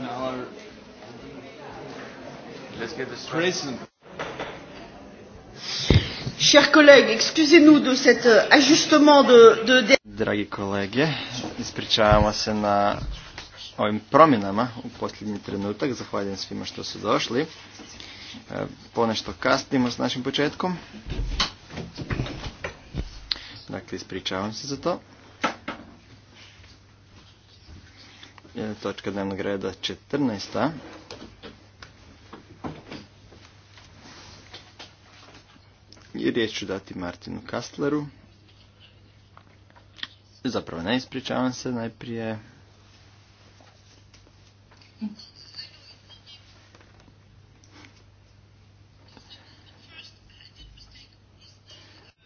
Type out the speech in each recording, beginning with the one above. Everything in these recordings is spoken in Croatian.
uh, Let's get this Chers collègues, excusez-nous de cet euh, ajustement de, de... Dragi kolege, ispričavamo se na ovim promjenama u posljednji trenutak. Zahvaljujem svima što su došli. E, ponešto kasnimo s našim početkom. Dakle, ispričavam se za to. E, točka dnevnog reda 14. I riječ ću dati Martinu Kastleru. Zapravo ne ispričavam se najprije.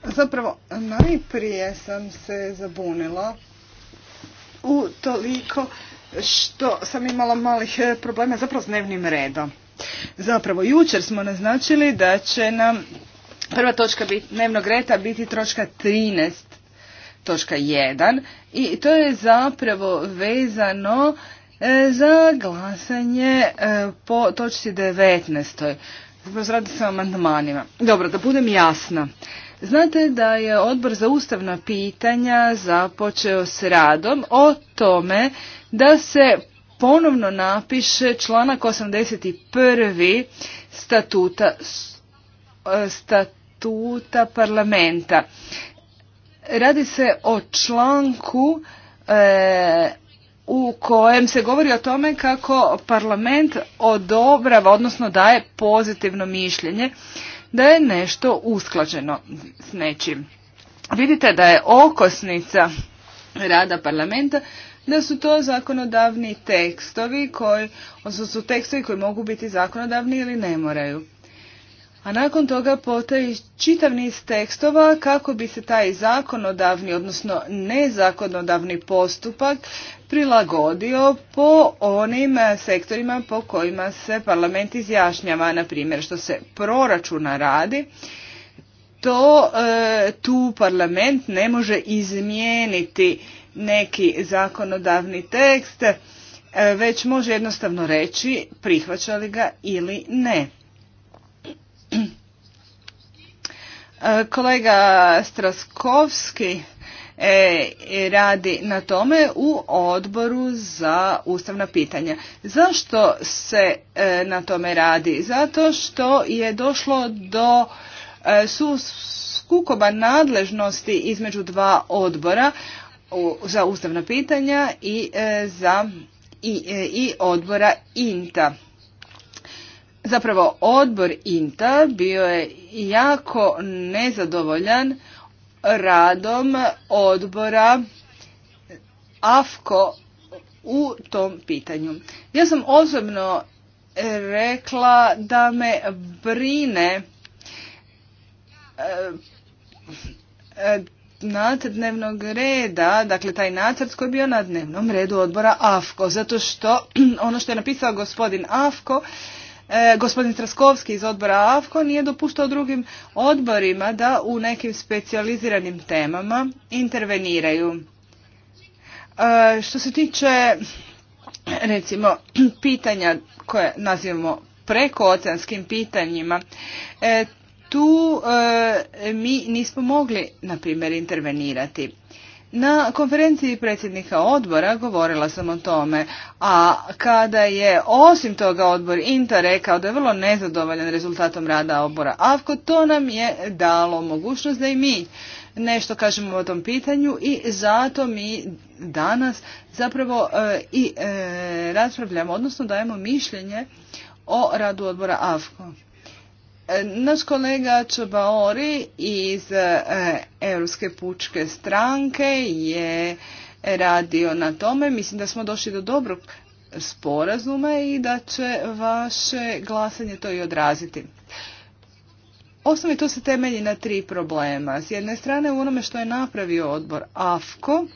Zapravo, najprije sam se zabunila u toliko što sam imala malih e, problema zapravo s dnevnim redom. Zapravo, jučer smo naznačili da će nam prva točka dnevnog reda biti točka 13 točka 1 i to je zapravo vezano e, za glasanje e, po točci 19. Zapravo radi se o amandmanima. Dobro, da budem jasna. Znate da je odbor za ustavna pitanja započeo s radom o tome da se ponovno napiše članak 81. statuta statuta parlamenta. Radi se o članku e, u kojem se govori o tome kako parlament odobrava, odnosno daje pozitivno mišljenje da je nešto usklađeno s nečim. Vidite da je okosnica rada parlamenta da su to zakonodavni tekstovi koji, odnosno su tekstovi koji mogu biti zakonodavni ili ne moraju a nakon toga potaj čitav niz tekstova kako bi se taj zakonodavni, odnosno nezakonodavni postupak prilagodio po onim sektorima po kojima se parlament izjašnjava, na primjer što se proračuna radi, to e, tu parlament ne može izmijeniti neki zakonodavni tekst, e, već može jednostavno reći prihvaća li ga ili ne. E, kolega Straskovski e, radi na tome u odboru za ustavna pitanja. Zašto se e, na tome radi? Zato što je došlo do sukoba nadležnosti između dva odbora za ustavna pitanja i odbora INTA zapravo odbor INTA bio je jako nezadovoljan radom odbora AFKO u tom pitanju. Ja sam osobno rekla da me brine e, nacrt dnevnog reda, dakle taj nacrt koji je bio na dnevnom redu odbora AFKO, zato što ono što je napisao gospodin AFKO E, gospodin Traskovski iz odbora AFKO nije dopuštao drugim odborima da u nekim specijaliziranim temama interveniraju. E, što se tiče recimo pitanja koje nazivamo prekooceanskim pitanjima, e, tu mi nismo mogli, na primjer, intervenirati. Na konferenciji predsjednika odbora govorila sam o tome, a kada je osim toga odbor INTA rekao da je vrlo nezadovoljan rezultatom rada odbora AFKO, to nam je dalo mogućnost da i mi nešto kažemo o tom pitanju i zato mi danas zapravo e, i e, raspravljamo, odnosno dajemo mišljenje o radu odbora AFKO. E, naš kolega Čobaori iz e, Europske pučke stranke je radio na tome. Mislim da smo došli do dobrog sporazuma i da će vaše glasanje to i odraziti. Osnovi to se temelji na tri problema. S jedne strane u onome što je napravio odbor AFKO.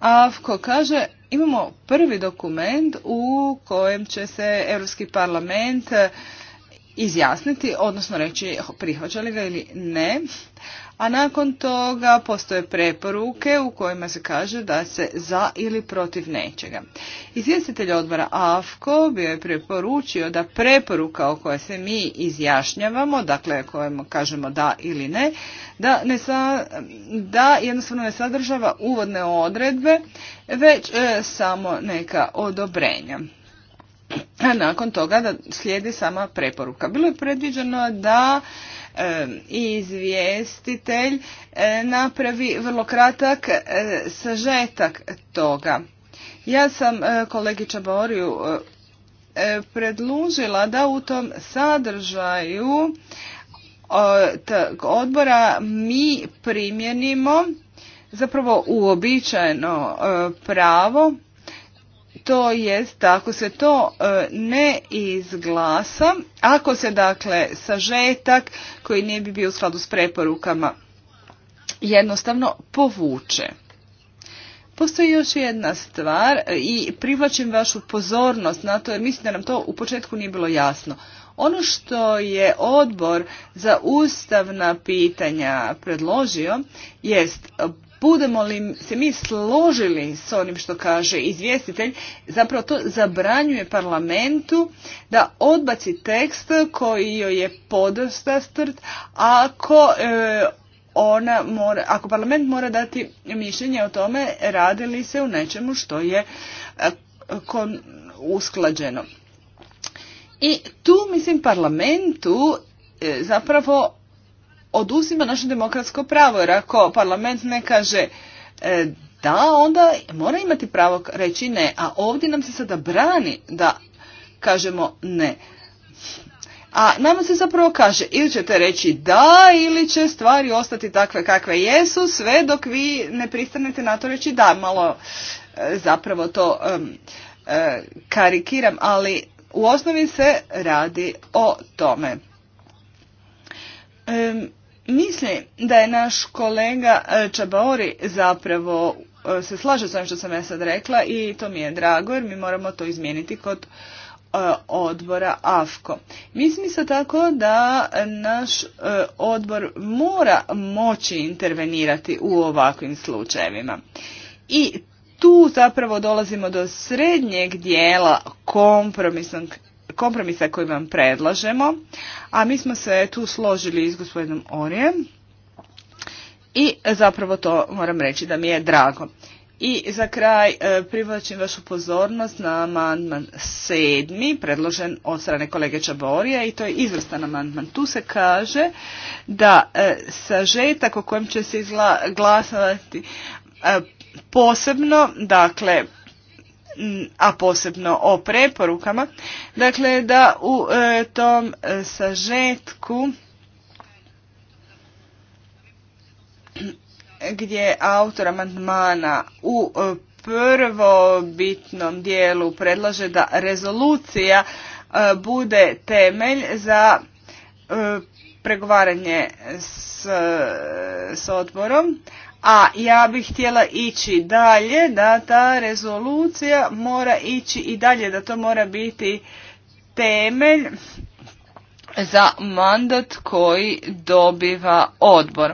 AFKO kaže imamo prvi dokument u kojem će se Europski parlament izjasniti, odnosno reći prihvaća li ga ili ne. A nakon toga postoje preporuke u kojima se kaže da se za ili protiv nečega. Izvjestitelj odbora AFKO bio je preporučio da preporuka o kojoj se mi izjašnjavamo, dakle kojemu kažemo da ili ne, da, ne sa, da jednostavno ne sadržava uvodne odredbe, već e, samo neka odobrenja nakon toga da slijedi sama preporuka. Bilo je predviđeno da e, izvjestitelj e, napravi vrlo kratak e, sažetak toga. Ja sam kolegi Čaboriju predlužila da u tom sadržaju odbora mi primjenimo zapravo uobičajeno pravo to jest ako se to e, ne izglasa, ako se dakle sažetak koji nije bi bio u skladu s preporukama jednostavno povuče. Postoji još jedna stvar i privlačim vašu pozornost na to jer mislim da nam to u početku nije bilo jasno. Ono što je odbor za ustavna pitanja predložio jest budemo li se mi složili s onim što kaže izvjestitelj, zapravo to zabranjuje parlamentu da odbaci tekst koji joj je strt, ako e, ona mora, ako parlament mora dati mišljenje o tome radi li se u nečemu što je e, usklađeno. I tu mislim parlamentu e, zapravo oduzima naše demokratsko pravo, jer ako parlament ne kaže e, da, onda mora imati pravo reći ne, a ovdje nam se sada brani da kažemo ne. A nama se zapravo kaže ili ćete reći da ili će stvari ostati takve kakve jesu sve dok vi ne pristanete na to reći da. Malo e, zapravo to e, karikiram, ali u osnovi se radi o tome. Mislim da je naš kolega e, Čabaori zapravo e, se slaže s ovim što sam ja sad rekla i to mi je drago jer mi moramo to izmijeniti kod e, odbora AFKO. Mislim se tako da naš odbor mora moći intervenirati u ovakvim slučajevima. I tu zapravo dolazimo do srednjeg dijela kompromisnog kompromisa koji vam predlažemo, a mi smo se tu složili s gospodinom Orijem i zapravo to moram reći da mi je drago. I za kraj e, privlačim vašu pozornost na amandman sedmi, predložen od strane kolege Čaborija i to je izvrstan amandman. Tu se kaže da e, sažetak o kojem će se glasovati e, posebno, dakle a posebno o preporukama, dakle da u e, tom e, sažetku gdje autor amandmana u e, prvobitnom dijelu predlaže da rezolucija bude temelj za pregovaranje s, s odborom, a ja bih htjela ići dalje, da ta rezolucija mora ići i dalje, da to mora biti temelj za mandat koji dobiva odbor.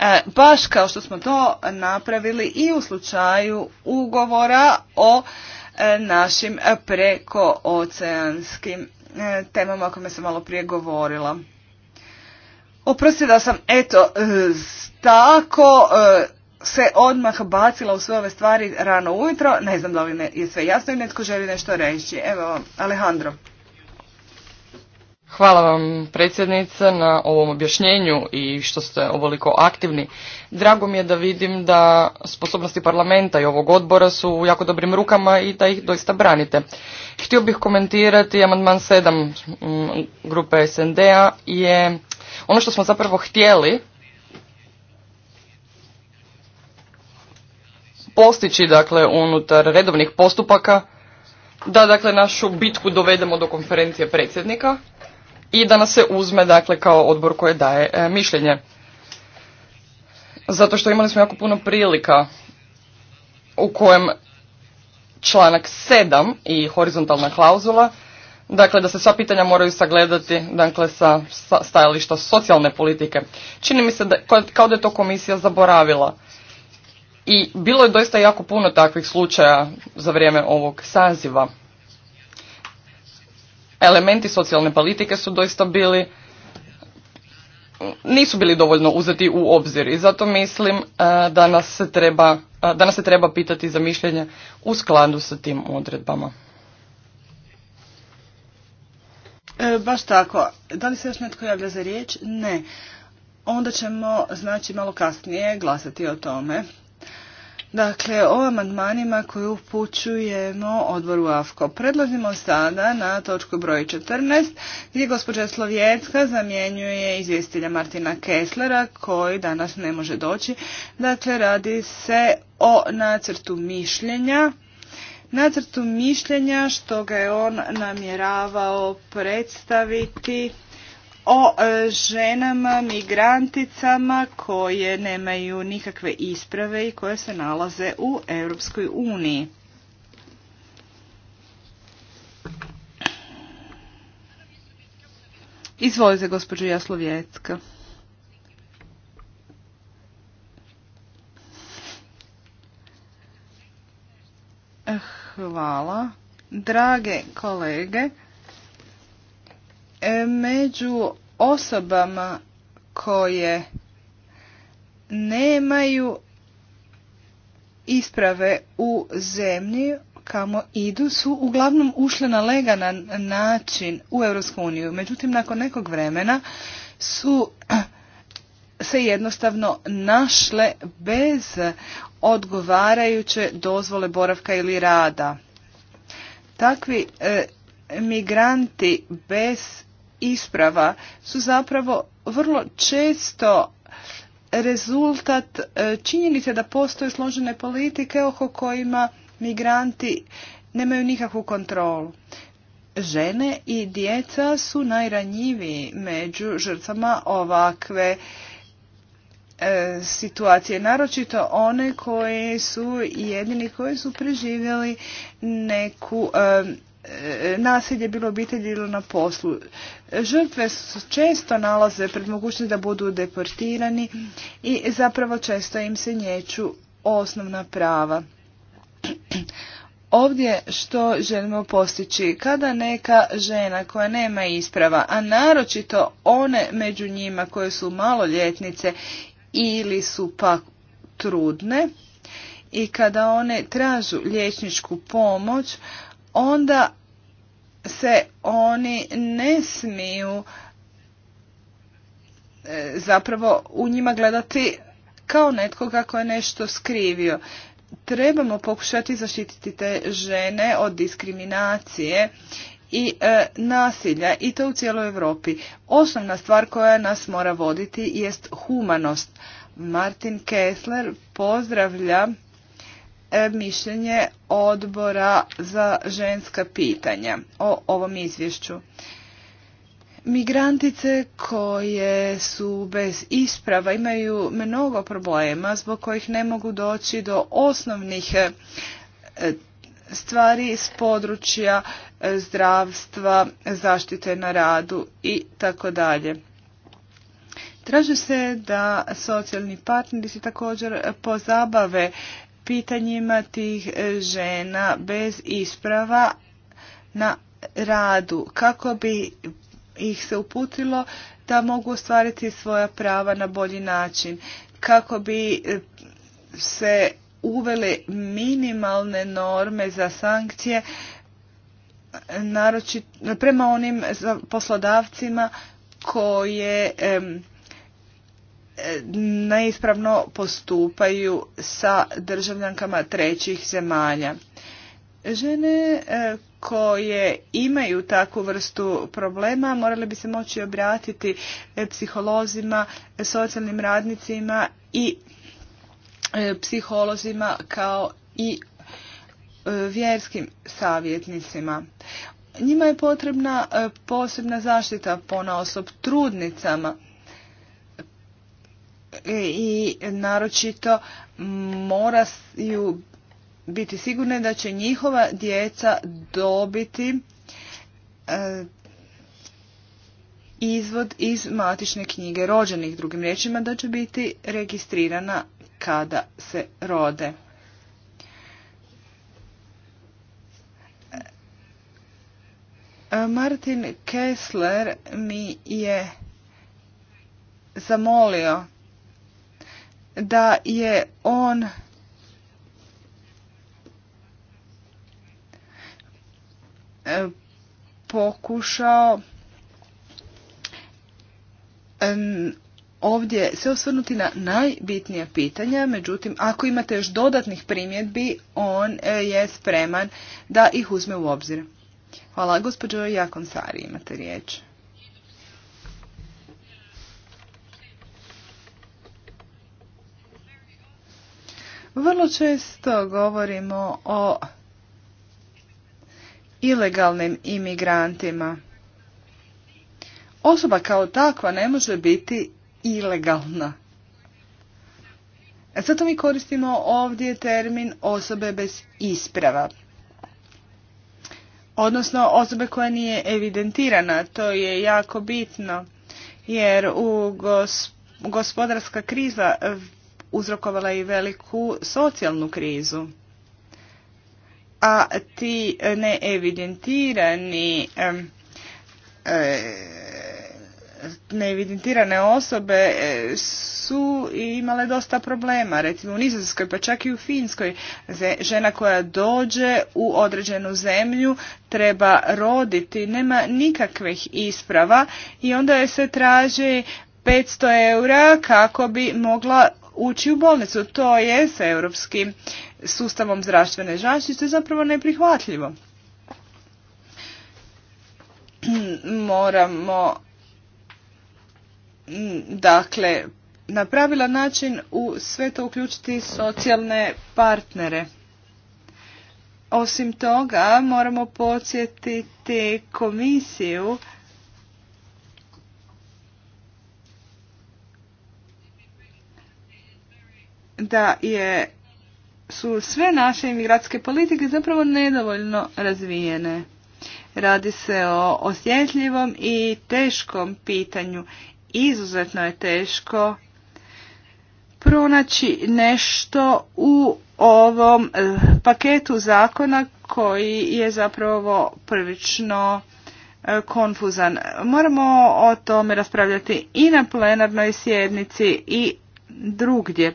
E, baš kao što smo to napravili i u slučaju ugovora o e, našim prekooceanskim e, temama o kojima sam malo prije govorila. Oprosti da sam, eto, e, tako e, se odmah bacila u sve ove stvari rano ujutro. Ne znam da li je sve jasno i netko želi nešto reći. Evo, Alejandro. Hvala vam predsjednica, na ovom objašnjenju i što ste ovoliko aktivni. Drago mi je da vidim da sposobnosti parlamenta i ovog odbora su u jako dobrim rukama i da ih doista branite. Htio bih komentirati amandman 7 mm, grupe SND-a je ono što smo zapravo htjeli postići dakle unutar redovnih postupaka da dakle našu bitku dovedemo do konferencije predsjednika i da nas se uzme dakle kao odbor koje daje e, mišljenje. Zato što imali smo jako puno prilika u kojem članak 7 i horizontalna klauzula dakle da se sva pitanja moraju sagledati dakle sa stajališta socijalne politike. Čini mi se da, kao da je to komisija zaboravila. I bilo je doista jako puno takvih slučaja za vrijeme ovog saziva. Elementi socijalne politike su doista bili nisu bili dovoljno uzeti u obzir i zato mislim eh, da nas se treba, eh, da nas se treba pitati za mišljenje u skladu sa tim odredbama. E, baš tako. Da li se još netko javlja za riječ? Ne. Onda ćemo, znači, malo kasnije glasati o tome. Dakle, o amandmanima koju upućujemo odboru AFKO. Prelazimo sada na točku broj 14, gdje gospođa Slovjetska zamjenjuje izvjestilja Martina Keslera koji danas ne može doći. Dakle, radi se o nacrtu mišljenja nacrtu mišljenja što ga je on namjeravao predstaviti o e, ženama migranticama koje nemaju nikakve isprave i koje se nalaze u Europskoj uniji. Izvolite gospođo Jaslovjecka. Hvala. Drage kolege, e, među osobama koje nemaju isprave u zemlji kamo idu su uglavnom ušle na legalan način u Europsku uniju. Međutim, nakon nekog vremena su se jednostavno našle bez odgovarajuće dozvole boravka ili rada. Takvi e, migranti bez isprava su zapravo vrlo često rezultat e, činjenice da postoje složene politike oko kojima migranti nemaju nikakvu kontrolu. Žene i djeca su najranjiviji među žrtvama ovakve E, situacije, naročito one koje su jedini koji su preživjeli neku e, e, nasilje bilo obitelji ili na poslu. Žrtve često nalaze pred mogućnosti da budu deportirani i zapravo često im se nječu osnovna prava. Ovdje što želimo postići? Kada neka žena koja nema isprava, a naročito one među njima koje su maloljetnice ili su pak trudne i kada one tražu liječničku pomoć, onda se oni ne smiju e, zapravo u njima gledati kao netkoga ko je nešto skrivio. Trebamo pokušati zaštititi te žene od diskriminacije i e, nasilja i to u cijeloj Europi. Osnovna stvar koja nas mora voditi jest humanost. Martin Kessler pozdravlja e, mišljenje odbora za ženska pitanja o ovom izvješću. Migrantice koje su bez isprava imaju mnogo problema zbog kojih ne mogu doći do osnovnih e, stvari s područja zdravstva, zaštite na radu i tako dalje. Traži se da socijalni partneri se također pozabave pitanjima tih žena bez isprava na radu kako bi ih se uputilo da mogu ostvariti svoja prava na bolji način, kako bi se uvele minimalne norme za sankcije prema onim poslodavcima koje neispravno postupaju sa državljankama trećih zemalja. Žene e, koje imaju takvu vrstu problema morale bi se moći obratiti e, psiholozima, socijalnim radnicima i e, psiholozima kao i E, vjerskim savjetnicima. Njima je potrebna e, posebna zaštita ponaosob trudnicama i naročito moraju biti sigurne da će njihova djeca dobiti e, izvod iz matične knjige rođenih, drugim riječima da će biti registrirana kada se rode. Martin Kessler mi je zamolio da je on pokušao ovdje se osvrnuti na najbitnija pitanja, međutim ako imate još dodatnih primjedbi, on eh, je spreman da ih uzme u obzir. Hvala. Gospođo Jakon Sari, imate riječ. Vrlo često govorimo o ilegalnim imigrantima. Osoba kao takva ne može biti ilegalna. E, zato mi koristimo ovdje termin osobe bez isprava odnosno osobe koja nije evidentirana. To je jako bitno jer u gospodarska kriza uzrokovala i veliku socijalnu krizu. A ti neevidentirani e, neevidentirane osobe e, su imale dosta problema. Recimo u Nizozemskoj pa čak i u Finskoj žena koja dođe u određenu zemlju treba roditi, nema nikakvih isprava i onda je se traži 500 eura kako bi mogla ući u bolnicu. To je sa europskim sustavom zdravstvene zaštite zapravo neprihvatljivo. Moramo Mm, dakle, na pravilan način u sve to uključiti socijalne partnere. Osim toga, moramo podsjetiti komisiju da je su sve naše imigratske politike zapravo nedovoljno razvijene. Radi se o osjetljivom i teškom pitanju izuzetno je teško pronaći nešto u ovom e, paketu zakona koji je zapravo prvično e, konfuzan. Moramo o tome raspravljati i na plenarnoj sjednici i drugdje.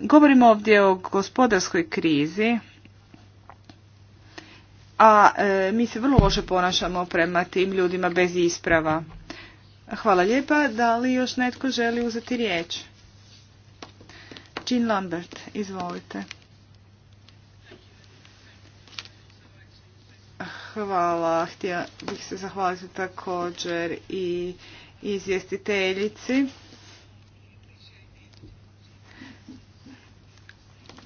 Govorimo ovdje o gospodarskoj krizi, a e, mi se vrlo loše ponašamo prema tim ljudima bez isprava. Hvala lijepa. Da li još netko želi uzeti riječ? Jean Lambert, izvolite. Hvala. Htio bih se zahvaliti također i izvjestiteljici.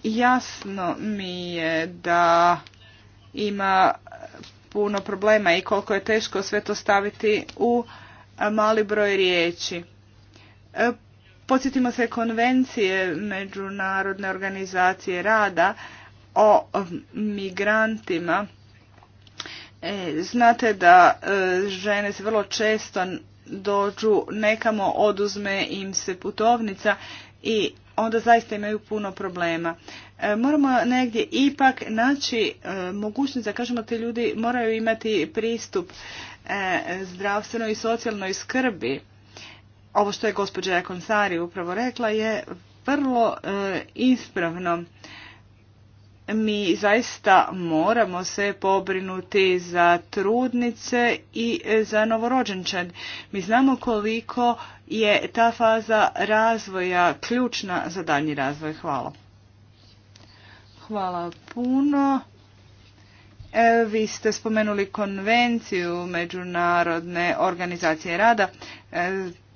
Jasno mi je da ima puno problema i koliko je teško sve to staviti u mali broj riječi. E, podsjetimo se konvencije Međunarodne organizacije rada o migrantima. E, znate da e, žene se vrlo često dođu nekamo, oduzme im se putovnica i onda zaista imaju puno problema. Moramo negdje ipak naći mogućnost da kažemo ti ljudi moraju imati pristup E, zdravstvenoj i socijalnoj skrbi, ovo što je gospođa Konsari upravo rekla je vrlo e, ispravno. Mi zaista moramo se pobrinuti za trudnice i e, za novorođenčad. Mi znamo koliko je ta faza razvoja ključna za daljnji razvoj. Hvala. Hvala puno. E, vi ste spomenuli konvenciju Međunarodne organizacije rada. E,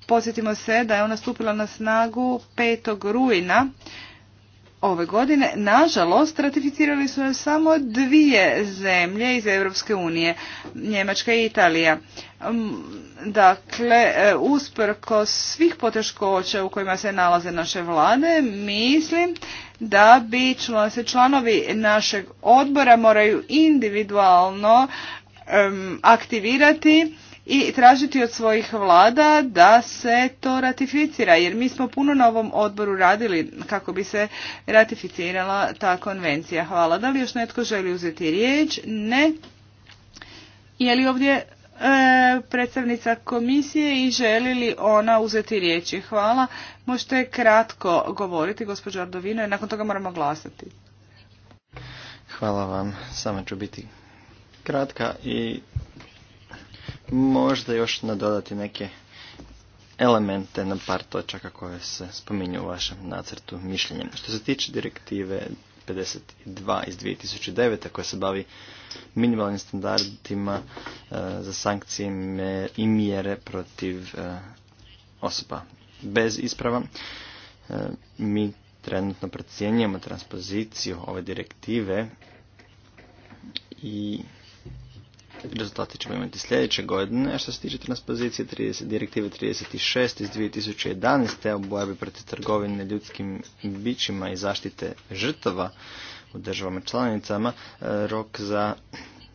Posjetimo se da je ona stupila na snagu 5. rujna ove godine. Nažalost, ratificirali su je samo dvije zemlje iz Europske unije, Njemačka i Italija. Mm, dakle, e, usprko svih poteškoća u kojima se nalaze naše vlade, mislim da bi se članovi našeg odbora moraju individualno aktivirati i tražiti od svojih vlada da se to ratificira jer mi smo puno na ovom odboru radili kako bi se ratificirala ta konvencija. Hvala. Da li još netko želi uzeti riječ? Ne. Je li ovdje e, predstavnica komisije i želi li ona uzeti riječi? Hvala. Možete kratko govoriti, gospođo Ardovino, i nakon toga moramo glasati. Hvala vam. Samo ću biti kratka i možda još nadodati neke elemente na par točaka koje se spominju u vašem nacrtu mišljenja. Što se tiče direktive 52 iz 2009. koja se bavi minimalnim standardima e, za sankcije i mjere protiv e, osoba bez isprava. E, mi trenutno procjenjujemo transpoziciju ove direktive i Rezultati ćemo imati sljedeće godine, što se tiče transpozicije 30, direktive 36 iz 2011. o borbi protiv trgovine ljudskim bićima i zaštite žrtava u državama članicama. E, rok za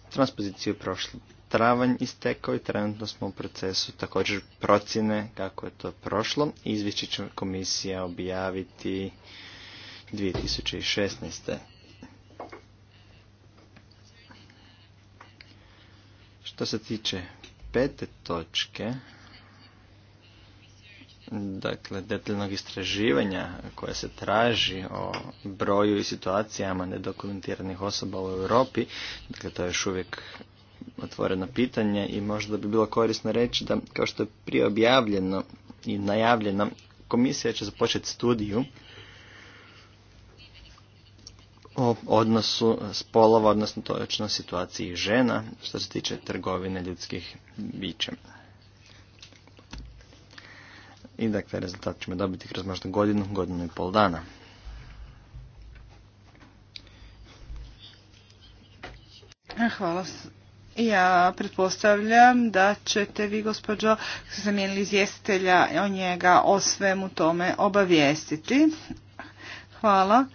transpoziciju prošli travanj istekao i trenutno smo u procesu također procjene kako je to prošlo. Izvješće će komisija objaviti 2016. Što se tiče pete točke, dakle detaljnog istraživanja koje se traži o broju i situacijama nedokumentiranih osoba u Europi, dakle to je još uvijek otvoreno pitanje i možda bi bilo korisno reći da kao što je prije objavljeno i najavljeno, komisija će započeti studiju o odnosu spolova, odnosno točno situaciji žena što se tiče trgovine ljudskih bića. I dakle, rezultat ćemo dobiti kroz možda godinu, godinu i pol dana. Hvala. Ja pretpostavljam da ćete vi, gospođo, zamijenili izvjestitelja o njega o svemu tome obavijestiti. Hvala.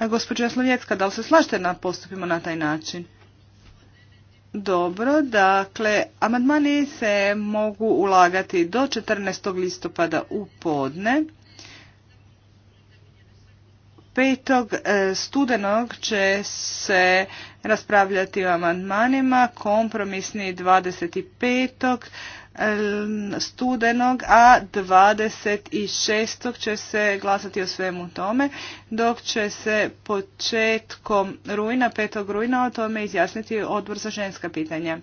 E, Gospođa Slovjecka, da li se slažete na postupima na taj način? Dobro, dakle, amandmani se mogu ulagati do 14. listopada u podne. 5. E, studenog će se raspravljati o amandmanima, kompromisni 25 studenog, a 26. će se glasati o svemu tome, dok će se početkom rujna, 5. rujna, o tome izjasniti odbor za ženska pitanja.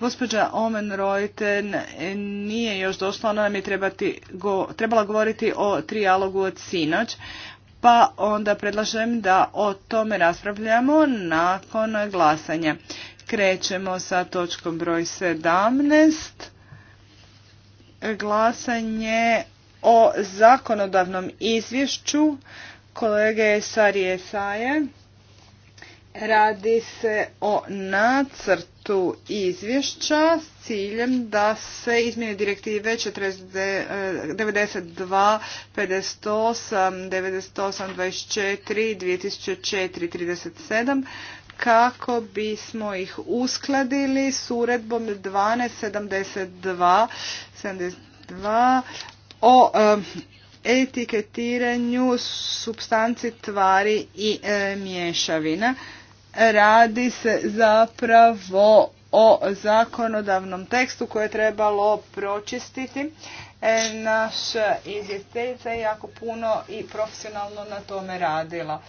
Gospođa Omen Reuten nije još došla, ona nam je trebala govoriti o trijalogu od sinoć, pa onda predlažem da o tome raspravljamo nakon glasanja. Krećemo sa točkom broj 17 glasanje o zakonodavnom izvješću kolege Sarije Saje. Radi se o nacrtu izvješća s ciljem da se izmjene direktive 92, 58, 98, 24, 2004, 37 kako bismo ih uskladili s uredbom 1272 o etiketiranju substanci tvari i mješavina. Radi se zapravo o zakonodavnom tekstu koje je trebalo pročistiti. Naš e, naša je jako puno i profesionalno na tome radila.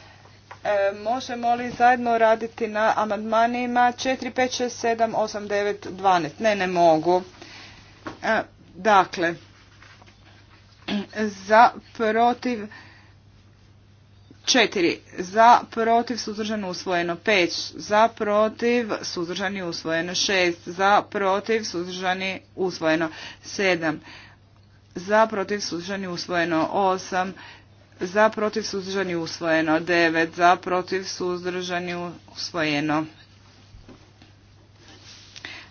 E, možemo li zajedno raditi na amandmanima 4, 5, 6, 7, 8, 9, 12? Ne, ne mogu. E, dakle, za protiv 4. Za protiv suzdržano usvojeno 5. Za protiv suzdržani usvojeno 6. Za protiv suzdržani usvojeno 7. Za protiv suzdržani usvojeno 8 za protiv suzdržani usvojeno, 9 za protiv suzdržani usvojeno.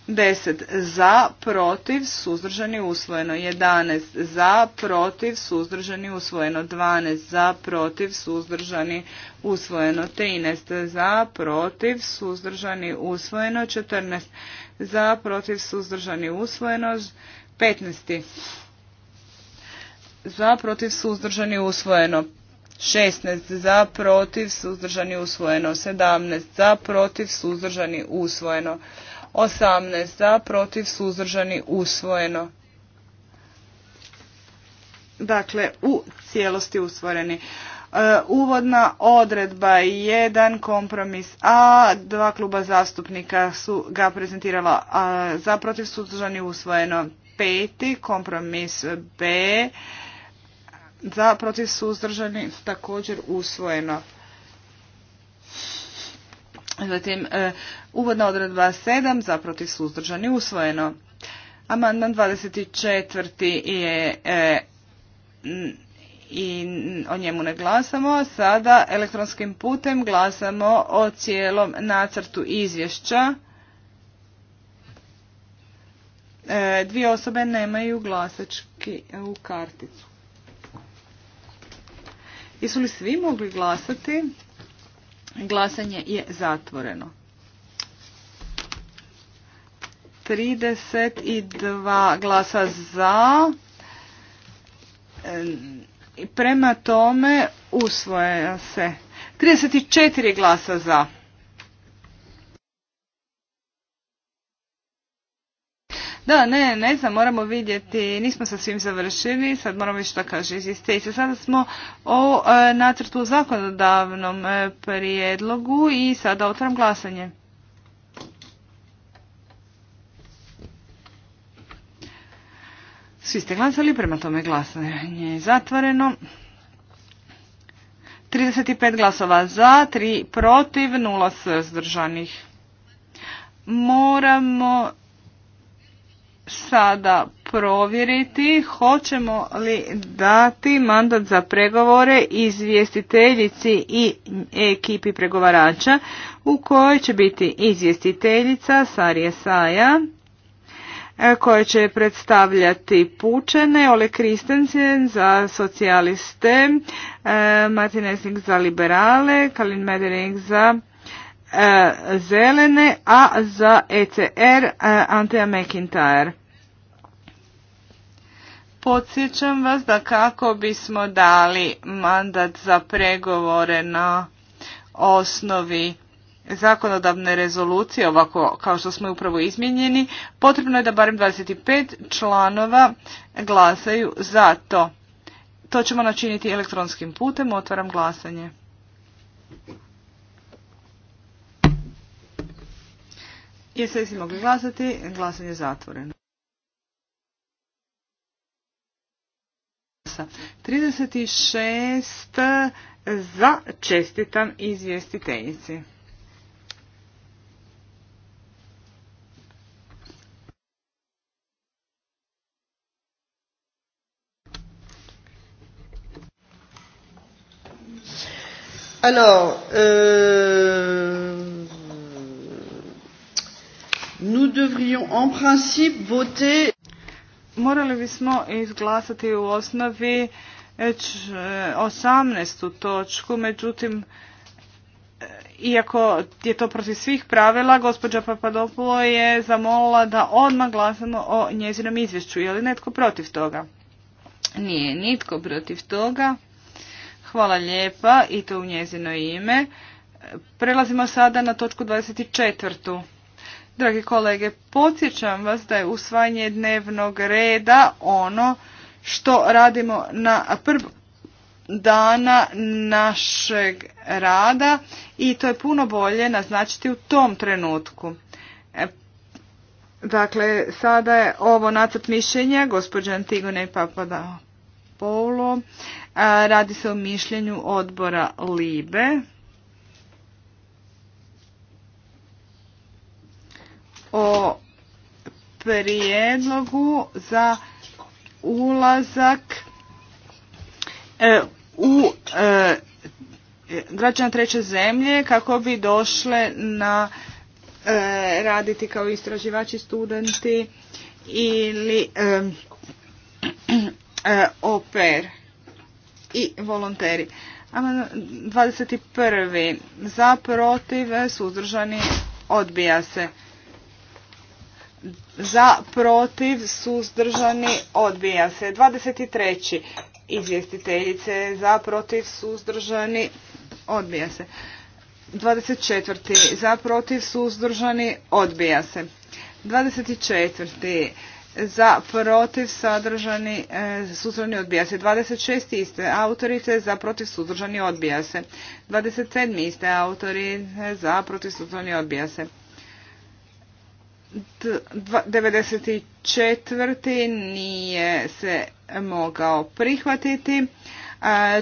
10 za, protiv, suzdržani, usvojeno 11 za, protiv, suzdržani, usvojeno 12 za, protiv, suzdržani, usvojeno 13 za, protiv, suzdržani, usvojeno 14 za, protiv, suzdržani, usvojeno 15 za protiv suzdržani usvojeno. 16 za protiv suzdržani usvojeno. 17 za protiv suzdržani usvojeno. 18 za protiv suzdržani usvojeno. Dakle, u cijelosti usvojeni. E, uvodna odredba 1, kompromis A, dva kluba zastupnika su ga prezentirala za protiv suzdržani usvojeno peti, kompromis B, za protiv suzdržani također usvojeno. Zatim e, uvodna odredba 7 za protiv suzdržani usvojeno. Amandman 24. je e, i o njemu ne glasamo. Sada elektronskim putem glasamo o cijelom nacrtu izvješća. E, dvije osobe nemaju glasački u karticu. Jesu li svi mogli glasati? Glasanje je zatvoreno. 32 glasa za. E, prema tome usvoja se 34 glasa za. Da, ne, ne znam, moramo vidjeti, nismo sa svim završili, sad moramo vidjeti što kaže izvjestiteljica. Sada smo o e, nacrtu zakonodavnom e, prijedlogu i sada otvaram glasanje. Svi ste glasali, prema tome glasanje je zatvoreno. 35 glasova za, 3 protiv, 0 suzdržanih. Moramo sada provjeriti hoćemo li dati mandat za pregovore izvjestiteljici i ekipi pregovarača u kojoj će biti izvjestiteljica Sarije Saja e, koja će predstavljati Pučene, Ole Kristensen za socijaliste, e, Martin Esnik za liberale, Kalin Mederink za E, zelene, a za ECR e, Antea McIntyre. Podsjećam vas da kako bismo dali mandat za pregovore na osnovi zakonodavne rezolucije, ovako kao što smo upravo izmijenjeni, potrebno je da barem 25 članova glasaju za to. To ćemo načiniti elektronskim putem, otvaram glasanje. Jeste li mogli glasati? Glasanje je zatvoreno. 36 za čestitam izvjestiteljici. Alors, euh, Nous devrions en principe voter Morali bismo izglasati u osnovi 18. Eh, točku, međutim, eh, iako je to protiv svih pravila, gospođa Papadopulo je zamolila da odmah glasamo o njezinom izvješću. Je li netko protiv toga? Nije nitko protiv toga. Hvala lijepa i to u njezino ime. Prelazimo sada na točku 24. Dragi kolege, podsjećam vas da je usvajanje dnevnog reda ono što radimo na prv dana našeg rada i to je puno bolje naznačiti u tom trenutku. E, dakle, sada je ovo nacrt mišljenja gospođa Antigone Papadopoulo. Radi se o mišljenju odbora LIBE. o prijedlogu za ulazak e, u građana e, treće zemlje kako bi došle na e, raditi kao istraživači studenti ili oper i volonteri. 21. Za protiv suzdržani odbija se za, protiv, suzdržani, odbija se. 23. izvjestiteljice za, protiv, suzdržani, odbija se. 24. za, protiv, suzdržani, odbija se. 24. za, protiv, sadržani, e, suzdržani, odbija se. 26. iste autorice za, protiv, suzdržani, odbija se. 27. iste autorice za, protiv, suzdržani, odbija se. 94. nije se mogao prihvatiti.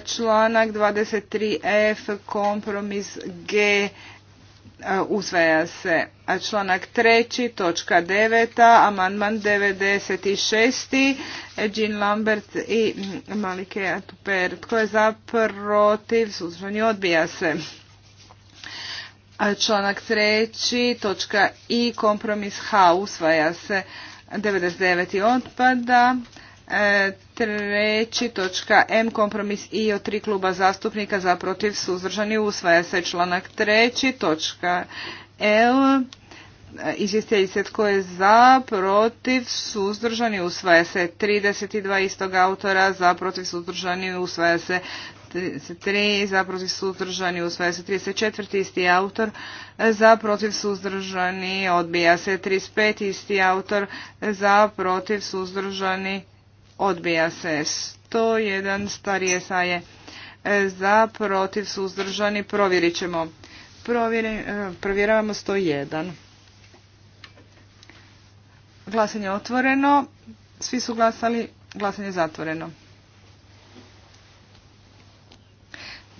Članak 23F kompromis G usvaja se. članak 3. točka 9. amandman 96. Jean Lambert i Malike Atuper. Tko je za protiv? odbija se. Članak treći, točka i kompromis H usvaja se 99. otpada. E, treći točka M kompromis I od tri kluba zastupnika za protiv suzdržani usvaja se članak treći točka L izvjestiteljice tko je za, protiv, suzdržani, usvaja se 32 istog autora, za, protiv, suzdržani, usvaja se 33 za protiv suzdržani usvaja se 34 isti autor za protiv suzdržani odbija se 35 isti autor za protiv suzdržani odbija se 101 starije saje za protiv suzdržani provjerit ćemo e, provjeravamo 101 glasanje otvoreno svi su glasali glasanje zatvoreno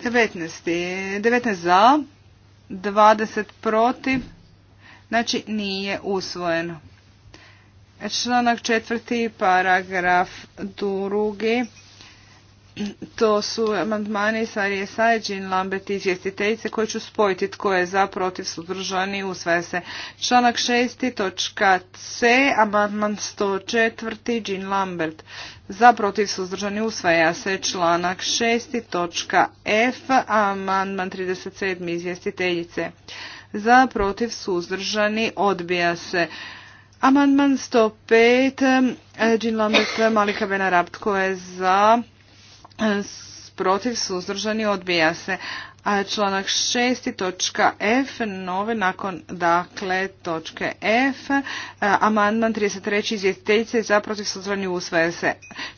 19. 19 za, 20 protiv, znači nije usvojeno. Članak četvrti, paragraf drugi. To su amandmani Sarije Sajđin, Lambert i izvjestiteljice koji ću spojiti tko je za protiv sudržani usvaja se. Članak 6. točka C, amandman 104. Jean Lambert. Za protiv suzdržani usvaja se članak 6. točka F, amandman 37. izvjestiteljice. Za protiv suzdržani odbija se. Amandman pet, Jean Lambert, Malika Benarabt, tko je za protiv suzdržani odbija se. A članak šesti točka F, nove nakon dakle točke F, e, amandman 33. izvjestiteljice za protiv suzdržani usvaja se.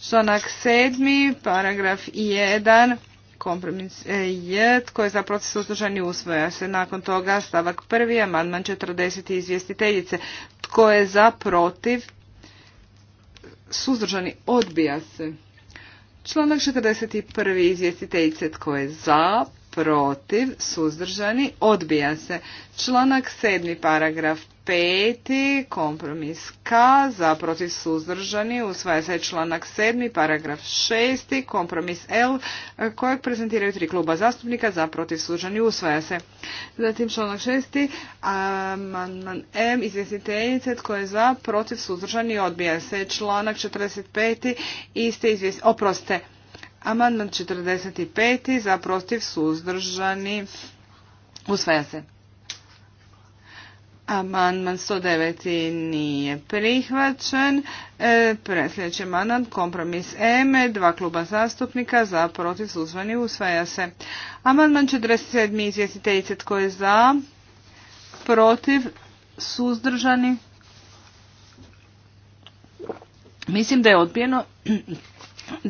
Članak 7. paragraf 1 kompromis je tko je za protiv suzdržani usvaja se. Nakon toga stavak prvi, amandman 40. izvjestiteljice tko je za protiv suzdržani odbija se. Članak 41. izvjestiteljice tko je za, protiv, suzdržani, odbija se. Članak 7. paragraf peti, kompromis K, za protiv suzdržani, usvaja se članak sedmi, paragraf šesti, kompromis L, kojeg prezentiraju tri kluba zastupnika, za protiv suzdržani, usvaja se. Zatim članak šesti, amandman M, izvjestiteljice, tko je za, protiv suzdržani, odbija se. Članak 45. iste izvjestiteljice, oproste, amandman 45. za protiv suzdržani, usvaja se. Amandman 109. nije prihvaćen. E, Presljedeći amandman kompromis M, dva kluba zastupnika za protiv suzvani usvaja se. Amandman 47. izvjestiteljice tko je za, protiv, suzdržani. Mislim da je odbijeno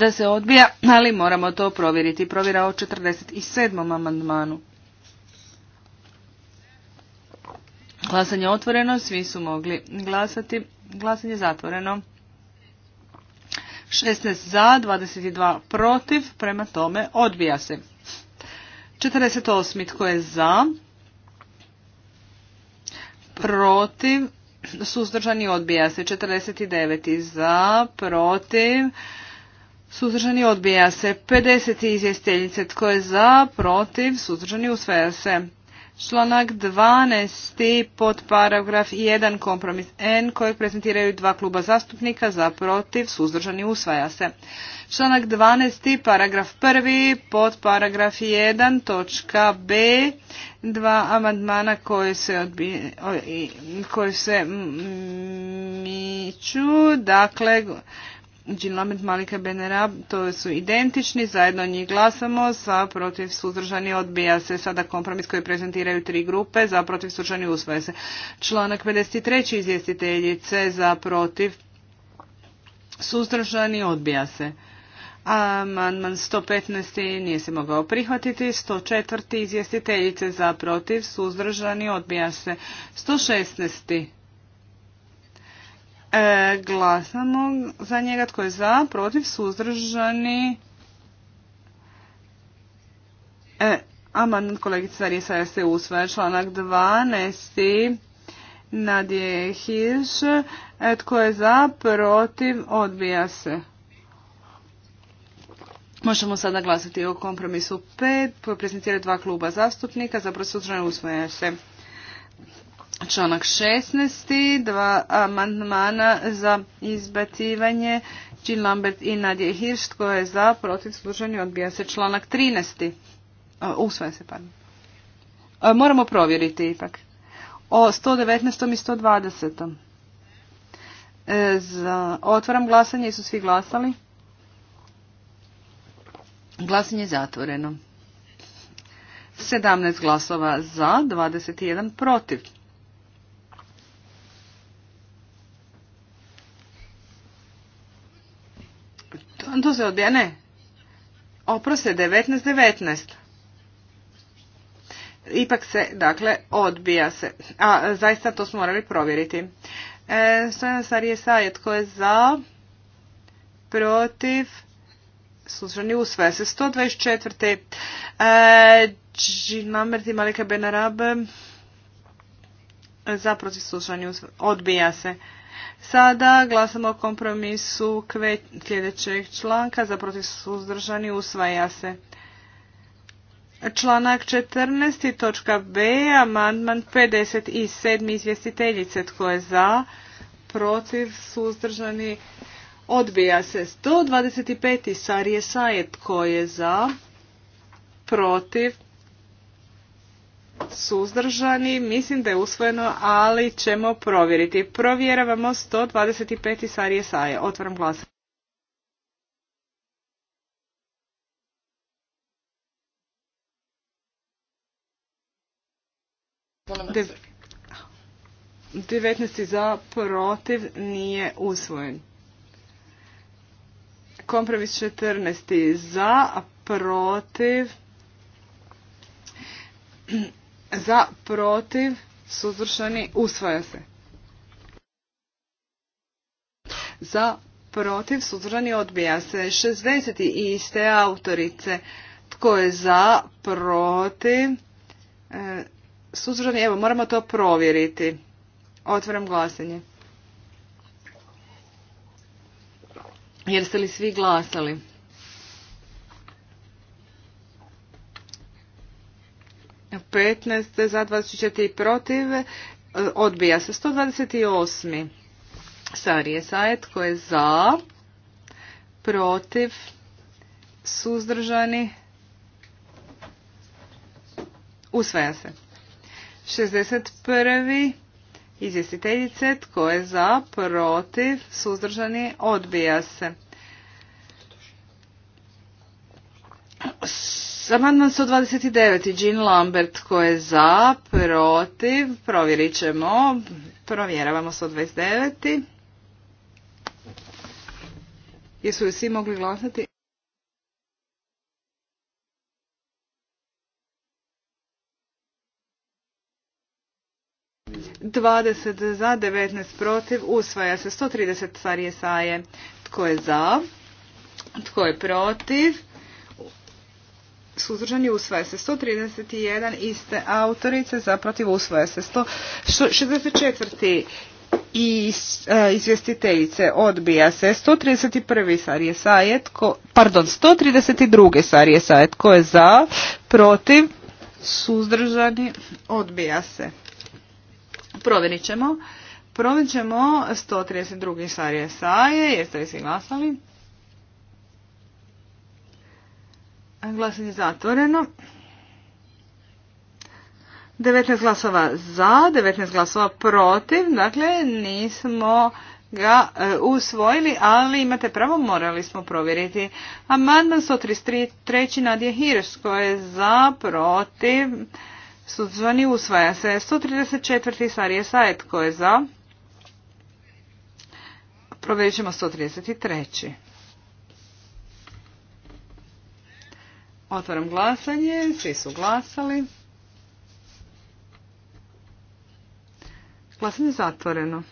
da se odbija, ali moramo to provjeriti. Provjera o 47. amandmanu. Glasanje otvoreno, svi su mogli glasati. Glasanje zatvoreno. 16 za, 22 protiv, prema tome odbija se. 48. Tko je za? Protiv, suzdržani odbija se. 49. Za, protiv, suzdržani odbija se. 50. izvjestiteljice Tko je za? Protiv, suzdržani usvaja se. Članak 12. pod paragraf 1 kompromis N kojeg prezentiraju dva kluba zastupnika za protiv suzdržani usvaja se. Članak 12. paragraf 1 pod paragraf 1 točka B dva amandmana koje se, odbi, se miču dakle Džinlamet Malika Benera, to su identični, zajedno njih glasamo, sa protiv suzdržani odbija se sada kompromis koji prezentiraju tri grupe, za protiv suzdržani usvoje. se. Članak 53. izvjestiteljice za protiv suzdržani odbija se. Amandman 115. nije se mogao prihvatiti. 104. izvjestiteljice za protiv suzdržani odbija se. 116. E, glasamo za njega tko je za, protiv, suzdržani. E, Amandman kolegica Risa se usvaja članak 12. Nadje Hirš. E, tko je za, protiv, odbija se. Možemo sada glasati o kompromisu 5. Presencijere dva kluba zastupnika. Za suzdržani, usvaja se članak 16. Dva amandmana za izbacivanje. Jean Lambert i Nadje Hirš, tko je za, protiv, služenju, odbija se članak 13. E, usvaja se, pardon. E, moramo provjeriti ipak. O 119. i 120. E, za, otvaram glasanje, su svi glasali? Glasanje je zatvoreno. 17 glasova za, 21 protiv. to se odbija, ne. Oproste, 19.19. Ipak se, dakle, odbija se. A, zaista to smo morali provjeriti. E, Stojana Sarije tko je za, protiv, služeni u sve se. 124. E, i Malika Benarabe e, za protiv slušanja odbija se. Sada glasamo o kompromisu sljedećeg članka za protiv suzdržani usvaja se. Članak 14. točka B, amandman 57. izvjestiteljice tko je za, protiv suzdržani odbija se. 125. Sarije Sajet tko je za, protiv suzdržani, mislim da je usvojeno, ali ćemo provjeriti. Provjeravamo 125. Sarije Saje. Otvaram glas. devetnaest za protiv nije usvojen. Kompromis 14 za protiv za protiv suzdržani usvaja se. Za protiv suzdržani odbija se. 60. i iste autorice. Tko je za protiv e, suzdržani? Evo moramo to provjeriti. Otvaram glasanje. Jer ste li svi glasali? 15 za 24 protiv. E, odbija se 128. Sarije Sajet koji je za, protiv, suzdržani, usvaja se. 61. Izvjestiteljice tko je za, protiv, suzdržani, odbija se. Amandman 129. Jean Lambert tko je za, protiv, provjerit ćemo, provjeravamo 129. Jesu li svi mogli glasati? Dvadeset za, devetnaest protiv, usvaja se 130. trideset sarije saje. Tko je za? Tko je protiv? suzdržani usvaja se 131 iste autorice zaprotiv protiv se 164 i e, izvjestiteljice odbija se 131. Sarije Sajet, pardon, 132. Sarije Sajet, ko je za, protiv, suzdržani, odbija se. Provjerit ćemo. Provjerit ćemo 132. Sarije Saje, jeste li svi glasali? Glasanje zatvoreno. 19 glasova za, 19 glasova protiv, dakle nismo ga e, usvojili, ali imate pravo, morali smo provjeriti. Amandman 133. Nadje Hirš, tko je za, protiv, sudzvani usvaja se. 134. Sarije Sajet, koji je za, provjerit ćemo 133. Otvaram glasanje, svi su glasali. Glasanje je zatvoreno.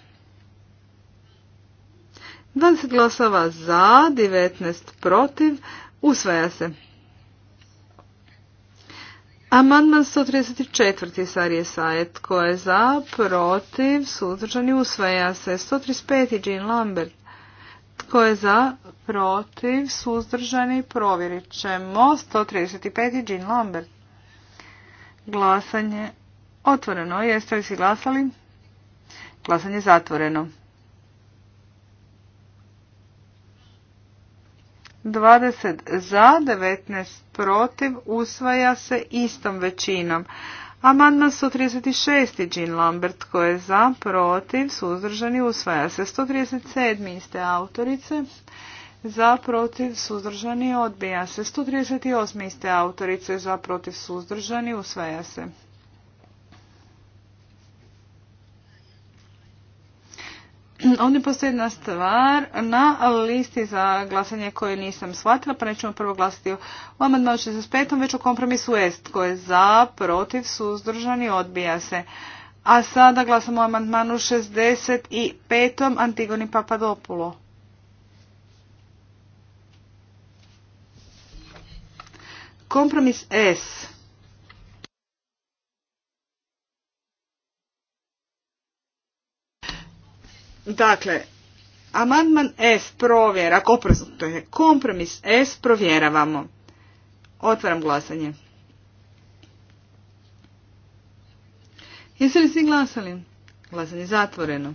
20 glasova za, 19 protiv, usvaja se. Amandman 134. Sarije Sajet, ko je za, protiv, suzdržani, usvaja se. 135. Jean Lambert, tko je za? Protiv? Suzdržani? Provjerit ćemo. 135. Jean Lambert. Glasanje otvoreno. Jeste li si glasali? Glasanje zatvoreno. 20 za, 19 protiv, usvaja se istom većinom. Amandman 136. Jean Lambert koji je za, protiv, suzdržani, usvaja se. 137. iste autorice. Za, protiv, suzdržani, odbija se. 138. iste autorice. Za, protiv, suzdržani, usvaja se. Ovdje postoji jedna stvar na listi za glasanje koje nisam shvatila, pa nećemo prvo glasati o amandmanu 65. već u kompromisu S, koje je za, protiv, i odbija se. A sada glasamo o amandmanu 65. Antigoni Papadopulo. Kompromis S. Dakle, amandman F provjera, to je kompromis S provjeravamo. Otvaram glasanje. Jesu li svi glasali? Glasanje zatvoreno.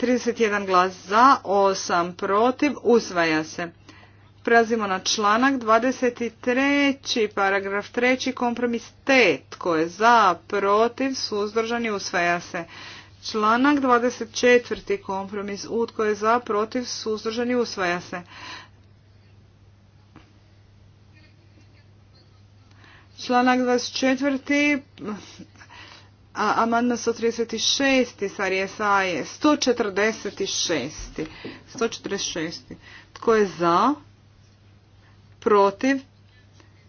31 glas za, 8 protiv, usvaja se prelazimo na članak 23. paragraf 3. kompromis T. Tko je za, protiv, suzdržan i usvaja se. Članak 24. kompromis U. Tko je za, protiv, suzdržan i usvaja se. Članak 24. A, amandman 136. Sarije Saje. 146. 146. Tko je za? protiv,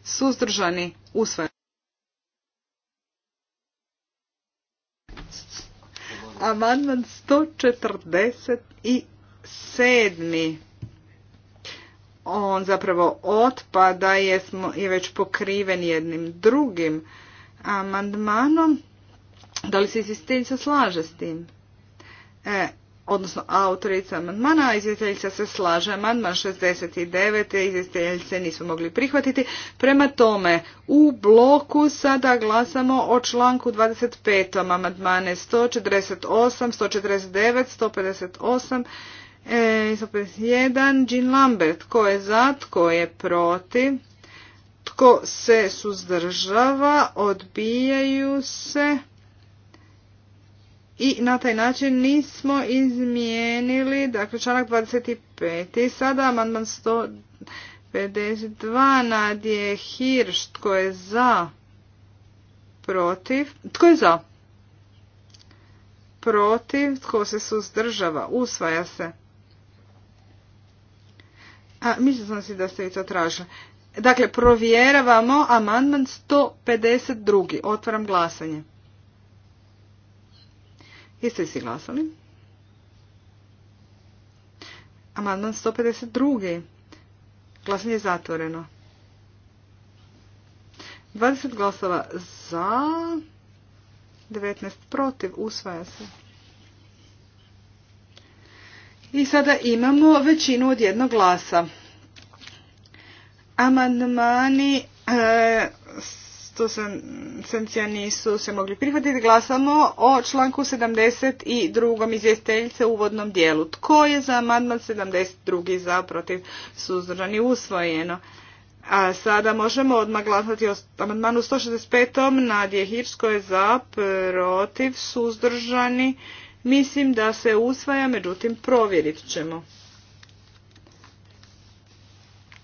suzdržani, usvaja. Amandman 147. On zapravo otpada je smo je već pokriven jednim drugim amandmanom. Da li se izvjestiteljica slaže s tim? E, odnosno autorica amandmana, a izvjestiteljica se slaže. Amandman 69. E, izvjestiteljice nisu mogli prihvatiti. Prema tome, u bloku sada glasamo o članku 25. amandmane 148, 149, 158, e, 151. Jean Lambert, tko je za, tko je protiv, tko se suzdržava, odbijaju se i na taj način nismo izmijenili dakle članak 25. I sada amandman 152 Nadje Hirš tko je za protiv tko je za protiv tko se suzdržava usvaja se a mislim sam si da ste i to tražili dakle provjeravamo amandman 152 otvaram glasanje Jeste li si glasali? Amandman 152. Glasanje je zatvoreno. 20 glasova za, 19 protiv, usvaja se. I sada imamo većinu od jednog glasa. Amandmani e, 100 nisu se mogli prihvatiti. Glasamo o članku 72. izvjestiteljice u uvodnom dijelu. Tko je za amandman 72. za protiv suzdržani usvojeno? A sada možemo odmah glasati o amandmanu 165. Nadje je za protiv suzdržani. Mislim da se usvaja, međutim provjerit ćemo.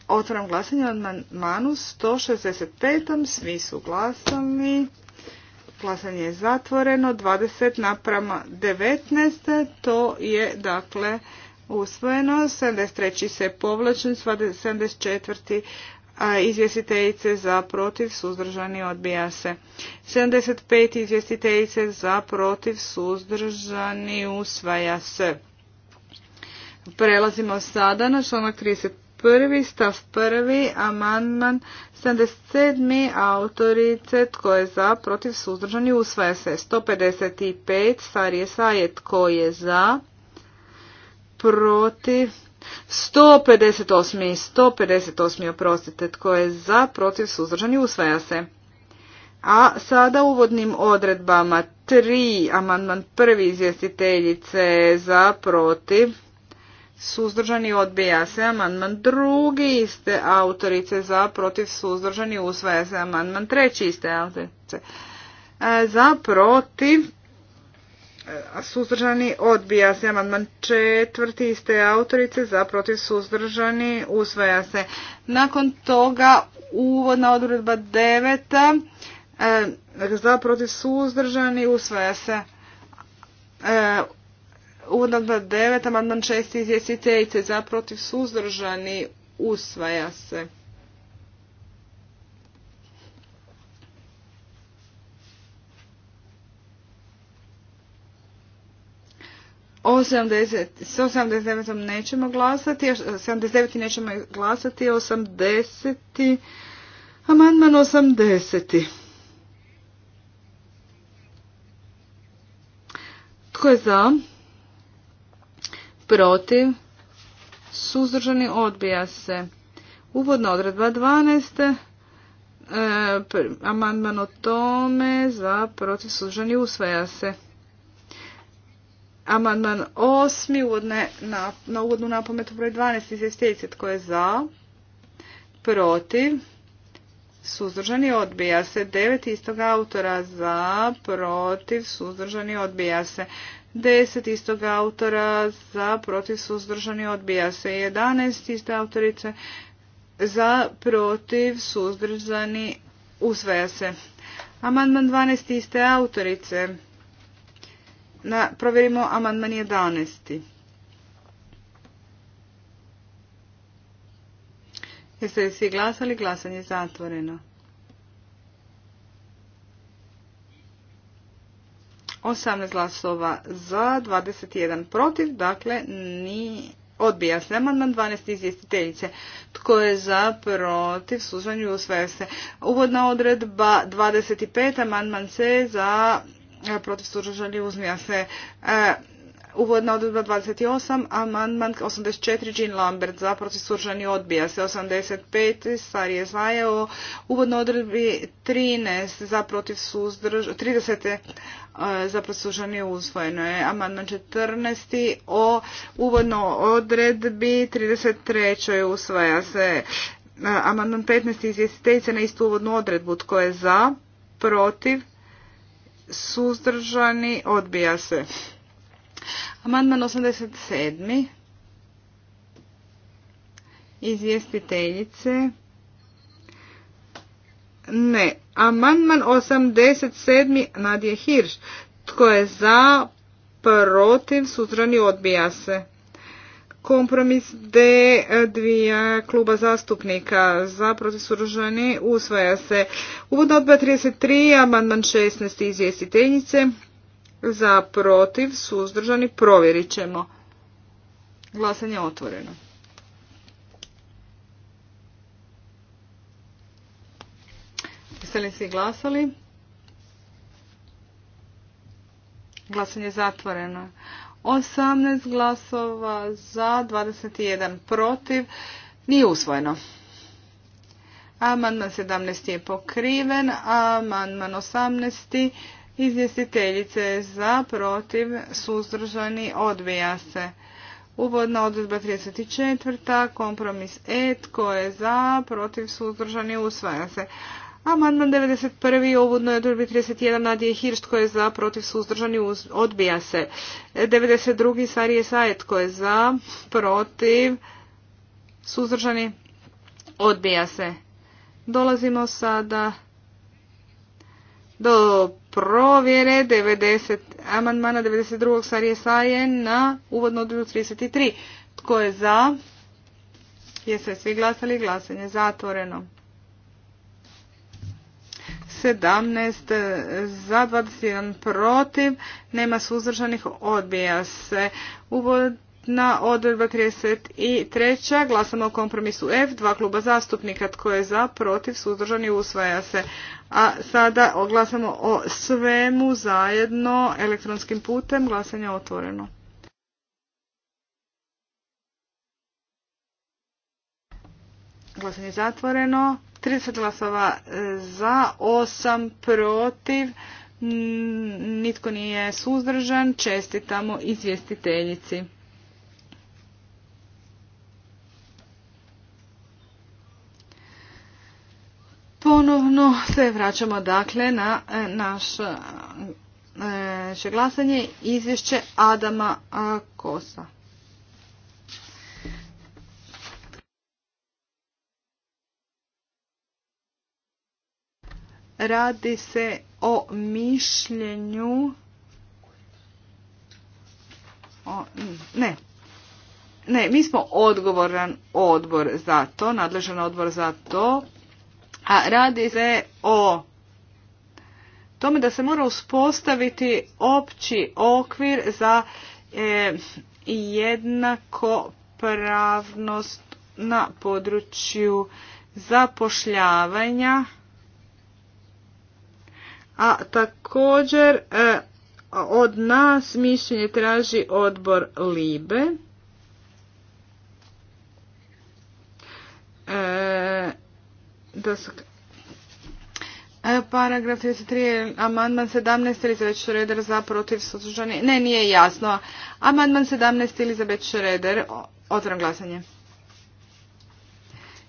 Otvaram glasanje na manu 165. Svi su glasali. Glasanje je zatvoreno. 20 naprama 19. To je dakle usvojeno. 73. se povlačen. 74. Izvjestiteljice za protiv suzdržani odbija se. 75. Izvjestiteljice za protiv suzdržani usvaja se. Prelazimo sada na članak 31 prvi, stav prvi, amandman 77. autorice, tko je za, protiv, suzdržani, usvaja se. 155. starije Saje, tko je za, protiv, 158. 158. oprostite, tko je za, protiv, suzdržani, usvaja se. A sada uvodnim odredbama 3, amandman prvi izvjestiteljice za, protiv, suzdržani odbija se amandman drugi iste autorice za protiv suzdržani usvaja se amandman treći iste autorice e, za protiv e, suzdržani odbija se amandman četvrti iste autorice za protiv suzdržani usvaja se nakon toga uvodna odredba deveta e, za protiv suzdržani usvaja se Uvodna devet, amandman 6 iz za protiv suzdržani usvaja se. O 70, s 89. nećemo glasati, 79. nećemo glasati, 80. Amandman 80. Tko je za? protiv, suzdržani, odbija se. Uvodna odredba 12. E, amandman o tome za protiv suzdržani usvaja se. Amandman 8. Uvodne, na, na uvodnu napometu broj 12. Izvjestiteljice tko je za, protiv, suzdržani odbija se. 9. Istog autora za, protiv, suzdržani odbija se. 10 istog autora za protiv suzdržani odbija se 11 iste autorice za protiv suzdržani usvaja se. Amandman 12 iste autorice. Na, provjerimo amandman 11. Jeste li svi glasali? Glasanje je zatvoreno. 18 glasova za, 21 protiv, dakle ni odbija se amandman 12 izvjestiteljice. Tko je za, protiv, suzvanju sve se. Uvodna odredba 25, amandman C za, protiv, služanju uzmija se. E, Uvodna odredba 28, amandman 84, Jean Lambert, za proces suržani odbija se. 85, Sarije Zajeo, uvodna odredbi 13, za protiv suzdrž... 30, e, za je usvojeno je. Amandman 14, o uvodno odredbi 33, usvaja se. E, amandman 15, izvjestiteljice na istu uvodnu odredbu, tko je za, protiv, suzdržani, odbija se. Amandman 87. Izvjestiteljice. Ne. Amandman 87. Nadje Hirš. Tko je za, protiv, suzdržani odbija se. Kompromis D dvije kluba zastupnika za protiv suzdržani usvaja se. Uvodna odbija 33, amandman 16 izvjestiteljice za protiv, suzdržani, provjerit ćemo. Glasanje je otvoreno. Jeste li svi glasali? Glasanje je zatvoreno. 18 glasova za, 21 protiv. Nije usvojeno. Amandman 17 je pokriven, amandman 18 Izvjestiteljice za, protiv, suzdržani, odbija se. Uvodna odredba 34. Kompromis E. Tko je za, protiv, suzdržani, usvaja se. Amandman 91. je odredbi 31. Nadije Hirš. Tko je za, protiv, suzdržani, odbija se. 92. Sarije Sajet. Tko je za, protiv, suzdržani, odbija se. Dolazimo sada do provjere 90, amandmana 92. Sarije Saje na uvodnu odredu 33. Tko je za? Jeste svi glasali? Glasanje zatvoreno. 17 za 21 protiv, nema suzdržanih, odbija se. Uvod na odredba 33. Glasamo o kompromisu F. Dva kluba zastupnika. Tko je za, protiv, suzdržan i usvaja se. A sada glasamo o svemu zajedno elektronskim putem. Glasanje otvoreno. Glasanje zatvoreno. 30 glasova e, za, 8 protiv, nitko nije suzdržan. Čestitamo izvjestiteljici. Ponovno se vraćamo dakle na e, naš e, glasanje izvješće Adama Kosa. Radi se o mišljenju ne ne, mi smo odgovoran odbor za to, nadležan odbor za to a radi se o tome da se mora uspostaviti opći okvir za e, jednako pravnost na području zapošljavanja a također e, od nas mišljenje traži odbor Libe. E, E, paragraf 33, amandman 17, Elizabeth Schroeder za protiv suzdržani. Ne, nije jasno. Amandman 17, Elizabeth Schroeder, Otvoram glasanje.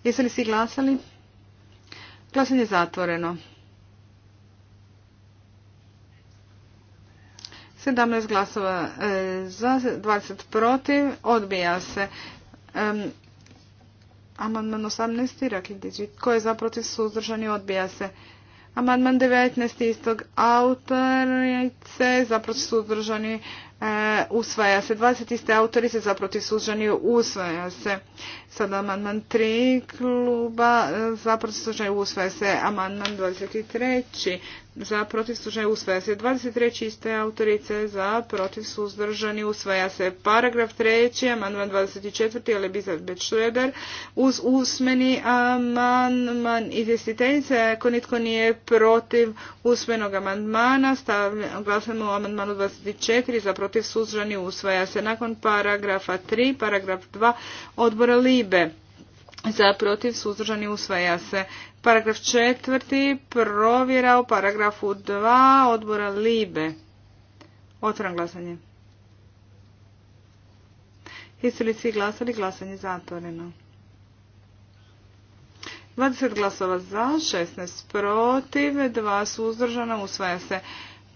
Jesu li svi glasali? Glasanje je zatvoreno. 17 glasova e, za, 20 protiv. Odbija se. Amandman 18. Rakitići. Ko je za protiv suzdržani odbija se. Amandman 19. istog autorice za protiv suzdržani e, usvaja se. 20. iste autorice za protiv suzdržani usvaja se. Sada amandman 3 kluba e, za protiv suzdržani usvaja se. Amandman 23 za protiv suzdržani usvaja se. 23. iste autorice za protiv suzdržani usvaja se. Paragraf 3. amandman 24. Elizabeth Schroeder uz usmeni amandman izvjestiteljice. Ako nitko nije protiv usmenog amandmana, glasamo o amandmanu 24. za protiv suzdržani usvaja se. Nakon paragrafa 3, paragraf 2 odbora Libe. Za protiv suzdržani usvaja se. Paragraf četvrti, provjera u paragrafu 2 odbora Libe. Otvoram glasanje. Jesu li svi glasali? Glasanje zatvoreno. 20 glasova za, 16 protiv, 2 suzdržana, usvaja se.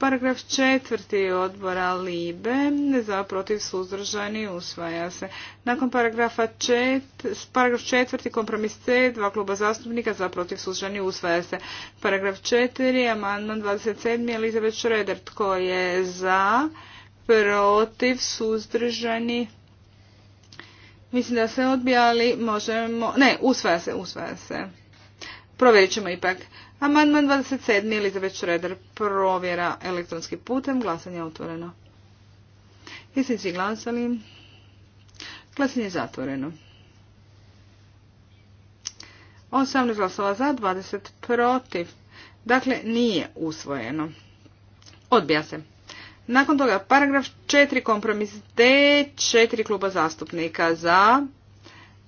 Paragraf četvrti odbora Libe za protiv suzdržani usvaja se. Nakon paragrafa s paragraf četvrti kompromis C dva kluba zastupnika za protiv suzdržani usvaja se. Paragraf četiri amandman 27. Elizabeth Šredert tko je za protiv suzdržani Mislim da se odbija, ali možemo... Ne, usvaja se, usvaja se. Provjerit ćemo ipak. Amandman 27. Elizabeth Schroeder provjera elektronski putem. Glasanje je otvoreno. Jeste svi glasali? Glasanje je zatvoreno. 18 glasova za, 20 protiv. Dakle, nije usvojeno. Odbija se. Nakon toga paragraf 4 kompromis D, Četiri kluba zastupnika za,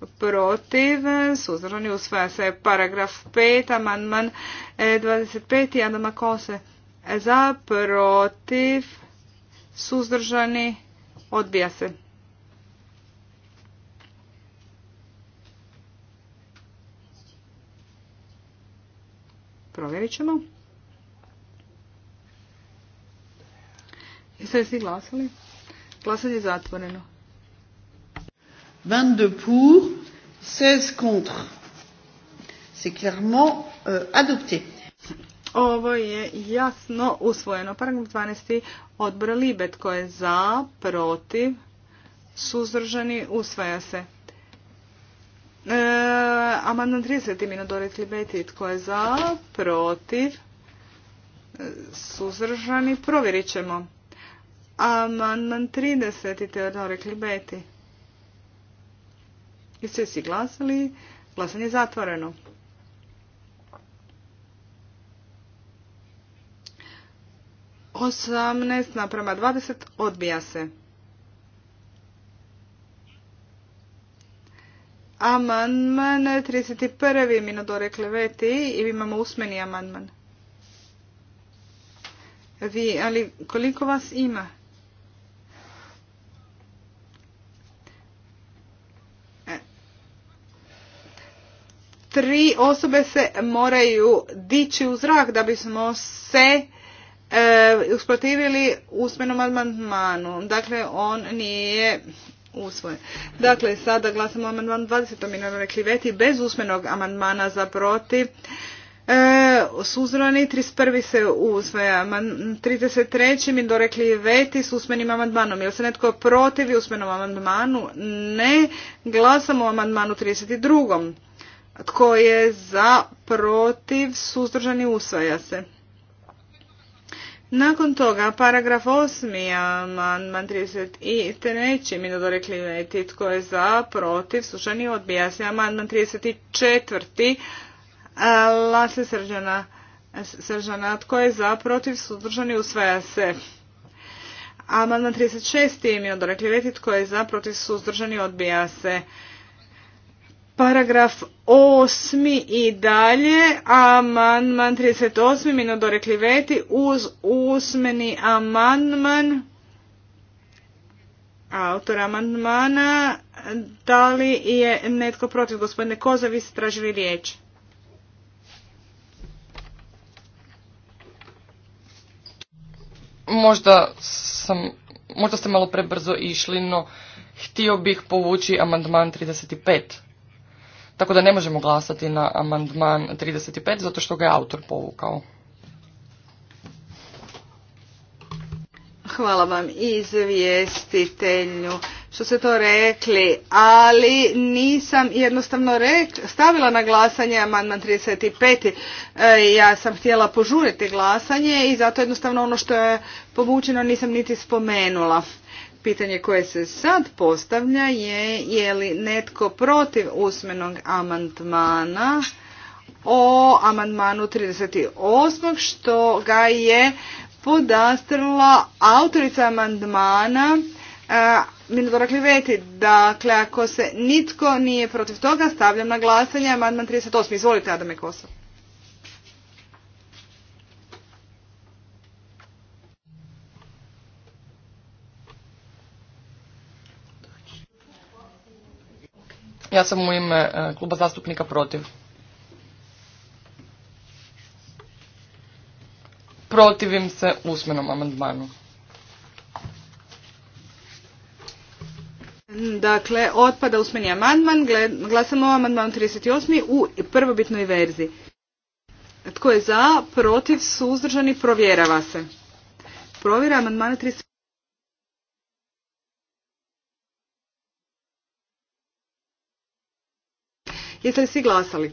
protiv, suzdržani usvaja se paragraf 5, amandman 25. E, Adama Kose e, za, protiv, suzdržani, odbija se. Provjerit ćemo. Jeste li svi glasali? Glasanje je zatvoreno. 22 pour, 16 contre. C'est clairement euh, adopté. Ovo je jasno usvojeno. Paragraf 12. Odbor Libet koje je za, protiv, suzdržani, usvaja se. E, Amandman 30. Minodoret Libeti. koje je za, protiv, suzdržani, provjerit ćemo. Amandman 30. Teodore Klibeti. Jeste svi glasali? Glasanje je zatvoreno. Osamnaest naprema dvadeset odbija se. Amandman 31. Minodore Kleveti i imamo usmeni amandman. Vi, ali koliko vas ima? tri osobe se moraju dići u zrak da bismo se e, usprotivili usmenom amandmanu. Dakle, on nije usvojen. Dakle, sada glasamo amandman 20. rekli Veti. bez usmenog amandmana za protiv. E, suzrani 31. se usvaja, 33. mi dorekli veti s usmenim amandmanom. li se netko protivi usmenom amandmanu? Ne. Glasamo o amandmanu 32. Tko je za, protiv, suzdržani, usvaja se. Nakon toga, paragraf 8. amandman 33. mi dodorekli veti tko je za, protiv, suzdržani, odbija se. Amandman 34. Lase Srđana. Sržana, tko je za, protiv, suzdržani, usvaja se. Amandman 36. mi dorekli vetit, tko je za, protiv, suzdržani, odbija se. Paragraf osmi i dalje, amandman 38, rekli Veti, uz usmeni amandman autor amandmana. Da li je netko protiv gospodine Koza, vi ste tražili riječ? Možda, sam, možda ste malo prebrzo išli, no htio bih povući amandman 35. Tako da ne možemo glasati na amandman 35 zato što ga je autor povukao. Hvala vam izvjestitelju što ste to rekli, ali nisam jednostavno stavila na glasanje amandman 35. E, ja sam htjela požuriti glasanje i zato jednostavno ono što je povučeno nisam niti spomenula. Pitanje koje se sad postavlja je je li netko protiv usmenog amandmana o amandmanu 38. što ga je podastrla autorica amandmana Minodora Kliveti. Dakle, ako se nitko nije protiv toga, stavljam na glasanje amandman 38. Izvolite, Adame Kosov. Ja sam u ime e, kluba zastupnika protiv. Protivim se usmenom amandmanu. Dakle, otpada usmeni amandman, glasamo o amandmanu 38. u prvobitnoj verziji. Tko je za, protiv, suzdržani, provjerava se. Provjera amandmana 38. Jeste li svi glasali?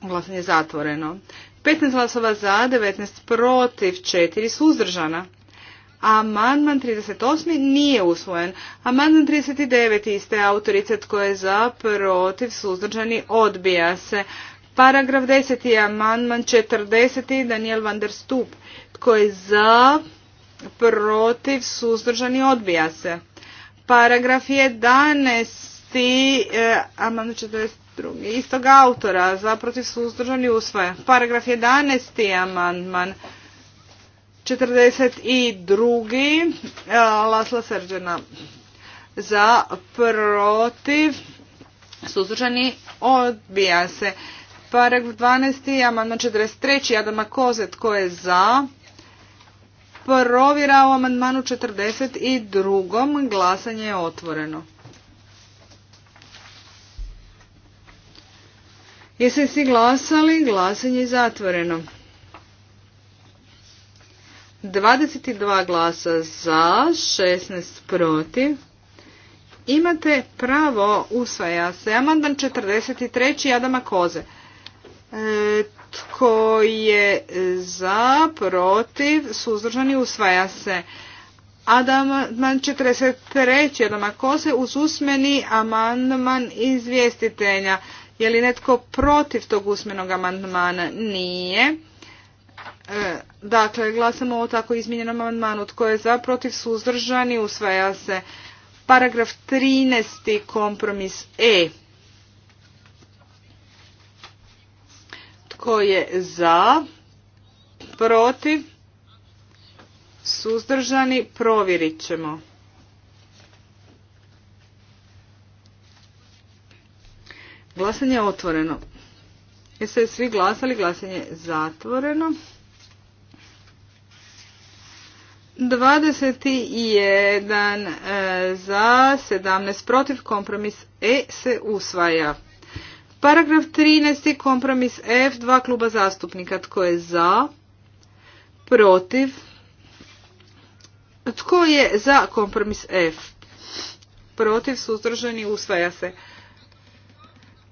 Glasanje je zatvoreno. 15 glasova za, 19 protiv, 4 suzdržana. Amandman 38. nije usvojen. Amandman 39. iste autorice tko je za, protiv, suzdržani, odbija se. Paragraf 10. amandman 40. Daniel van der Stup. Tko je za, protiv, suzdržani, odbija se. Paragraf 11 isti e, amandman 42. istog autora za protiv suzdržani usvaja. Paragraf 11. amandman 42. E, Lasla Srđana za protiv suzdržani odbija se. Paragraf 12. amandman 43. Adama Kozet ko je za provjera u amandmanu 42. Glasanje je otvoreno. Jeste svi glasali? Glasanje je zatvoreno. 22 glasa za, 16 protiv. Imate pravo, usvaja se, amandan 43. Adama Koze. E, tko je za, protiv, suzdržani, usvaja se. Adaman 43. Adama Koze uz usmeni amandman izvjestitelja. Je li netko protiv tog usmenog amandmana? Nije. E, dakle, glasamo o tako izmijenjenom amandmanu. Tko je za, protiv, suzdržani, usvaja se. Paragraf 13. kompromis E. Tko je za, protiv, suzdržani, provjerit ćemo. Glasanje je otvoreno. Jeste li svi glasali? Glasanje je zatvoreno. 21 e, za, 17 protiv, kompromis E se usvaja. Paragraf 13. kompromis F, dva kluba zastupnika. Tko je za? Protiv? Tko je za kompromis F? Protiv, suzdržani, usvaja se.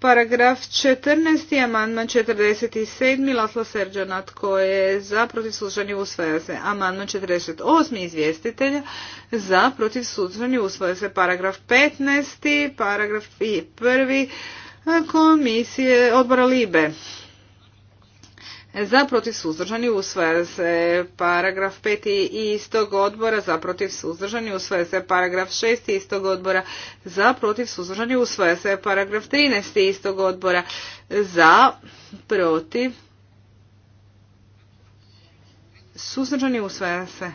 Paragraf 14. Amandman 47. Laslo Serđana tko je za protiv suzdržani usvaja se. Amandman 48. Izvjestitelja za protiv suzdržani usvaja se. Paragraf 15. Paragraf 1. Komisije odbora Libe za protiv suzdržani usvaja se paragraf 5 istog odbora za protiv suzdržani usvaja se paragraf 6 istog odbora za protiv suzdržani usvaja se paragraf 13 istog odbora za protiv suzdržani usvaja se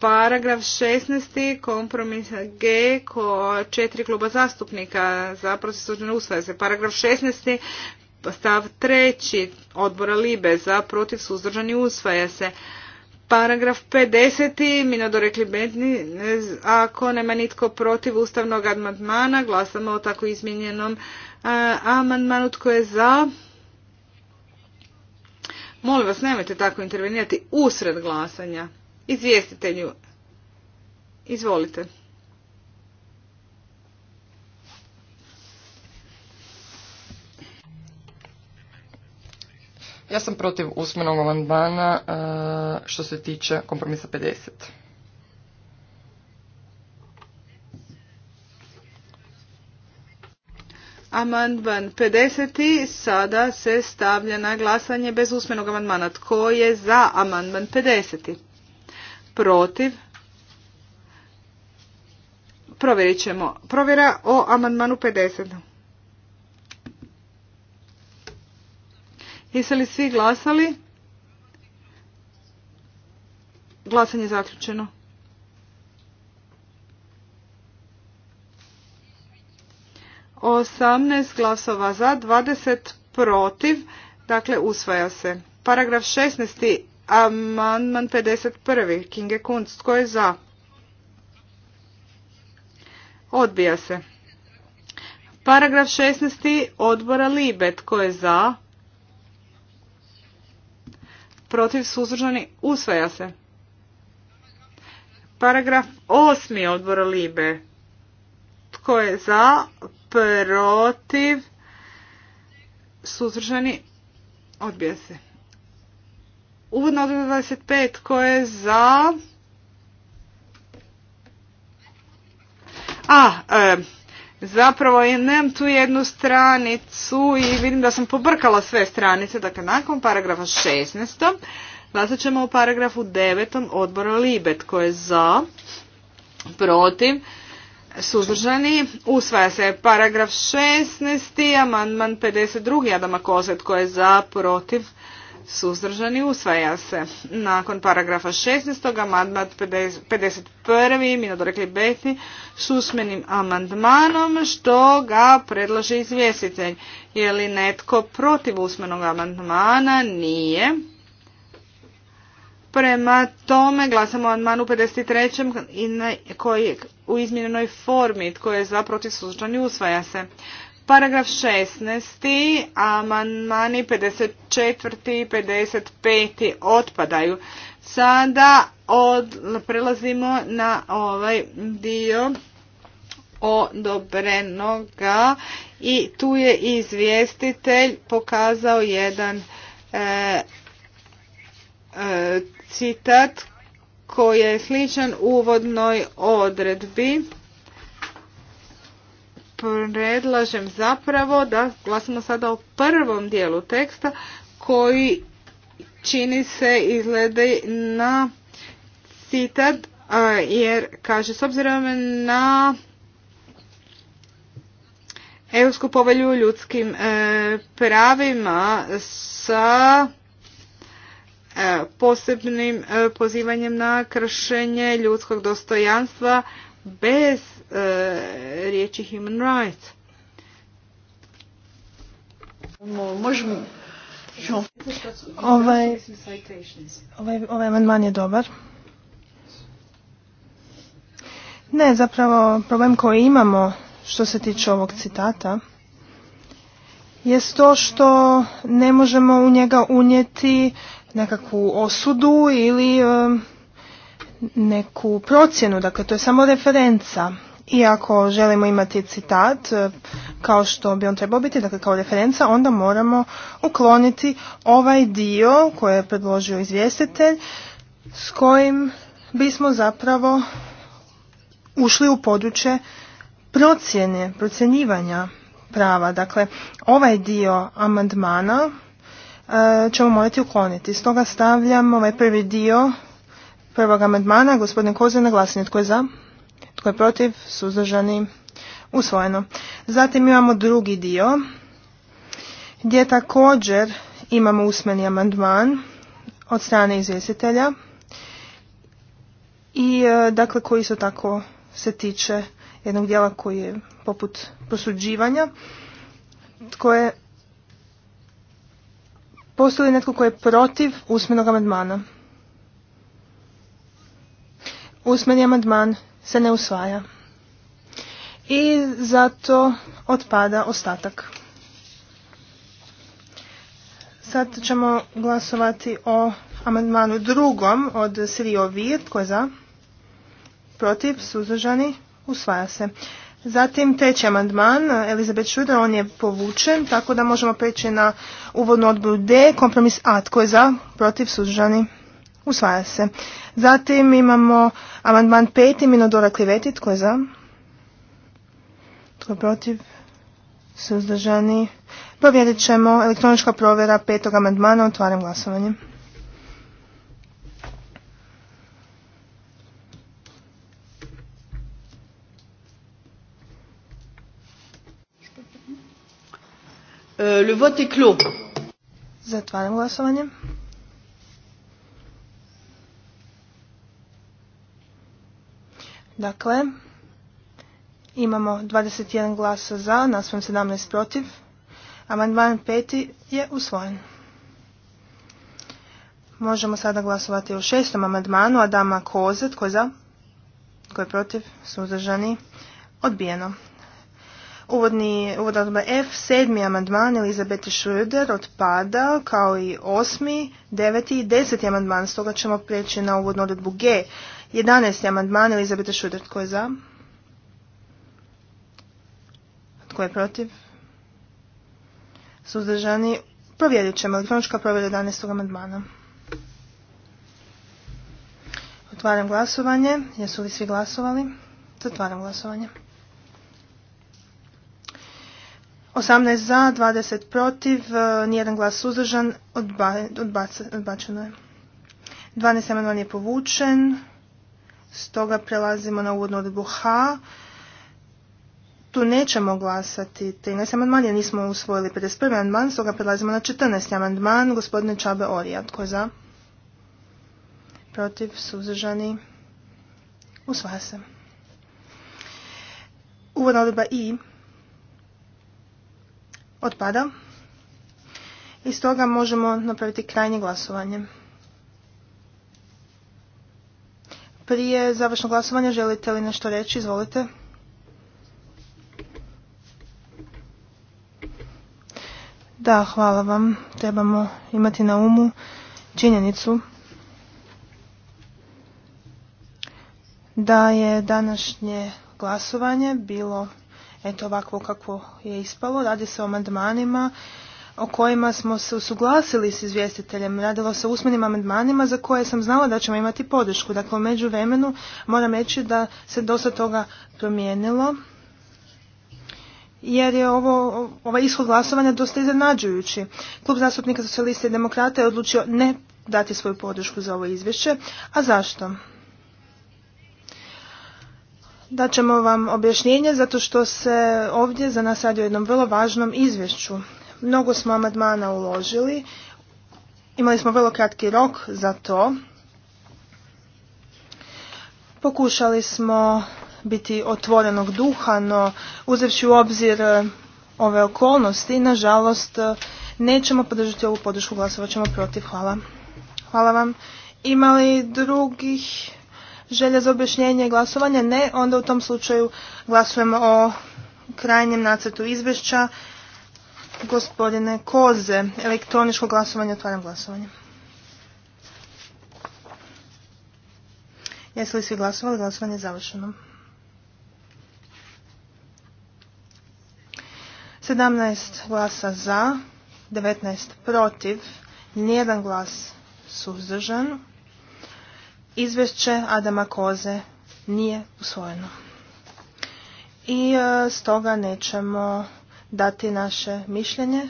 Paragraf 16. kompromis G ko četiri kluba zastupnika za protiv suzdržani usvaja se. Paragraf 16. Stav treći odbora Libe za protiv suzdržani usvaja se. Paragraf 50. Minodo rekli bedni, ako nema nitko protiv ustavnog amandmana, glasamo o tako izmijenjenom amandmanu. Tko je za? Molim vas, nemojte tako intervenirati usred glasanja. Izvjestitelju. Izvolite. Ja sam protiv usmenog amandmana e, što se tiče kompromisa 50. Amandman 50. sada se stavlja na glasanje bez usmenog amandmana. Tko je za amandman 50? Protiv? Provjerit ćemo. Provjera o amandmanu 50. Jeste li svi glasali? Glasanje je zaključeno. Osamnaest glasova za, dvadeset protiv, dakle usvaja se. Paragraf 16. Amandman 51. Kinge Kunst, tko je za? Odbija se. Paragraf 16. Odbora Libet tko je za? protiv suzdržani usvaja se. Paragraf osmi odbora Libe. Tko je za, protiv, suzdržani, odbija se. Uvodna odbija 25. Tko je za... A, Zapravo nemam tu jednu stranicu i vidim da sam pobrkala sve stranice. Dakle, nakon paragrafa 16. Glasat ćemo u paragrafu 9. odbora Libet koji je za, protiv, suzdržani. Usvaja se paragraf 16. amandman 52. Adama Kozet koji je za, protiv, suzdržani usvaja se. Nakon paragrafa 16. amandman 51. mi nadorekli Beti s usmenim amandmanom što ga predlaže izvjestitelj. Je li netko protiv usmenog amandmana? Nije. Prema tome glasamo o u 53. koji je koji u izmjenjenoj formi tko je za protiv suzdržani usvaja se. Paragraf 16. Amandmani 54. i 55. otpadaju. Sada od, prelazimo na ovaj dio odobrenoga i tu je izvjestitelj pokazao jedan e, e, citat koji je sličan uvodnoj odredbi predlažem zapravo da glasimo sada o prvom dijelu teksta koji čini se izglede na citat jer kaže s obzirom na Europsku povelju ljudskim e, pravima sa e, posebnim e, pozivanjem na kršenje ljudskog dostojanstva bez E, riječi human rights. Možemo... Ovaj, ovaj, ovaj amandman je dobar. Ne, zapravo problem koji imamo što se tiče ovog citata je to što ne možemo u njega unijeti nekakvu osudu ili e, neku procjenu, dakle to je samo referenca. I ako želimo imati citat e, kao što bi on trebao biti, dakle kao referenca, onda moramo ukloniti ovaj dio koji je predložio izvjestitelj s kojim bismo zapravo ušli u područje procjene, procjenjivanja prava. Dakle, ovaj dio amandmana e, ćemo morati ukloniti. Stoga stavljam ovaj prvi dio prvog amandmana, gospodine Koze, na glasanje. Tko je za? Tko je protiv? Suzdržani? Usvojeno. Zatim imamo drugi dio gdje također imamo usmeni amandman od strane izvjestitelja i e, dakle koji isto tako se tiče jednog dijela koji je poput posuđivanja koje postoji netko koji je protiv usmenog amandmana. Usmeni amandman se ne usvaja. I zato otpada ostatak. Sad ćemo glasovati o amandmanu drugom od Sirio Vir, tko je za? Protiv, suzdržani, usvaja se. Zatim treći amandman, Elizabeth Šuder, on je povučen, tako da možemo preći na uvodnu odboru D, kompromis A, tko je za? Protiv, suzdržani, Usvaja se. Zatim imamo amandman peti Minodora Kliveti. Tko je za? Tko je protiv? Suzdržani. Provjerit ćemo. Elektronička provjera petog amandmana. Otvaram glasovanje. Euh, le vote est clos. Zatvaram glasovanje. Dakle, imamo 21 glasa za, naspram 17 protiv. Amandman peti je usvojen. Možemo sada glasovati o šestom amandmanu Adama Kozet Tko je za? Tko je protiv? Suzdržani? Odbijeno. Uvodni, uvodna F, sedmi amandman Elizabete Schröder odpada kao i osmi, deveti i deseti amandman, stoga ćemo preći na uvodnu odredbu G. Jedanesti amandman Elizabete Schröder, tko je za? Tko je protiv? Suzdržani? Provjerit ćemo elektronička provjera 11. amandmana. Otvaram glasovanje. Jesu li svi glasovali? Zatvaram glasovanje. Osamnaest za, 20 protiv, e, nijedan glas suzdržan, odbačeno je. 12 amandman je povučen, stoga prelazimo na uvodnu odredbu H. Tu nećemo glasati 13 amandman jer nismo usvojili 51. amandman, stoga prelazimo na 14. amandman gospodine Čabe Orija. Tko je za? Protiv, suzdržani, usvaja se. Uvodna odredba I Otpada. I stoga možemo napraviti krajnje glasovanje. Prije završnog glasovanja želite li nešto reći? Izvolite. Da, hvala vam. Trebamo imati na umu činjenicu da je današnje glasovanje bilo eto ovako kako je ispalo. Radi se o amandmanima o kojima smo se usuglasili s izvjestiteljem. Radilo se o usmenim amandmanima za koje sam znala da ćemo imati podršku. Dakle, u međuvremenu moram reći da se dosta toga promijenilo jer je ovo, ovaj ishod glasovanja dosta iznenađujući. Klub zastupnika socijalista i demokrata je odlučio ne dati svoju podršku za ovo izvješće. A zašto? Dat ćemo vam objašnjenje zato što se ovdje za nas radi o jednom vrlo važnom izvješću. Mnogo smo amadmana uložili, imali smo vrlo kratki rok za to. Pokušali smo biti otvorenog duha, no uzevši u obzir e, ove okolnosti, nažalost, e, nećemo podržati ovu podršku, glasovat ćemo protiv. Hvala. Hvala vam. Imali drugih želja za objašnjenje i glasovanje? Ne. Onda u tom slučaju glasujemo o krajnjem nacrtu izvješća gospodine Koze. Elektroničko glasovanje, otvaram glasovanje. Jesu li svi glasovali? Glasovanje je završeno. 17 glasa za, 19 protiv, nijedan glas suzdržan izvješće Adama Koze nije usvojeno. I e, stoga nećemo dati naše mišljenje.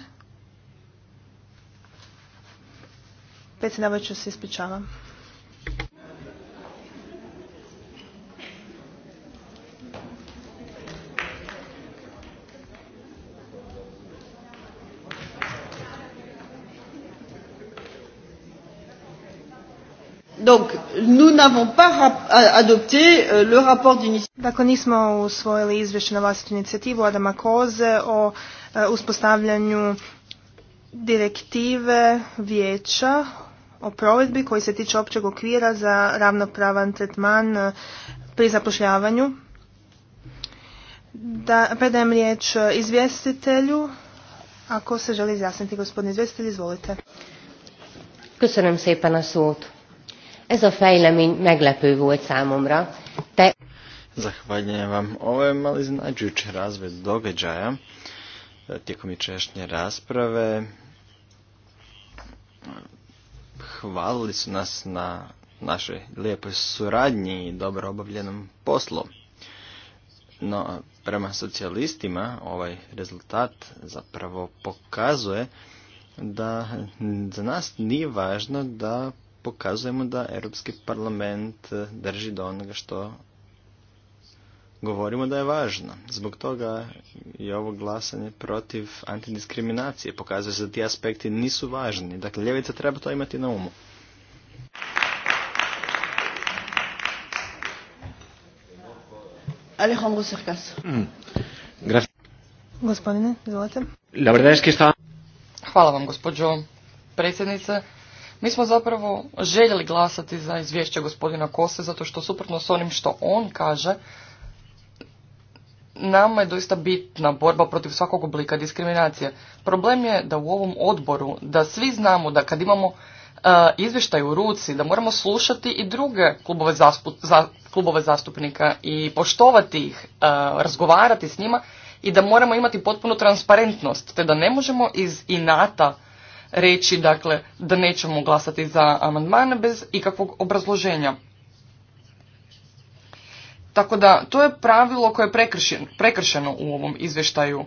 Predsjedavajuću se ispričavam. Donc, nous n'avons pas adopté euh, le rapport d'initiative. Dakle, nismo usvojili izvješće na vlastitu inicijativu Adama Koze o e, uspostavljanju direktive vijeća o provedbi koji se tiče općeg okvira za ravnopravan tretman e, pri zapošljavanju. Da, predajem riječ izvjestitelju. Ako se želi izjasniti, gospodin izvjestitelj, izvolite. Köszönöm szépen na szót. Ez a fejlemény meglepő volt számomra. Zahvaljujem vam. Ovo je mali iznađujući razvoj događaja tijekom ičešnje rasprave. Hvalili su nas na našoj lijepoj suradnji i dobro obavljenom poslu. No, prema socijalistima ovaj rezultat zapravo pokazuje da za nas nije važno da pokazujemo da Europski parlament eh, drži do onoga što govorimo da je važno. Zbog toga je ovo glasanje protiv antidiskriminacije. Pokazuje se da ti aspekti nisu važni. Dakle, ljevica treba to imati na umu. Alejandro mm. Gospodine, Hvala vam, gospođo predsjednice. Mi smo zapravo željeli glasati za izvješće gospodina Kose zato što suprotno s onim što on kaže, nama je doista bitna borba protiv svakog oblika diskriminacije. Problem je da u ovom odboru, da svi znamo da kad imamo e, izvještaj u ruci, da moramo slušati i druge klubove, za, klubove zastupnika i poštovati ih, e, razgovarati s njima i da moramo imati potpunu transparentnost, te da ne možemo iz inata reći dakle da nećemo glasati za amandmane bez ikakvog obrazloženja. Tako da to je pravilo koje je prekršeno u ovom izvještaju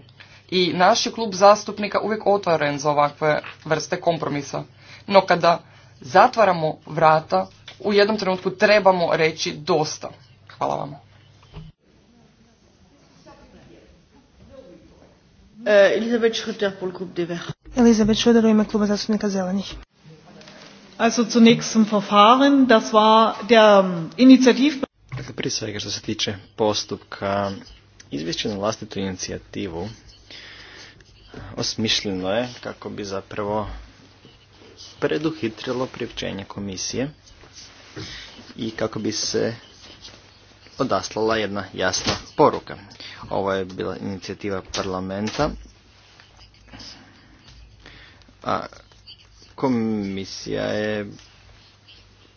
i naš je klub zastupnika uvijek otvoren za ovakve vrste kompromisa. No kada zatvaramo vrata, u jednom trenutku trebamo reći dosta. Hvala vam. Euh, Elisabeth Schröder pour u ime kluba zastupnika Zelenih. Also Verfahren, das war der ähm, Initiativ... Dakle, prije svega što se tiče postupka, izvješće na vlastitu inicijativu osmišljeno je kako bi zapravo preduhitrilo priopćenje komisije i kako bi se odaslala jedna jasna poruka. Ovo je bila inicijativa parlamenta, a komisija je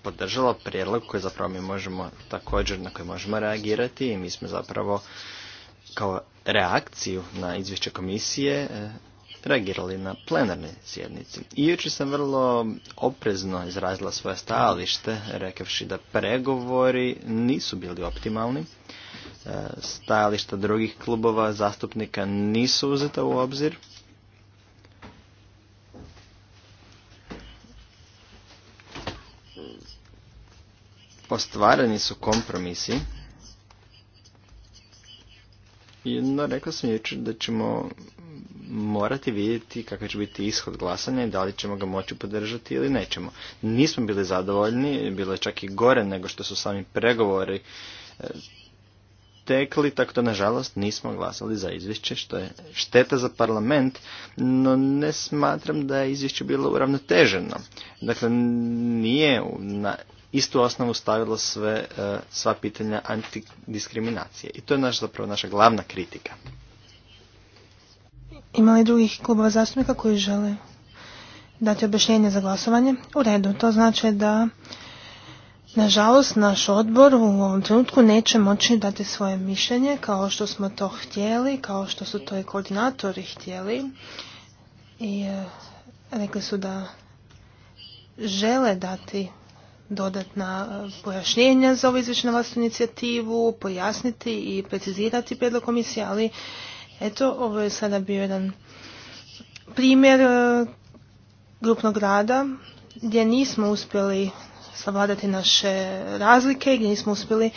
podržala prijedlog koji zapravo mi možemo također, na koji možemo reagirati i mi smo zapravo kao reakciju na izvješće komisije reagirali na plenarne sjednici. I jučer sam vrlo oprezno izrazila svoje stajalište, rekavši da pregovori nisu bili optimalni, e, stajališta drugih klubova zastupnika nisu uzeta u obzir, ostvareni su kompromisi. jedno rekao sam jučer da ćemo morati vidjeti kakav će biti ishod glasanja i da li ćemo ga moći podržati ili nećemo. Nismo bili zadovoljni, bilo je čak i gore nego što su sami pregovori e, tekli, tako da nažalost nismo glasali za izvješće, što je šteta za parlament, no ne smatram da je izvješće bilo uravnoteženo. Dakle, nije na istu osnovu stavilo sve, e, sva pitanja antidiskriminacije. I to je naš, zapravo naša glavna kritika. Ima li drugih klubova zastupnika koji žele dati objašnjenje za glasovanje? U redu, to znači da nažalost naš odbor u ovom trenutku neće moći dati svoje mišljenje kao što smo to htjeli, kao što su to i koordinatori htjeli i e, rekli su da žele dati dodatna e, pojašnjenja za ovu izvršnu vlastnu inicijativu, pojasniti i precizirati prijedlog komisije, ali Eto, ovo je sada bio jedan primjer e, grupnog rada gdje nismo uspjeli savladati naše razlike, gdje nismo uspjeli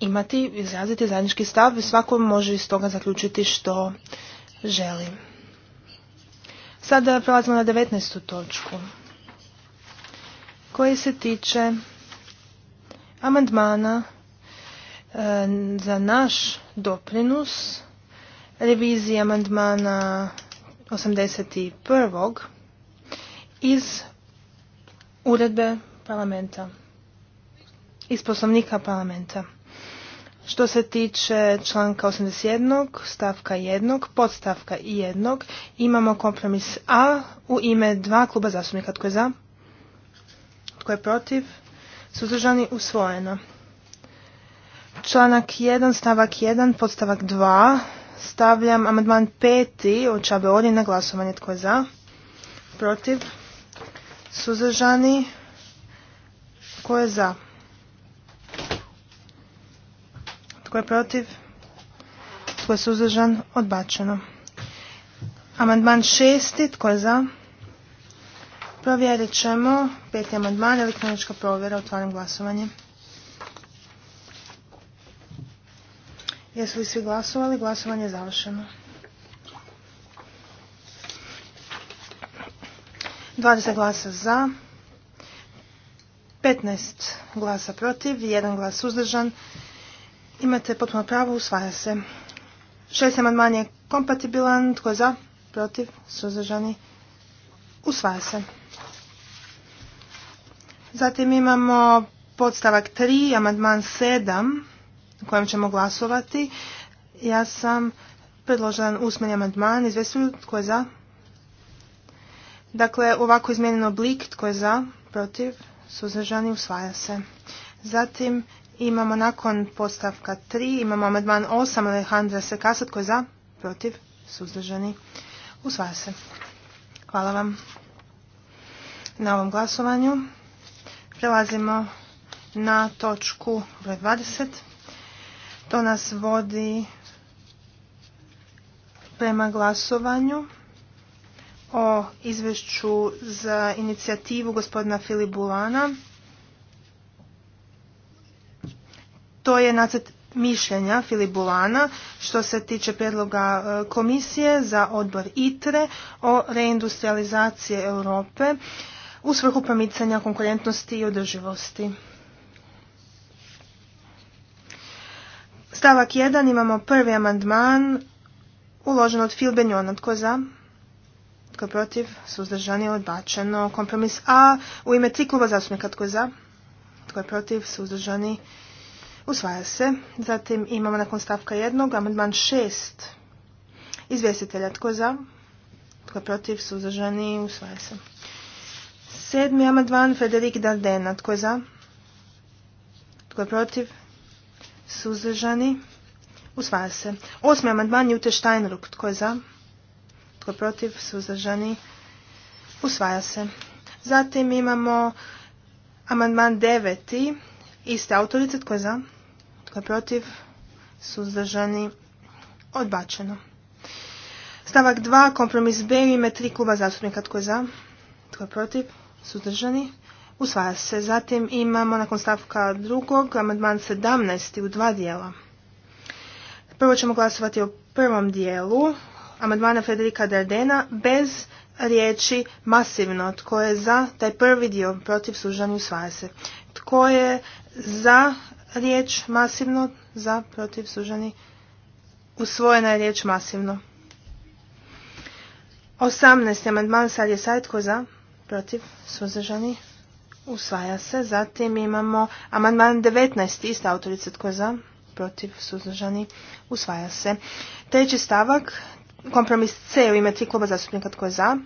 imati, izraziti zajednički stav i svako može iz toga zaključiti što želi. Sada prelazimo na 19. točku koji se tiče amandmana e, za naš doprinos reviziji amandmana 81. iz uredbe parlamenta, iz poslovnika parlamenta. Što se tiče članka 81. stavka 1. podstavka 1. imamo kompromis A u ime dva kluba zastupnika. Tko je za? Tko je protiv? Suzdržani usvojeno. Članak 1. stavak 1. podstavak 2. Stavljam amandman peti od Čabe na glasovanje. Tko je za? Protiv? suzažani, Tko je za? Tko je protiv? Tko je suzažan, Odbačeno. Amandman šesti. Tko je za? Provjerit ćemo. Peti amandman. Elektronička provjera. Otvaram glasovanje. Jesu li svi glasovali? Glasovanje je završeno. 20 glasa za, 15 glasa protiv, 1 glas uzdržan. Imate potpuno pravo, usvaja se. 6 amandman je kompatibilan, tko je za, protiv, suzdržani, usvaja se. Zatim imamo podstavak 3, amandman 7 kojem ćemo glasovati. Ja sam predložen usmeni amandman. Izvestuju tko je za? Dakle, ovako izmijenjen oblik tko je za, protiv, suzdržani, usvaja se. Zatim imamo nakon postavka 3, imamo amandman 8 Alejandra Sekasa tko je za, protiv, suzdržani, usvaja se. Hvala vam na ovom glasovanju. Prelazimo na točku broj 20. To nas vodi prema glasovanju o izvješću za inicijativu gospodina Filibulana. To je nacrt mišljenja Filibulana što se tiče predloga e, komisije za odbor ITRE o reindustrializaciji Europe u svrhu promicanja konkurentnosti i održivosti. Stavak 1 imamo prvi amandman uložen od Phil Benjona. Tko za? Tko je protiv? Suzdržan je odbačeno. Kompromis A u ime tri kluba zastupnika. Tko je za? Tko je protiv? Suzdržani usvaja se. Zatim imamo nakon stavka 1 amandman 6 izvjestitelja. Tko je za? Tko je protiv? Suzdržani usvaja se. Sedmi amandman Frederik Dardena. Tko je za? Tko je protiv? suzdržani, usvaja se. Osmi amandman Jute Steinruck, tko je za, tko je protiv, suzdržani, usvaja se. Zatim imamo amandman deveti, iste autorice, tko je za, tko je protiv, suzdržani, odbačeno. Stavak dva, kompromis B, ime tri kluba zastupnika, tko je za, tko je protiv, suzdržani, Usvaja se. Zatim imamo nakon stavka drugog, amandman 17. u dva dijela. Prvo ćemo glasovati o prvom dijelu amandmana Federika Dardena bez riječi masivno. Tko je za taj prvi dio protiv sužanju usvaja se. Tko je za riječ masivno, za protiv sužani usvojena je riječ masivno. 18. amandman sad je za protiv suzdržani Usvaja se. Zatim imamo amandman 19. Ista autorica tko za? Protiv suzdržani. Usvaja se. Treći stavak. Kompromis C u ime tri kluba zastupnika tko je za?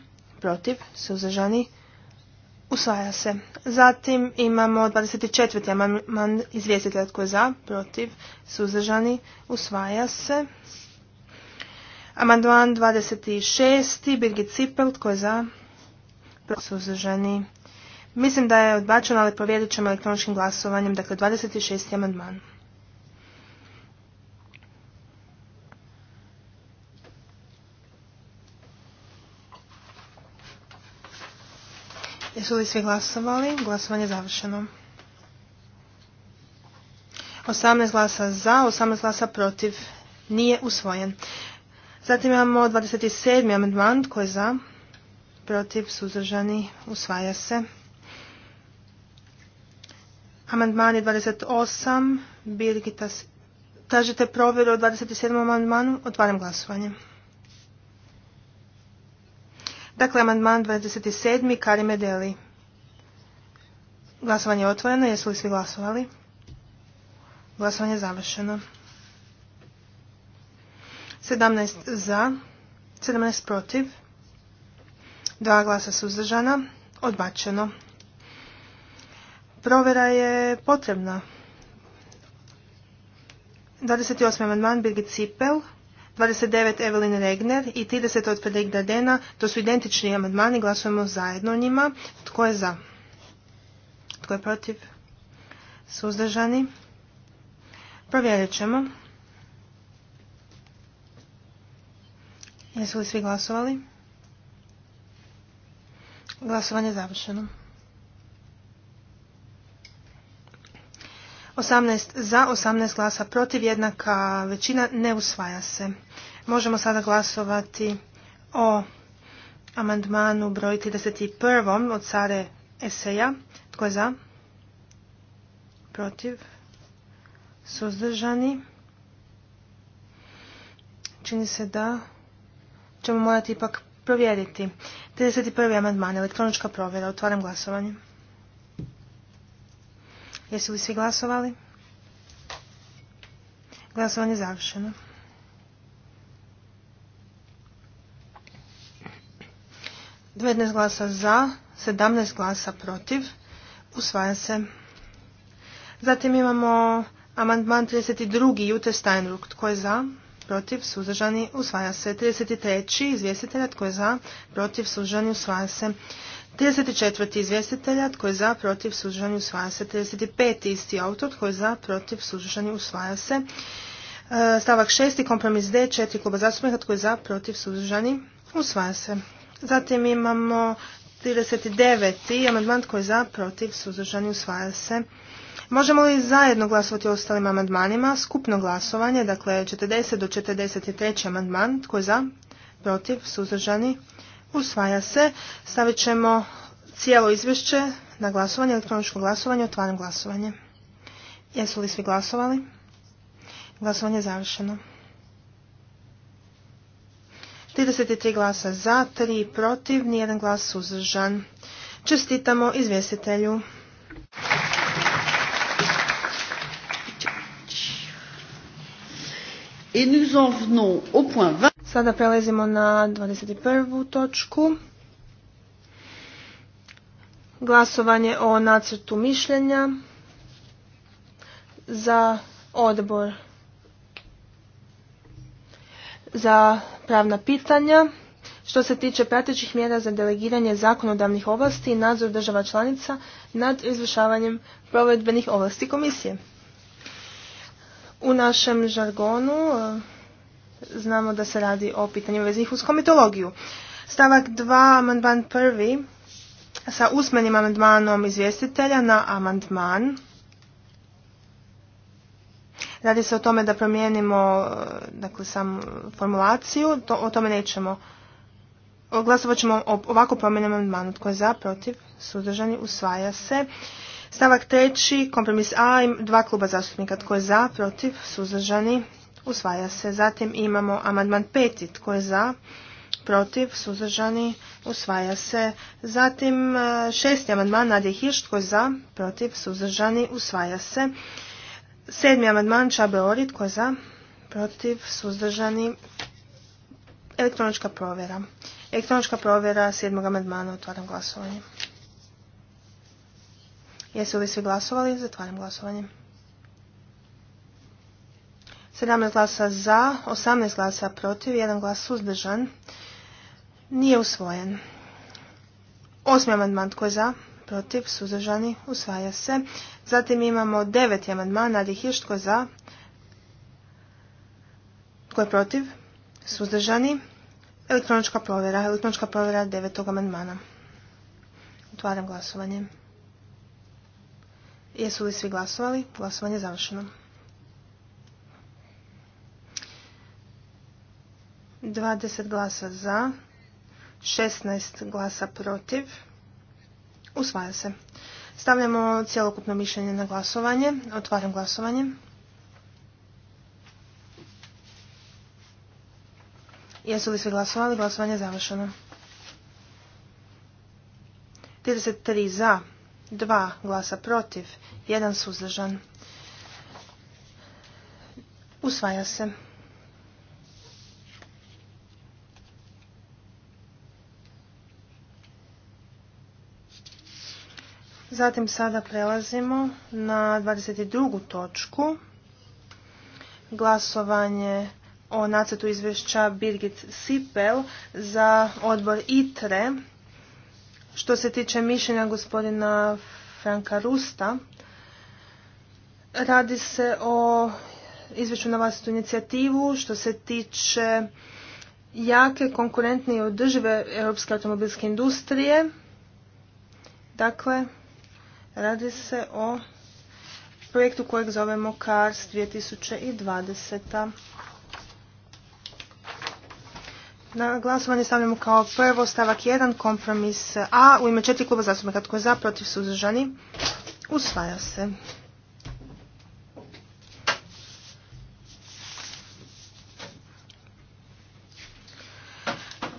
Protiv suzdržani. Usvaja se. Zatim imamo 24. amandman izvjestitelja tko je za? Protiv suzdržani. Usvaja se. Amandman 26. Birgit Cipel tko je za? Protiv suzdržani. Mislim da je odbačeno, ali provjerit ćemo elektroničkim glasovanjem. Dakle, 26. amandman. Jesu li svi glasovali? Glasovanje je završeno. 18 glasa za, 18 glasa protiv. Nije usvojen. Zatim imamo 27. amandman. Tko je za? Protiv, suzdržani, usvaja se. Amandmani 28, Birgita, tražite provjeru o 27. amandmanu, otvaram glasovanje. Dakle, amandman 27. Karime Deli. Glasovanje je otvoreno, jesu li svi glasovali? Glasovanje je završeno. 17 za, 17 protiv, dva glasa suzdržana, odbačeno. Provera je potrebna. 28. amandman Birgit Cipel, 29. Evelin Regner i 30. od Fredrik Dardena. To su identični amandmani, glasujemo zajedno njima. Tko je za? Tko je protiv? Suzdržani? Provjerit ćemo. Jesu li svi glasovali? Glasovanje je završeno. 18 za, 18 glasa protiv, jednaka većina ne usvaja se. Možemo sada glasovati o amandmanu broj 31. od Sare Eseja. Tko je za? Protiv? Suzdržani? Čini se da ćemo morati ipak provjeriti. 31. amandman, elektronička provjera. Otvaram glasovanje. Jesu li svi glasovali? Glasovanje je završeno. Dvadeset glasa za, 17 glasa protiv. Usvaja se. Zatim imamo amandman 32. Jute Steinruck. Tko je za? Protiv, suzdržani, usvaja se. 33. Izvjestitelja. Tko je za? Protiv, suzdržani, usvaja se. 34. izvjestitelja, tko je za, protiv, suzdržani, usvaja se. 35. isti autor, tko je za, protiv, suzdržani, usvaja se. E, stavak 6. kompromis D, 4 kluba zastupnika, tko je za, protiv, suzdržani, usvaja se. Zatim imamo 39. amandman tko je za, protiv, suzdržani, usvaja se. Možemo li zajedno glasovati o ostalim amandmanima? Skupno glasovanje, dakle 40 do 43. amandman, tko je za, protiv, suzdržani, Usvaja se. Stavit ćemo cijelo izvješće na glasovanje, elektroničko glasovanje, otvaram glasovanje. Jesu li svi glasovali? Glasovanje je završeno. 33 glasa za, 3 protiv, nijedan glas suzdržan. Čestitamo izvjestitelju. Et nous en venons au point Sada prelazimo na 21. točku. Glasovanje o nacrtu mišljenja za odbor za pravna pitanja što se tiče pratećih mjera za delegiranje zakonodavnih ovlasti i nadzor država članica nad izvršavanjem provedbenih ovlasti komisije. U našem žargonu znamo da se radi o pitanju veznih uz komitologiju. Stavak 2, amandman prvi, sa usmenim amandmanom izvjestitelja na amandman. Radi se o tome da promijenimo eh, dakle, sam formulaciju, to, o tome nećemo. Glasovat ćemo o ovako promijenim amandmanu. Tko je za, protiv, suzdržani, usvaja se. Stavak treći, kompromis A, dva kluba zastupnika. Tko je za, protiv, suzdržani, Usvaja se. Zatim imamo amandman Petit Tko je za? Protiv? Suzdržani? Usvaja se. Zatim e, šesti amandman Nadje Hirš. Tko je za? Protiv? Suzdržani? Usvaja se. Sedmi amandman Čabe Ori. Tko je za? Protiv? Suzdržani? Elektronička provjera. Elektronička provjera sedmog amandmana. Otvaram glasovanje. Jesu li svi glasovali? Zatvaram glasovanje. 17 glasa za, 18 glasa protiv, 1 glas suzdržan. Nije usvojen. Osmi amandman tko je za, protiv, suzdržani, usvaja se. Zatim imamo deveti amandman, Nadi Hirš, tko je za, tko je protiv, suzdržani, elektronička provjera, elektronička provjera devetog amandmana. Otvaram glasovanje. Jesu li svi glasovali? Glasovanje je završeno. 20 glasa za, 16 glasa protiv. Usvaja se. Stavljamo cjelokupno mišljenje na glasovanje. Otvaram glasovanje. Jesu li svi glasovali? Glasovanje je završeno. 33 za, 2 glasa protiv, 1 suzdržan. Usvaja se. Zatim sada prelazimo na 22. točku. Glasovanje o nacetu izvješća Birgit Sipel za odbor ITRE. Što se tiče mišljenja gospodina Franka Rusta, radi se o izvješću na vlastitu inicijativu što se tiče jake, konkurentne i održive europske automobilske industrije. Dakle, Radi se o projektu kojeg zovemo CARS 2020. Na glasovanje stavljamo kao prvo stavak 1 kompromis A u ime četiri kluba zastupnika tko je za, protiv suzdržani. Usvaja se.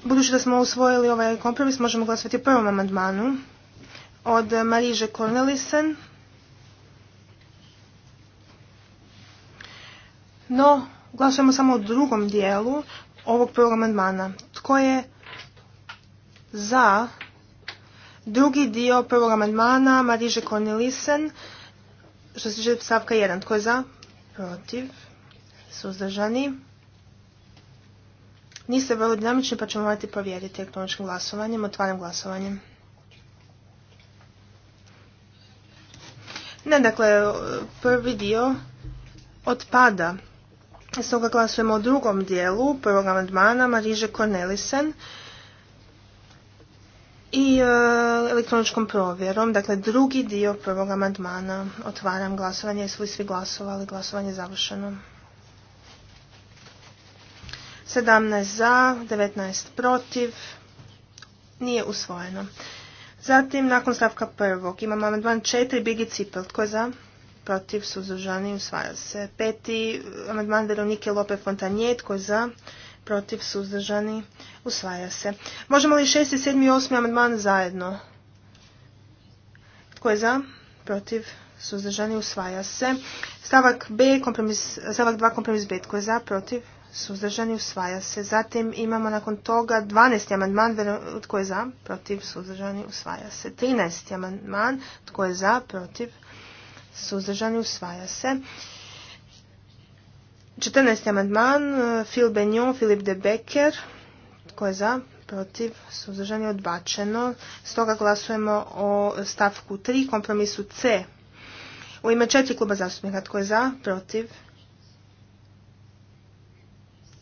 Budući da smo usvojili ovaj kompromis, možemo glasovati o prvom amandmanu od Mariže Cornelissen. No, glasujemo samo o drugom dijelu ovog prvog amandmana. Tko je za drugi dio prvog amandmana Mariže Cornelissen što se tiče stavka 1. Tko je za? Protiv. Suzdržani. Niste vrlo dinamični pa ćemo morati provjeriti elektroničkim glasovanjem. Otvaram glasovanjem. Ne, dakle, prvi dio otpada. Stoga glasujemo o drugom dijelu prvog amandmana Mariže Cornelisen i e, elektroničkom provjerom. Dakle, drugi dio prvog amandmana. Otvaram glasovanje. Jesu svi glasovali? Glasovanje je završeno. 17 za, 19 protiv. Nije usvojeno. Zatim, nakon stavka prvog, imamo amandman četiri, Bigi Cipel. Tko je za? Protiv, suzdržani, usvaja se. Peti, amandman Veronike Lope fontanije, Tko je za? Protiv, suzdržani, usvaja se. Možemo li šesti, sedmi i osmi amandman zajedno? Tko je za? Protiv, suzdržani, usvaja se. Stavak B, kompromis, stavak 2, kompromis B. Tko je za? Protiv, suzdržani, usvaja se. Zatim imamo nakon toga 12. amandman, tko je za, protiv, suzdržani, usvaja se. 13. amandman, tko je za, protiv, suzdržani, usvaja se. 14. amandman, Phil Benjon, Filip de Becker, tko je za, protiv, suzdržani, odbačeno. Stoga glasujemo o stavku 3, kompromisu C. U ime četiri kluba zastupnika, tko je za, protiv,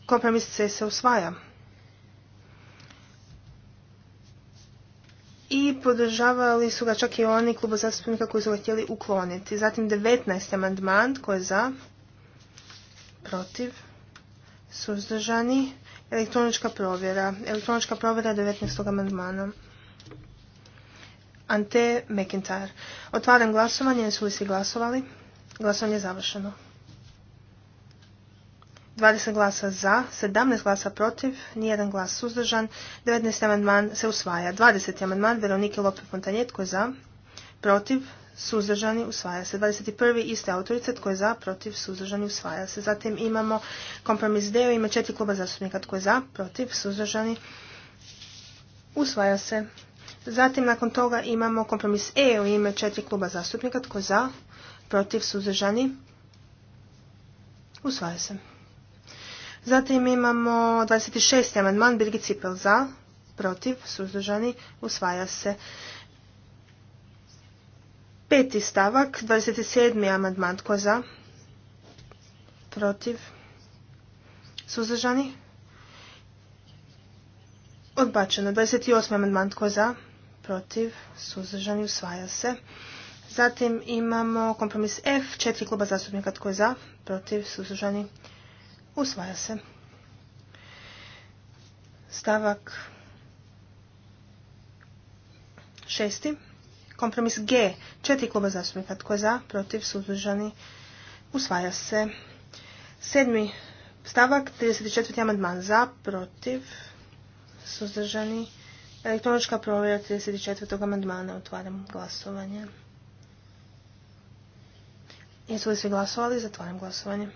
Kompromis C se usvaja. I podržavali su ga čak i oni kluba zastupnika koji su ga htjeli ukloniti. Zatim 19. amandman, koji je za? Protiv? Suzdržani? Elektronička provjera. Elektronička provjera 19. amandmana. Ante McIntyre. Otvaram glasovanje. Jesu li svi glasovali? Glasovanje je završeno. 20 glasa za, 17 glasa protiv, nijedan glas suzdržan, 19. amandman se usvaja. 20. amandman Veronike Lope Fontanjetko tko je za, protiv, suzdržani, usvaja se. 21. iste autorice, tko je za, protiv, suzdržani, usvaja se. Zatim imamo kompromis deo, ima četiri kluba zastupnika, tko je za, protiv, suzdržani, usvaja se. Zatim nakon toga imamo kompromis E u ime četiri kluba zastupnika, tko je za, protiv, suzdržani, usvaja se. Zatim imamo 26. amandman Birgit Cipel za, protiv, suzdržani, usvaja se. Peti stavak, 27. amandman tko za, protiv, suzdržani, odbačeno. 28. amandman tko za, protiv, suzdržani, usvaja se. Zatim imamo kompromis F, četiri kluba zastupnika tko za, protiv, suzdržani, usvaja se. Usvaja se. Stavak šesti. Kompromis G. Četiri kluba zastupnika. Tko je za? Protiv? Suzdržani? Usvaja se. Sedmi stavak. 34. amandman. Za? Protiv? Suzdržani? Elektronička provjera 34. amandmana. Otvaram glasovanje. Jesu li svi glasovali? Zatvaram glasovanje.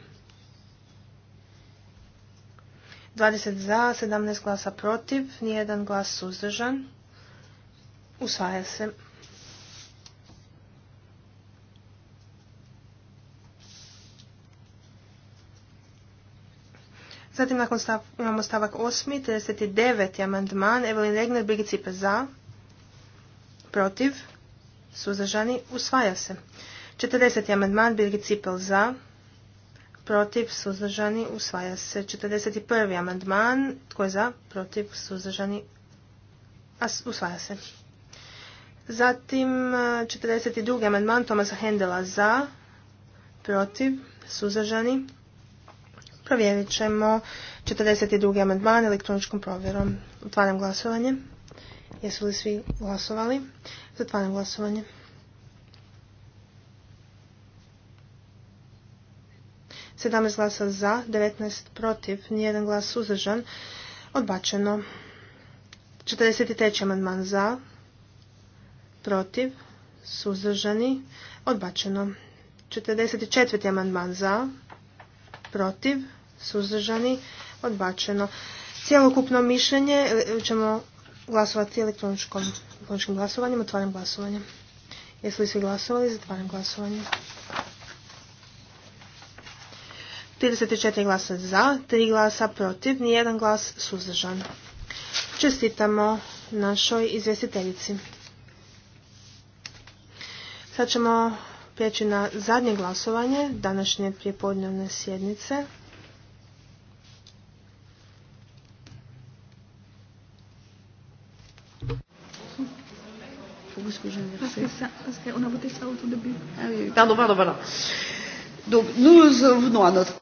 20 za, 17 glasa protiv, nijedan glas suzdržan. Usvaja se. Zatim nakon stav, imamo stavak 8. 39. amandman. Evelin Regner, Birgit Cipe za. Protiv. Suzdržani. Usvaja se. 40. amandman. Birgit Cipel za protiv, suzdržani, usvaja se. 41. amandman, tko je za, protiv, suzdržani, usvaja se. Zatim 42. amandman Tomasa Hendela za, protiv, suzdržani. Provjerit ćemo 42. amandman elektroničkom provjerom. Otvaram glasovanje. Jesu li svi glasovali? Zatvaram glasovanje. 17 glasa za, 19 protiv, nijedan glas suzdržan. Odbačeno. 43. amandman za, protiv, suzdržani, odbačeno. 44. amandman za, protiv, suzdržani, odbačeno. Cijelokupno mišljenje e, e, ćemo glasovati elektroničkom, elektroničkim glasovanjem, otvaram glasovanje. Jesu li svi glasovali? Zatvaram glasovanje. 34 glasa za, 3 glasa protiv, nijedan glas suzdržan. Čestitamo našoj izvjestiteljici. Sad ćemo prijeći na zadnje glasovanje današnje prijepodnevne sjednice. nous venons à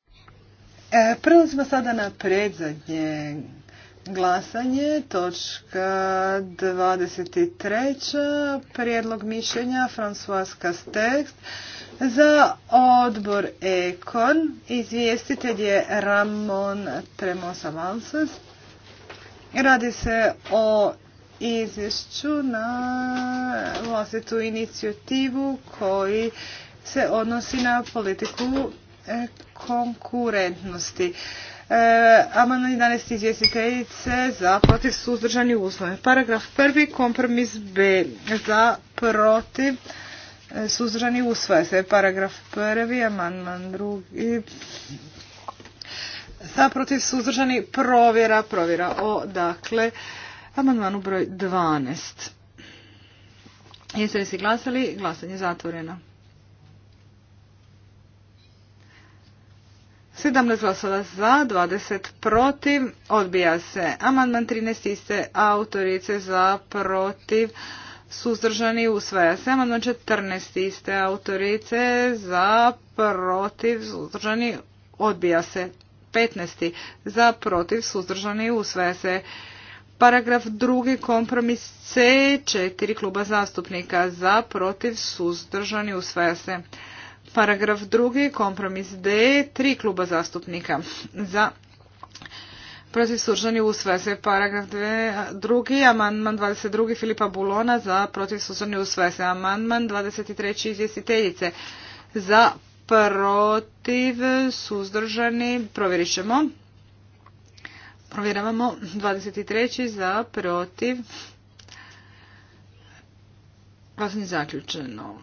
smo e, sada na predzadnje glasanje, točka 23. Prijedlog mišljenja François Castex za odbor Ekon. Izvjestitelj je Ramon Tremosa Valses. Radi se o izvješću na vlastitu inicijativu koji se odnosi na politiku E, konkurentnosti. E, amandman 11. izvjestiteljice za protiv suzdržani uslove. Paragraf 1. Kompromis B za protiv e, suzdržani usvaja se. Paragraf 1. Amandman 2. Za protiv suzdržani provjera. Provjera o dakle amandmanu broj 12. Jeste li si glasali? Glasanje zatvoreno. 17 glasova za, 20 protiv, odbija se. Amandman 13 iste autorice za, protiv, suzdržani, usvaja se. Amandman 14 iste autorice za, protiv, suzdržani, odbija se. 15. za, protiv, suzdržani, usvaja se. Paragraf drugi kompromis C, 4 kluba zastupnika za, protiv, suzdržani, usvaja se. Paragraf drugi, kompromis D, tri kluba zastupnika za protiv suzdržani u Paragraf drugi, amandman 22. Filipa Bulona za protiv suzdržani usvaja se. Amandman 23. izvjestiteljice za protiv suzdržani provjerit ćemo. Provjeravamo 23. za protiv. Glasanje zaključeno.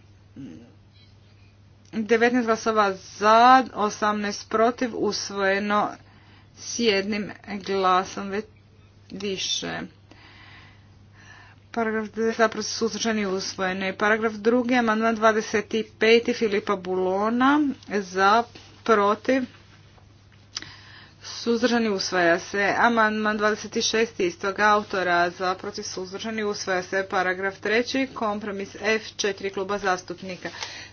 19 glasova za, 18 protiv, usvojeno s jednim glasom već više. Paragraf 10 zapravo su suzdržani usvojeni. Paragraf 2. amandman 25. Filipa Bulona za protiv suzdržani usvaja se. Amandman 26. istog autora za protiv suzdržani usvaja se. Paragraf 3. kompromis F4 kluba zastupnika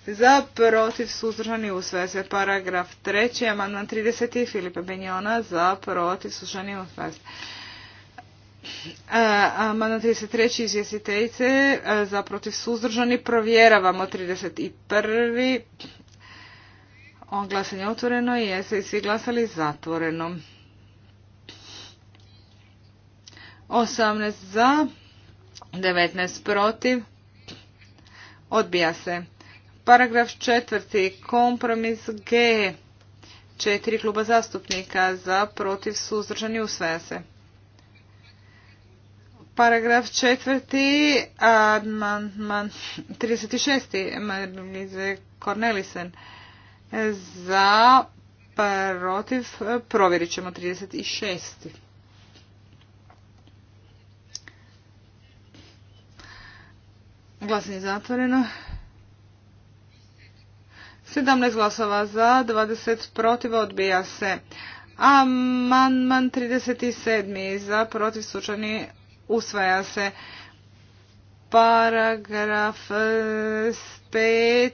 za protiv suzdržani usvaja se paragraf treći, amandman 30. Filipa Benjona za protiv suzdržani usvaja se. E, amandman 33. izvjestiteljice e, za protiv suzdržani provjeravamo 31. On glasanje otvoreno i jeste i svi glasali zatvoreno. 18 za, 19 protiv, odbija se. Paragraf četvrti, kompromis G, četiri kluba zastupnika za protiv suzdržani u se. Paragraf četvrti, amandman 36. Marlize Cornelisen za protiv, provjerit ćemo 36. Glasanje zatvoreno. 17 glasova za, 20 protiv, odbija se. A Amandman 37. za, protiv, sučani, usvaja se. Paragraf 5. E,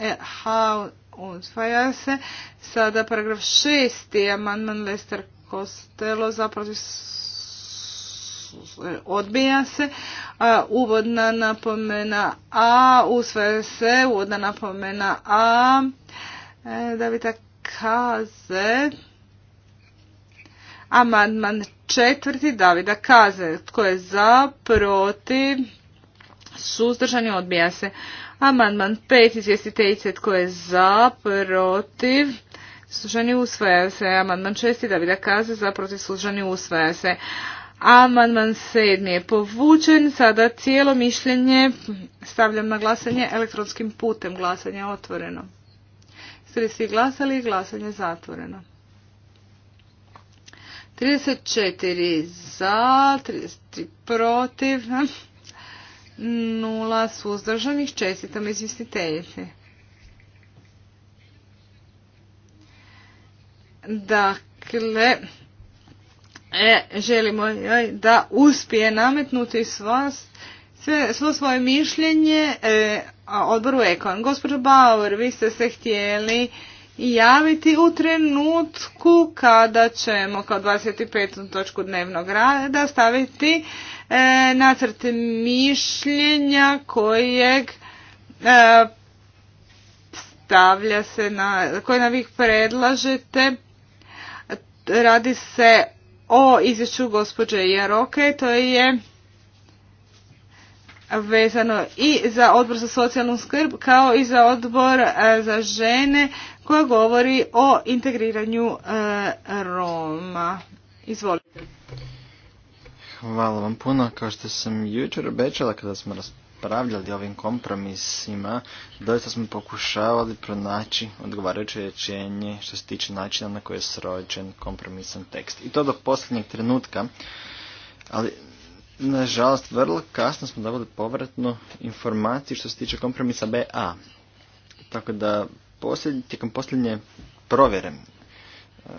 e, H usvaja se. Sada paragraf 6. A Amandman Lester Costello za, protiv, odbija se. Uvodna napomena A, usvaja se, uvodna napomena A, e, da bi kaze. Amandman četvrti Davida Kaze. Tko je za, protiv, suzdržani odbija se. Amandman pet izvjestiteljice. Tko je za, protiv, i usvaja se. Amandman česti Davida Kaze. Za, protiv, suzdržani usvaja se. Amandman sedmi je povučen. Sada cijelo mišljenje stavljam na glasanje elektronskim putem. Glasanje je otvoreno. Ste svi glasali? Glasanje je zatvoreno. 34 za, 33 protiv, 0 suzdržanih. Čestitam izvjestiteljice. Dakle, E, želimo joj da uspije nametnuti sva, sve, svo svoje mišljenje e, odboru Ekon. Gospođo Bauer, vi ste se htjeli javiti u trenutku kada ćemo kao 25. točku dnevnog rada staviti e, nacrt mišljenja kojeg e, stavlja se na, koje na vi predlažete radi se o izvješću gospođe Jaroke, to je vezano i za odbor za socijalnu skrb kao i za odbor e, za žene koja govori o integriranju e, Roma. Izvolite. Hvala vam puno. Kao što sam jučer obećala kada smo raspravljali raspravljali ovim kompromisima, doista smo pokušavali pronaći odgovarajuće rečenje što se tiče načina na koji je srođen kompromisan tekst. I to do posljednjeg trenutka, ali nažalost vrlo kasno smo dobili povratnu informaciju što se tiče kompromisa BA. Tako da posljed, tijekom posljednje provjere, e,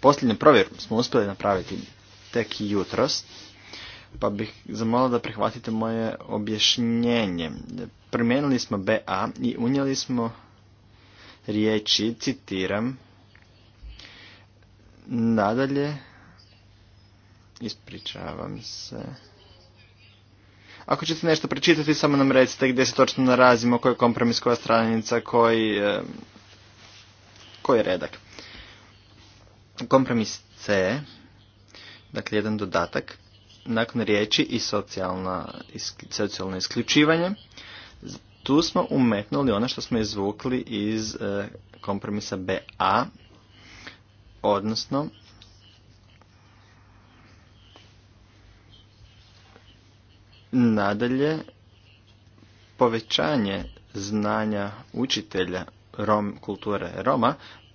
posljednju provjeru smo uspjeli napraviti tek jutros, pa bih zamolila da prihvatite moje objašnjenje. Promijenili smo BA i unijeli smo riječi, citiram, nadalje, ispričavam se, ako ćete nešto pročitati, samo nam recite gdje se točno narazimo, koji je kompromis, koja stranica, koji, e, koji redak. Kompromis C, dakle jedan dodatak, nakon riječi i socijalna, socijalno isključivanje, tu smo umetnuli ono što smo izvukli iz e, kompromisa BA, odnosno nadalje povećanje znanja učitelja rom, kulture Roma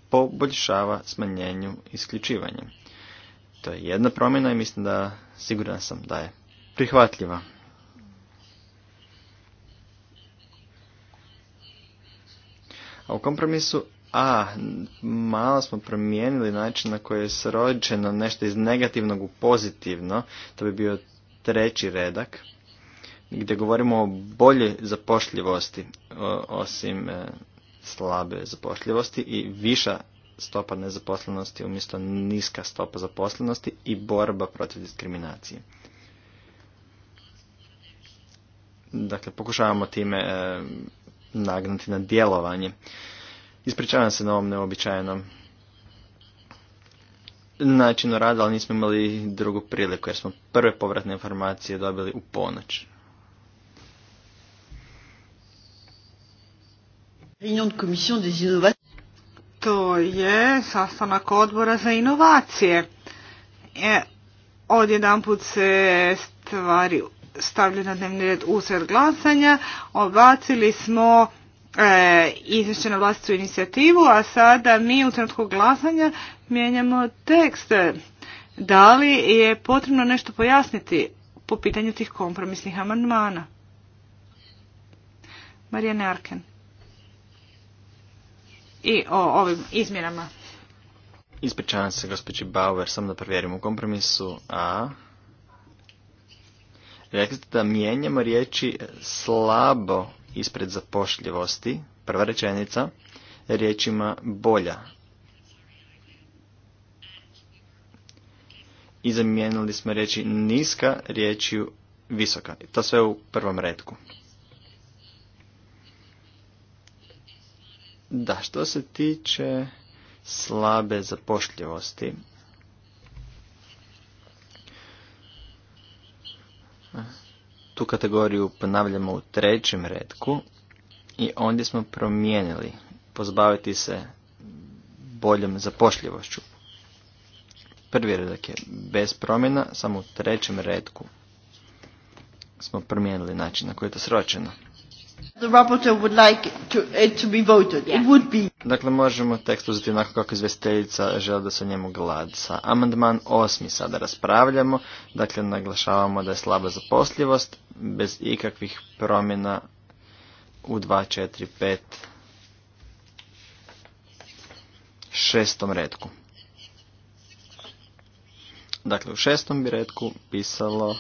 poboljšava smanjenju isključivanja. To je jedna promjena i mislim da siguran sam da je prihvatljiva. A u kompromisu A malo smo promijenili način na koji je srođeno nešto iz negativnog u pozitivno, to bi bio treći redak, gdje govorimo o bolje zapošljivosti osim e, slabe zapošljivosti i viša stopa nezaposlenosti umjesto niska stopa zaposlenosti i borba protiv diskriminacije. Dakle, pokušavamo time e, na djelovanje. Ispričavam se na ovom neobičajenom načinu rada, ali nismo imali drugu priliku jer smo prve povratne informacije dobili u ponoć. Réunion de commission des to je sastanak odbora za inovacije. E, odjedanput odjedan put se stvari stavljaju na dnevni red usred glasanja. Obacili smo e, izvješće na vlastitu inicijativu, a sada mi u trenutku glasanja mijenjamo tekst. Da li je potrebno nešto pojasniti po pitanju tih kompromisnih amandmana? Marijane Arken i o ovim izmjerama. Ispričavam se gospođi Bauer, samo da provjerim u kompromisu A. Rekli ste da mijenjamo riječi slabo ispred zapošljivosti, prva rečenica, riječima bolja. I zamijenili smo riječi niska riječju visoka. To sve u prvom redku. Da, što se tiče slabe zapošljivosti, tu kategoriju ponavljamo u trećem redku i ondje smo promijenili pozbaviti se boljom zapošljivošću. Prvi redak je bez promjena, samo u trećem redku smo promijenili način na koji je to sročeno. The would like to, to be voted. It would be. Dakle, možemo tekst uzeti onako kako izvesteljica želi da se o njemu glasa. Amandman osmi sada raspravljamo. Dakle, naglašavamo da je slaba zaposljivost bez ikakvih promjena u 2, 4, 5, šestom redku. Dakle, u šestom bi redku pisalo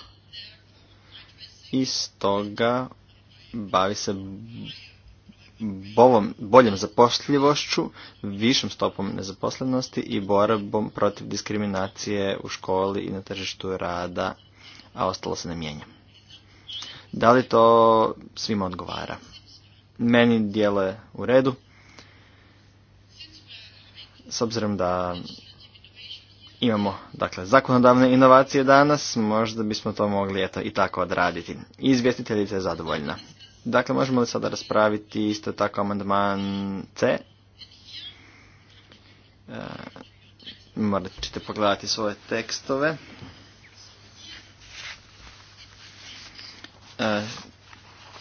iz toga bavi se bovom, boljom zapošljivošću, višom stopom nezaposlenosti i borbom protiv diskriminacije u školi i na tržištu rada, a ostalo se ne mijenja. Da li to svima odgovara? Meni dijelo je u redu. S obzirom da imamo dakle, zakonodavne inovacije danas, možda bismo to mogli eto, i tako odraditi. Izvjestiteljica je zadovoljna. Dakle, možemo li sada raspraviti isto tako amandman C? E, morat ćete pogledati svoje tekstove. E,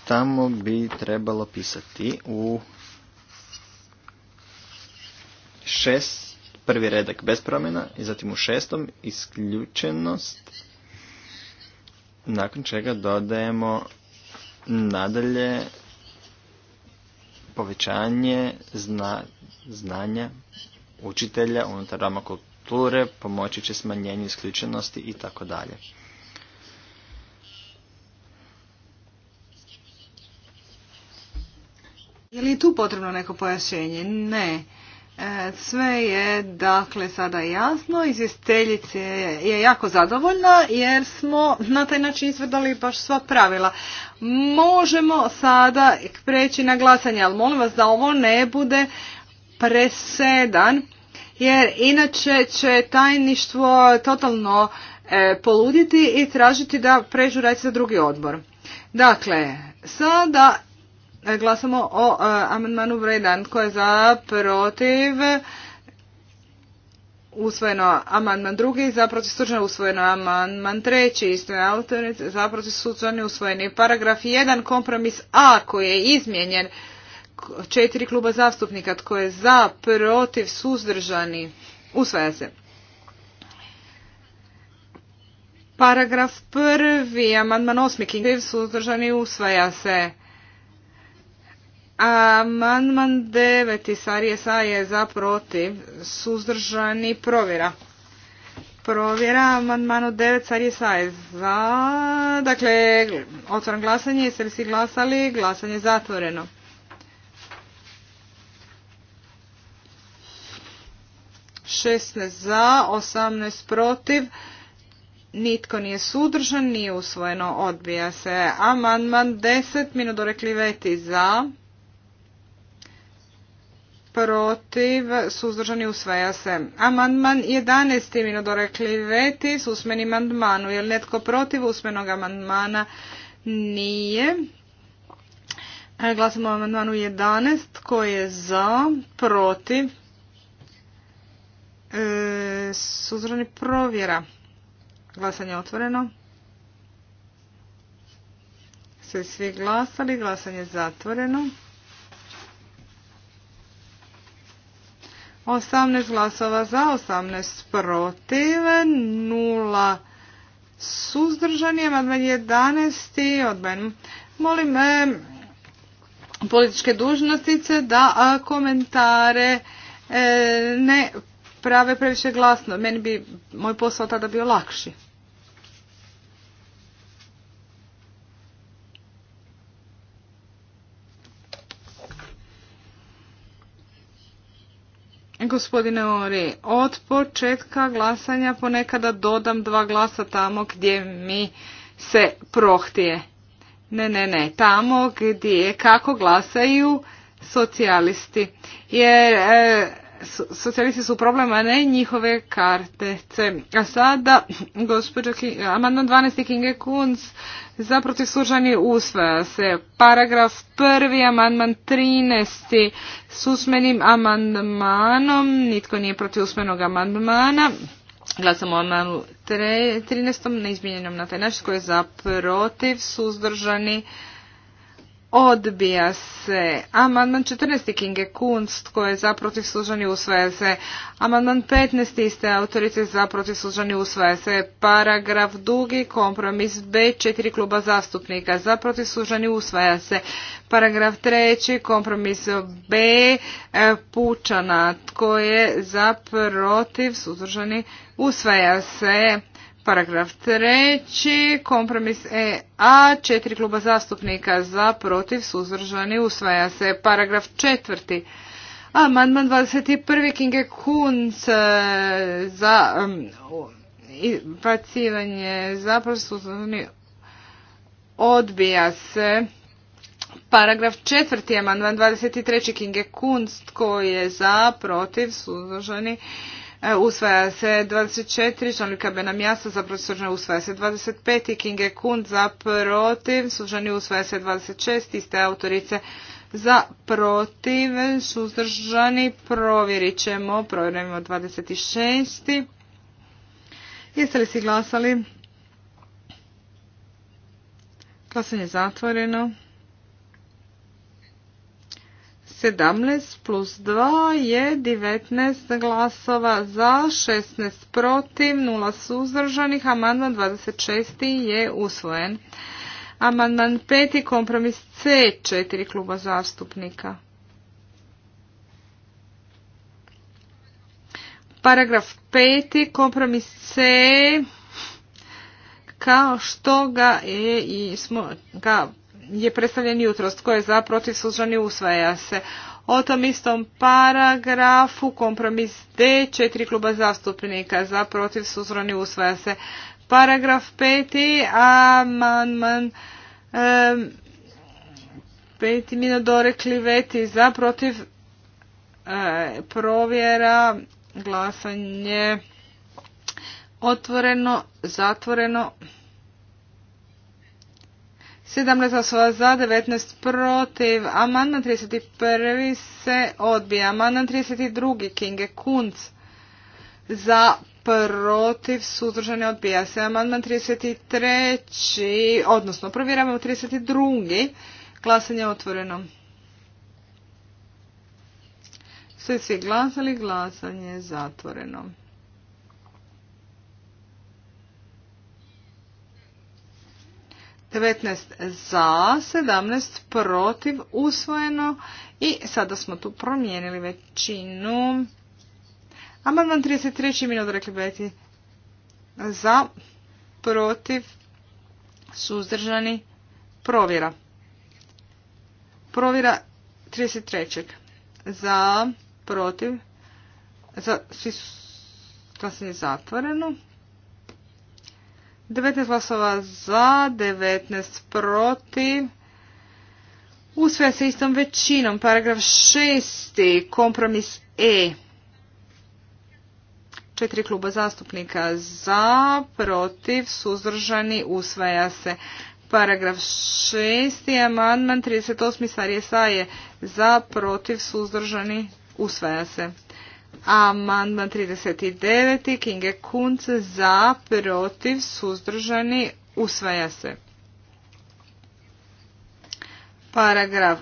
tamo bi trebalo pisati u šest, prvi redak bez promjena i zatim u šestom isključenost nakon čega dodajemo Nadalje, povećanje znanja učitelja unutar rama kulture pomoći će smanjenju isključenosti i tako dalje. Je li tu potrebno neko pojašnjenje? Ne. E, sve je dakle sada jasno, izvjesteljice je jako zadovoljna jer smo na taj način izvrdali baš sva pravila. Možemo sada preći na glasanje, ali molim vas da ovo ne bude presedan jer inače će tajništvo totalno e, poluditi i tražiti da pređu za drugi odbor. Dakle, sada E, glasamo o e, amandmanu vredan. Tko je za? Protiv? Usvojeno amandman drugi, za protiv usvojeno amandman treći, isto je za protiv usvojeni paragraf 1, kompromis A koji je izmijenjen četiri kluba zastupnika, tko je za, protiv, suzdržani, usvaja se. Paragraf prvi, amandman osmi, protiv, suzdržani, usvaja se. Amandman 9. Sarije Sa je za protiv. Suzdržani provjera. Provjera Amandman 9. Sarije Sa je za... Dakle, otvoren glasanje. Jeste li svi glasali? Glasanje je zatvoreno. Šestnaest za, osamnaest protiv. Nitko nije sudržan, nije usvojeno, odbija se. Amandman 10, Minodore veti za protiv, suzdržani usvaja se. Amandman 11. Minodora Kliveti s usmenim amandmanu. Je li netko protiv usmenog amandmana? Nije. E, glasamo o amandmanu 11. Tko je za? Protiv? E, suzdržani provjera. Glasanje otvoreno. Sve svi glasali. Glasanje je zatvoreno. 18 glasova za, 18 protiv, 0 suzdržani, je, 11. odben. Molim me eh, političke dužnostice da eh, komentare eh, ne prave previše glasno. Meni bi moj posao tada bio lakši. Gospodine Ori, od početka glasanja ponekada dodam dva glasa tamo gdje mi se prohtije. Ne, ne, ne, tamo gdje kako glasaju socijalisti. Jer e, socijalisti su problem, a ne njihove karte. A sada, gospođo amandman 12. Kinge Kunz, za protiv usvaja se. Paragraf prvi amandman 13. s usmenim amandmanom. Nitko nije protiv usmenog amandmana. Glasamo o amandmanu 13. neizmijenjenom na taj način koji je za protiv suzdržani Odbija se amandman 14. Kinge Kunst koje je za protiv usvaja se. Amandman 15. iste autorice za protiv služani usvaja se. Paragraf dugi kompromis B četiri kluba zastupnika za protiv služani usvaja se. Paragraf treći kompromis B e, pučana koji je za protiv suzdržani usvaja se. Paragraf treći, kompromis EA, četiri kluba zastupnika za, protiv, suzdržani, usvaja se. Paragraf četvrti, amandman 21. Kinge Kunc e, za um, za, protiv, odbija se. Paragraf četvrti, amandman 23. Kinge Kunc, koji je za, protiv, suzdržani, E, usvaja se 24, članika Zapravo za protiv usvaja se 25, Kinge Kund za protiv, suzdržani usvaja se 26, iste autorice za protiv, suzdržani provjerit ćemo, provjerujemo 26. Jeste li si glasali? Glasanje je zatvoreno. 17 plus 2 je 19 glasova za, 16 protiv, 0 suzdržanih, amandman 26. je usvojen. Amandman 5. kompromis C, Četiri kluba zastupnika. Paragraf 5. kompromis C, kao što ga je i smo ga je predstavljen jutros. Tko je za, protiv, suzdržani, usvaja se. O tom istom paragrafu kompromis D, četiri kluba zastupnika za, protiv, suzdržani, usvaja se. Paragraf peti, amandman man, peti minodore kliveti za, protiv, e, provjera, glasanje otvoreno, zatvoreno. 17 osoba za, 19 protiv. Amandman 31. se odbija. Amandman 32. Kinge Kunc za, protiv, je, odbija se. Amandman 33. odnosno provjeravamo 32. Glasanje je otvoreno. Svi svi glasali, glasanje je zatvoreno. 19 za, 17 protiv, usvojeno i sada smo tu promijenili većinu. Amandman 33. minut rekli biti za, protiv, suzdržani, provjera. Provjera 33. za, protiv, za, svi su glasanje zatvoreno. 19 glasova za, 19 protiv. Usvaja se istom većinom. Paragraf 6. Kompromis E. Četiri kluba zastupnika za, protiv, suzdržani, usvaja se. Paragraf 6. Amandman 38. Sarje Saje za, protiv, suzdržani, usvaja se. Amandman 39. Kinge Kunc za, protiv, suzdržani, usvaja se. Paragraf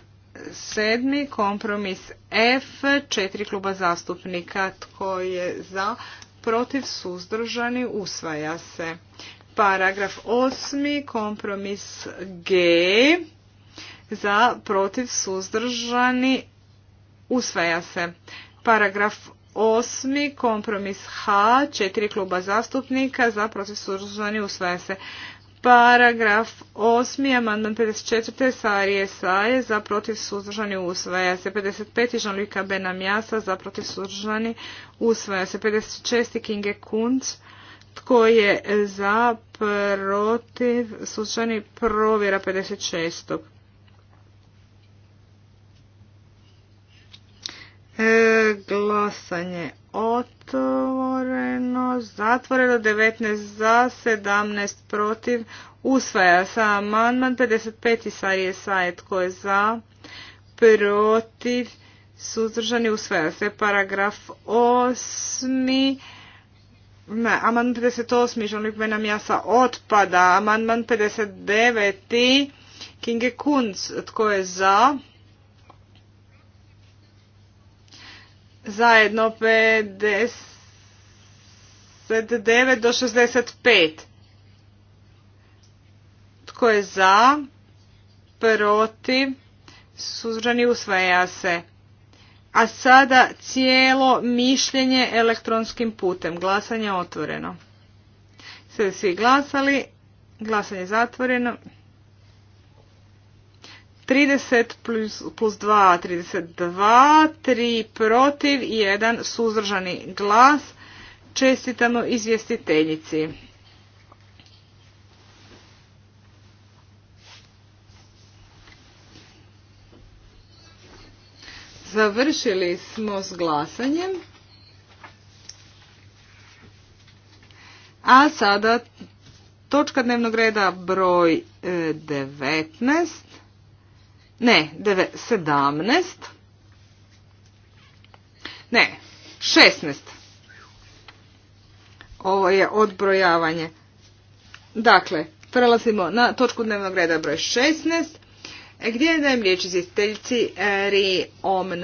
7. Kompromis F. Četiri kluba zastupnika. Tko je za, protiv, suzdržani, usvaja se. Paragraf 8. Kompromis G. Za, protiv, suzdržani, usvaja se. Paragraf Osmi kompromis H, četiri kluba zastupnika za protiv suzdržani usvaja se. Paragraf 8. amandman 54. Sarije Saje za protiv suzdržani usvaja se. 55. Žanlika Benamjasa za protiv suzdržani usvaja se. 56. Kinge Kunc tko je za protiv suzdržani provjera 56. E, glasanje otvoreno, zatvoreno, 19 za, 17 protiv, usvaja sa amandman 55 i Sarije Saje, tko je za, protiv, suzdržani, usvaja se paragraf 8. Ne, amandman 58. Žalnik Bena Mjasa otpada. Amandman 59. Kinge Kunc, tko je za? zajedno 59 do 65. Tko je za? Protiv? Suzdržani usvaja se. A sada cijelo mišljenje elektronskim putem. Glasanje otvoreno. Sve svi glasali. Glasanje zatvoreno. 30 plus, plus 2, 32, 3 protiv i 1 suzdržani glas. Čestitamo izvjestiteljici. Završili smo s glasanjem. A sada točka dnevnog reda broj 19. E, ne, deve 17. Ne, šestnest. Ovo je odbrojavanje. Dakle, prelazimo na točku dnevnog reda broj šestnest. E, gdje dajem riječ iz e, Ri Omen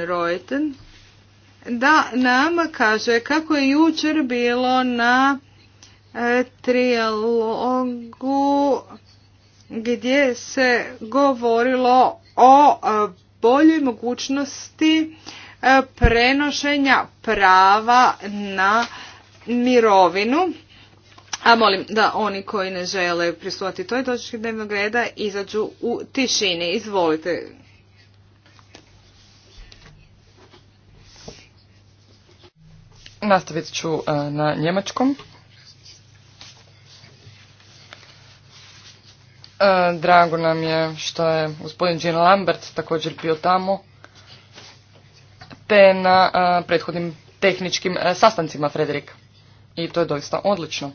da nam kaže kako je jučer bilo na e, trijalogu gdje se govorilo o e, boljoj mogućnosti e, prenošenja prava na mirovinu. A molim da oni koji ne žele prisutiti toj točki dnevnog reda izađu u tišini. Izvolite. Nastavit ću e, na njemačkom. E, drago nam je što je gospodin Jean Lambert također bio tamo, te na e, prethodnim tehničkim e, sastancima, Frederik. I to je doista odlično.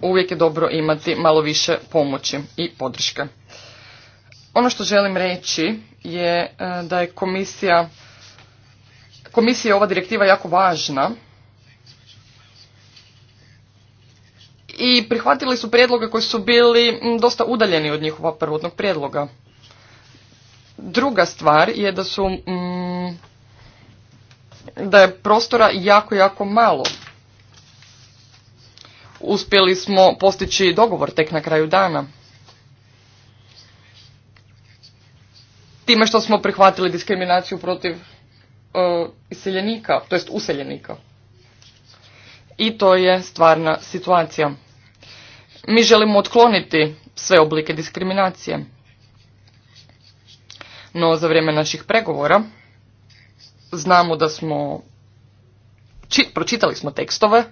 Uvijek je dobro imati malo više pomoći i podrške. Ono što želim reći je da je komisija, komisija ova direktiva jako važna, i prihvatili su prijedloge koji su bili dosta udaljeni od njihova prvotnog prijedloga. Druga stvar je da su da je prostora jako, jako malo. Uspjeli smo postići dogovor tek na kraju dana. Time što smo prihvatili diskriminaciju protiv uh, iseljenika, to jest useljenika. I to je stvarna situacija. Mi želimo otkloniti sve oblike diskriminacije. No za vrijeme naših pregovora znamo da smo či, pročitali smo tekstove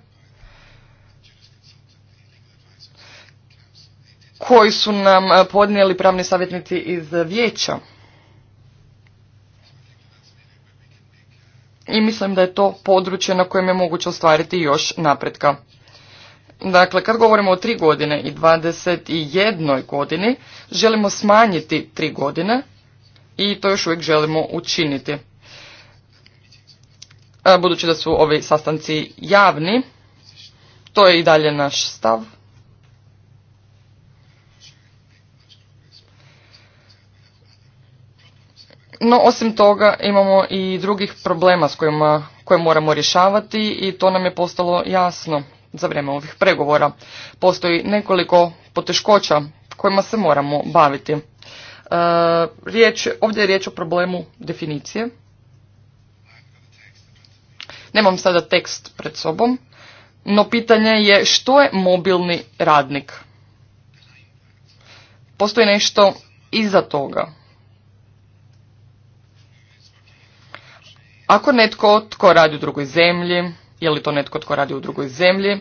koji su nam e, podnijeli pravni savjetnici iz vijeća. I mislim da je to područje na kojem je moguće ostvariti još napretka. Dakle, kad govorimo o tri godine i 21 godini, želimo smanjiti tri godine i to još uvijek želimo učiniti. E, budući da su ovi sastanci javni, to je i dalje naš stav. No, osim toga imamo i drugih problema s kojima koje moramo rješavati i to nam je postalo jasno za vrijeme ovih pregovora. Postoji nekoliko poteškoća kojima se moramo baviti. E, riječ, ovdje je riječ o problemu definicije. Nemam sada tekst pred sobom, no pitanje je što je mobilni radnik? Postoji nešto iza toga. Ako netko tko radi u drugoj zemlji, je li to netko tko radi u drugoj zemlji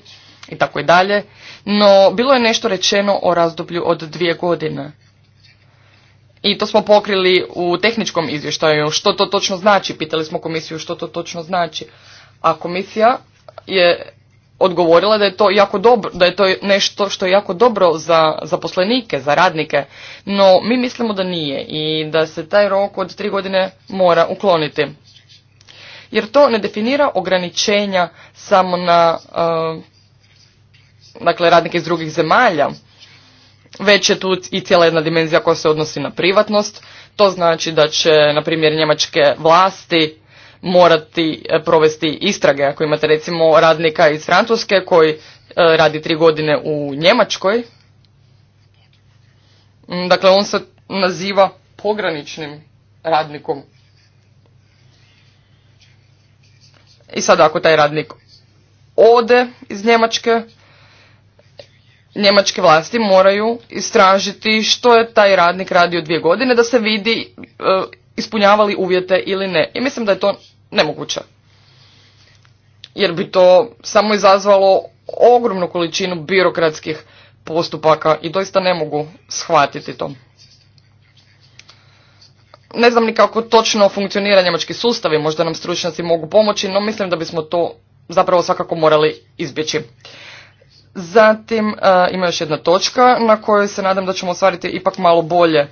i tako i dalje. No, bilo je nešto rečeno o razdoblju od dvije godine. I to smo pokrili u tehničkom izvještaju. Što to točno znači? Pitali smo komisiju što to točno znači. A komisija je odgovorila da je to jako dobro, da je to nešto što je jako dobro za zaposlenike, za radnike, no mi mislimo da nije i da se taj rok od tri godine mora ukloniti jer to ne definira ograničenja samo na e, dakle radnike iz drugih zemalja već je tu i cijela jedna dimenzija koja se odnosi na privatnost to znači da će na primjer njemačke vlasti morati e, provesti istrage ako imate recimo radnika iz francuske koji e, radi tri godine u njemačkoj dakle on se naziva pograničnim radnikom I sad ako taj radnik ode iz Njemačke, njemačke vlasti moraju istražiti što je taj radnik radio dvije godine da se vidi e, ispunjavali uvjete ili ne. I mislim da je to nemoguće. Jer bi to samo izazvalo ogromnu količinu birokratskih postupaka i doista ne mogu shvatiti to. Ne znam ni kako točno funkcionira njemački sustav i možda nam stručnjaci mogu pomoći, no mislim da bismo to zapravo svakako morali izbjeći. Zatim e, ima još jedna točka na kojoj se nadam da ćemo ostvariti ipak malo bolje e,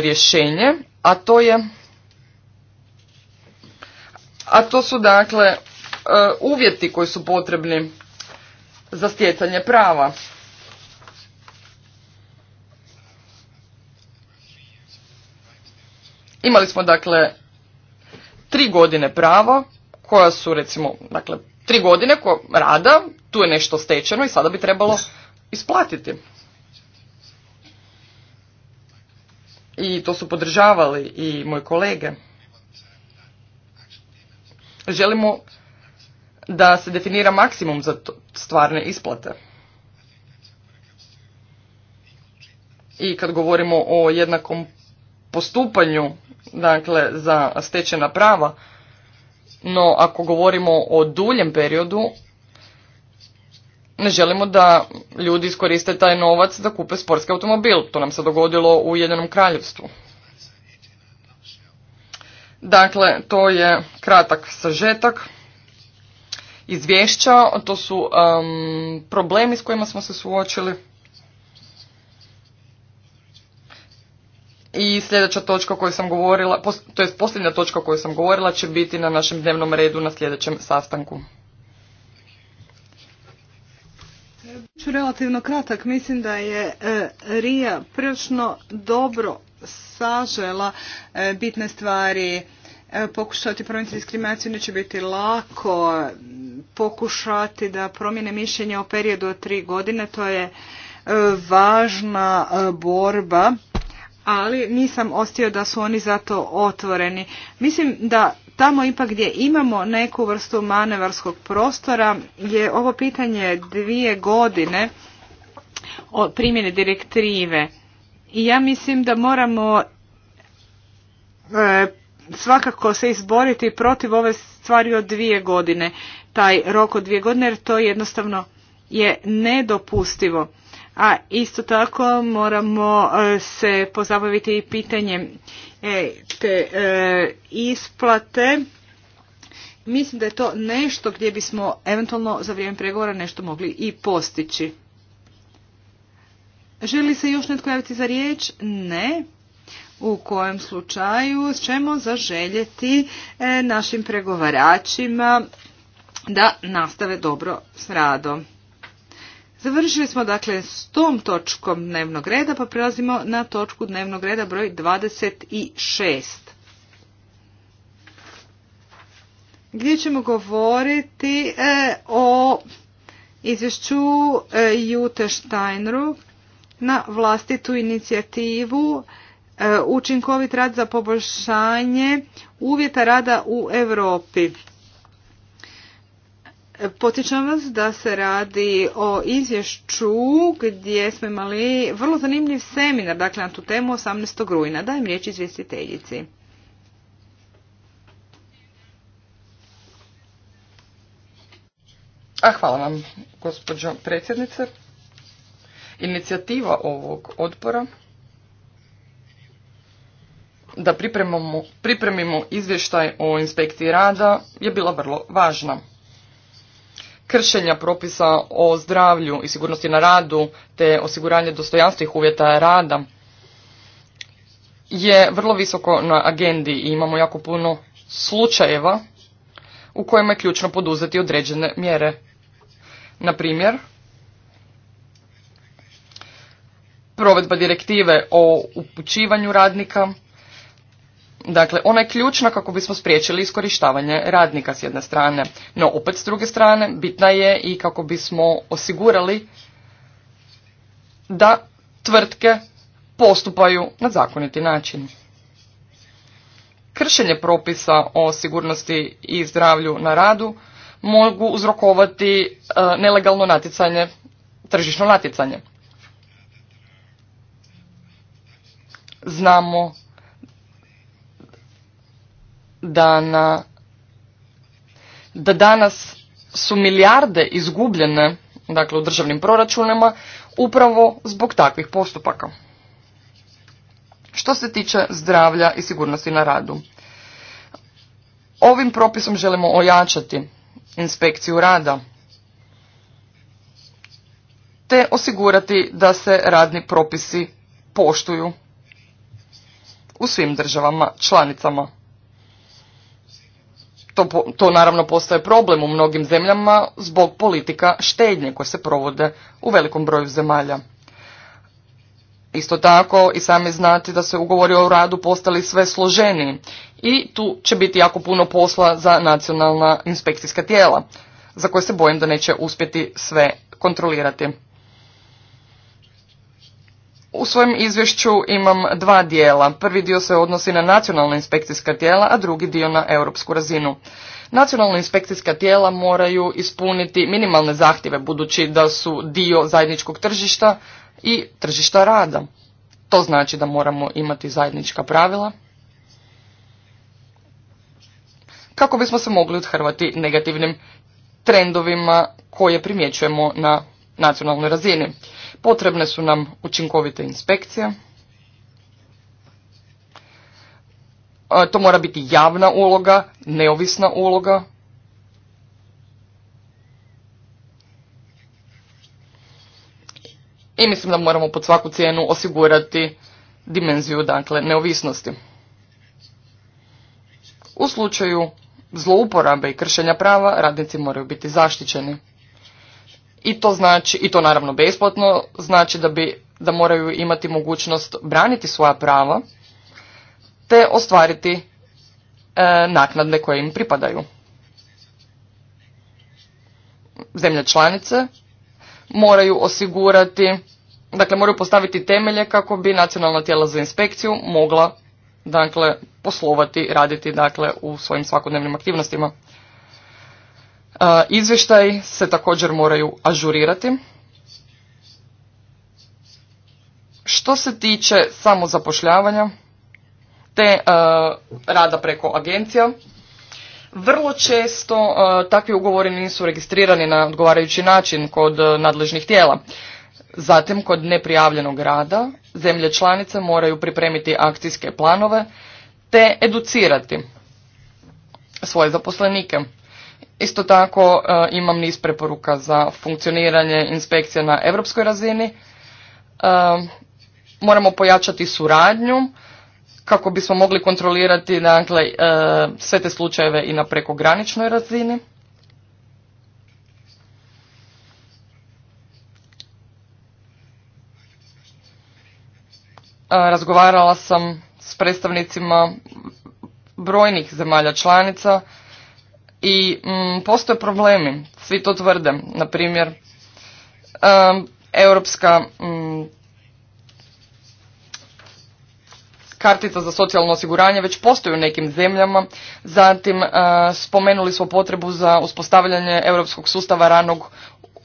rješenje, a to je a to su dakle e, uvjeti koji su potrebni za stjecanje prava. Imali smo dakle tri godine prava koja su recimo, dakle tri godine ko rada, tu je nešto stečeno i sada bi trebalo isplatiti. I to su podržavali i moji kolege. Želimo da se definira maksimum za stvarne isplate. I kad govorimo o jednakom postupanju dakle za stečena prava no ako govorimo o duljem periodu ne želimo da ljudi iskoriste taj novac da kupe sportski automobil to nam se dogodilo u Jednom kraljevstvu dakle to je kratak sažetak izvješća to su um, problemi s kojima smo se suočili I sljedeća točka o sam govorila, to jest posljednja točka o sam govorila će biti na našem dnevnom redu na sljedećem sastanku. Ću relativno kratak. Mislim da je e, Rija prilično dobro sažela e, bitne stvari. E, pokušati promijeniti diskriminaciju neće biti lako. Pokušati da promijene mišljenje o periodu od tri godine, to je važna borba ali nisam ostio da su oni zato otvoreni. Mislim da tamo ipak gdje imamo neku vrstu manevarskog prostora je ovo pitanje dvije godine o primjene direktive. I ja mislim da moramo e, svakako se izboriti protiv ove stvari od dvije godine, taj rok od dvije godine jer to jednostavno je nedopustivo. A isto tako moramo e, se pozabaviti i pitanjem e, te e, isplate. Mislim da je to nešto gdje bismo eventualno za vrijeme pregovora nešto mogli i postići. Želi se još netko javiti za riječ? Ne. U kojem slučaju ćemo zaželjeti našim pregovaračima da nastave dobro s radom. Završili smo dakle s tom točkom dnevnog reda pa prelazimo na točku dnevnog reda broj 26. Gdje ćemo govoriti e, o izvješću e, Jute Steinru na vlastitu inicijativu e, učinkovit rad za poboljšanje uvjeta rada u Europi. Podsjećam vas da se radi o izvješću gdje smo imali vrlo zanimljiv seminar, dakle na tu temu 18. rujna. Dajem riječ izvjestiteljici. A hvala vam, gospođo predsjednice. Inicijativa ovog odbora da pripremimo izvještaj o inspekciji rada je bila vrlo važna kršenja propisa o zdravlju i sigurnosti na radu te osiguranje dostojanstvih uvjeta rada je vrlo visoko na agendi i imamo jako puno slučajeva u kojima je ključno poduzeti određene mjere. Na primjer, provedba direktive o upućivanju radnika Dakle, ona je ključna kako bismo spriječili iskorištavanje radnika s jedne strane, no opet s druge strane bitna je i kako bismo osigurali da tvrtke postupaju na zakoniti način. Kršenje propisa o sigurnosti i zdravlju na radu mogu uzrokovati e, nelegalno natjecanje, tržišno natjecanje. Znamo da, na, danas su milijarde izgubljene dakle, u državnim proračunima upravo zbog takvih postupaka. Što se tiče zdravlja i sigurnosti na radu. Ovim propisom želimo ojačati inspekciju rada te osigurati da se radni propisi poštuju u svim državama članicama to, to naravno postaje problem u mnogim zemljama zbog politika štednje koje se provode u velikom broju zemalja. Isto tako i sami znate da se ugovori o radu postali sve složeniji i tu će biti jako puno posla za nacionalna inspekcijska tijela za koje se bojim da neće uspjeti sve kontrolirati. U svojem izvješću imam dva dijela. Prvi dio se odnosi na nacionalna inspekcijska tijela, a drugi dio na europsku razinu. Nacionalna inspekcijska tijela moraju ispuniti minimalne zahtjeve budući da su dio zajedničkog tržišta i tržišta rada. To znači da moramo imati zajednička pravila kako bismo se mogli odhrvati negativnim trendovima koje primjećujemo na nacionalnoj razini. Potrebne su nam učinkovite inspekcije. To mora biti javna uloga, neovisna uloga. I mislim da moramo pod svaku cijenu osigurati dimenziju dakle neovisnosti. U slučaju zlouporabe i kršenja prava radnici moraju biti zaštićeni i to znači, i to naravno besplatno, znači da, bi, da moraju imati mogućnost braniti svoja prava te ostvariti e, naknadne koje im pripadaju. Zemlje članice moraju osigurati, dakle moraju postaviti temelje kako bi nacionalna tijela za inspekciju mogla dakle poslovati, raditi dakle u svojim svakodnevnim aktivnostima. Izvještaj se također moraju ažurirati. Što se tiče samozapošljavanja te rada preko agencija, vrlo često takvi ugovori nisu registrirani na odgovarajući način kod nadležnih tijela. Zatim, kod neprijavljenog rada, zemlje članice moraju pripremiti akcijske planove te educirati svoje zaposlenike. Isto tako e, imam niz preporuka za funkcioniranje inspekcija na europskoj razini. E, moramo pojačati suradnju kako bismo mogli kontrolirati dakle, e, sve te slučajeve i na prekograničnoj razini. Razgovarala sam s predstavnicima brojnih zemalja članica i mm, postoje problemi, svi to tvrde, na primjer, europska mm, kartica za socijalno osiguranje već postoji u nekim zemljama, zatim eh, spomenuli smo potrebu za uspostavljanje europskog sustava ranog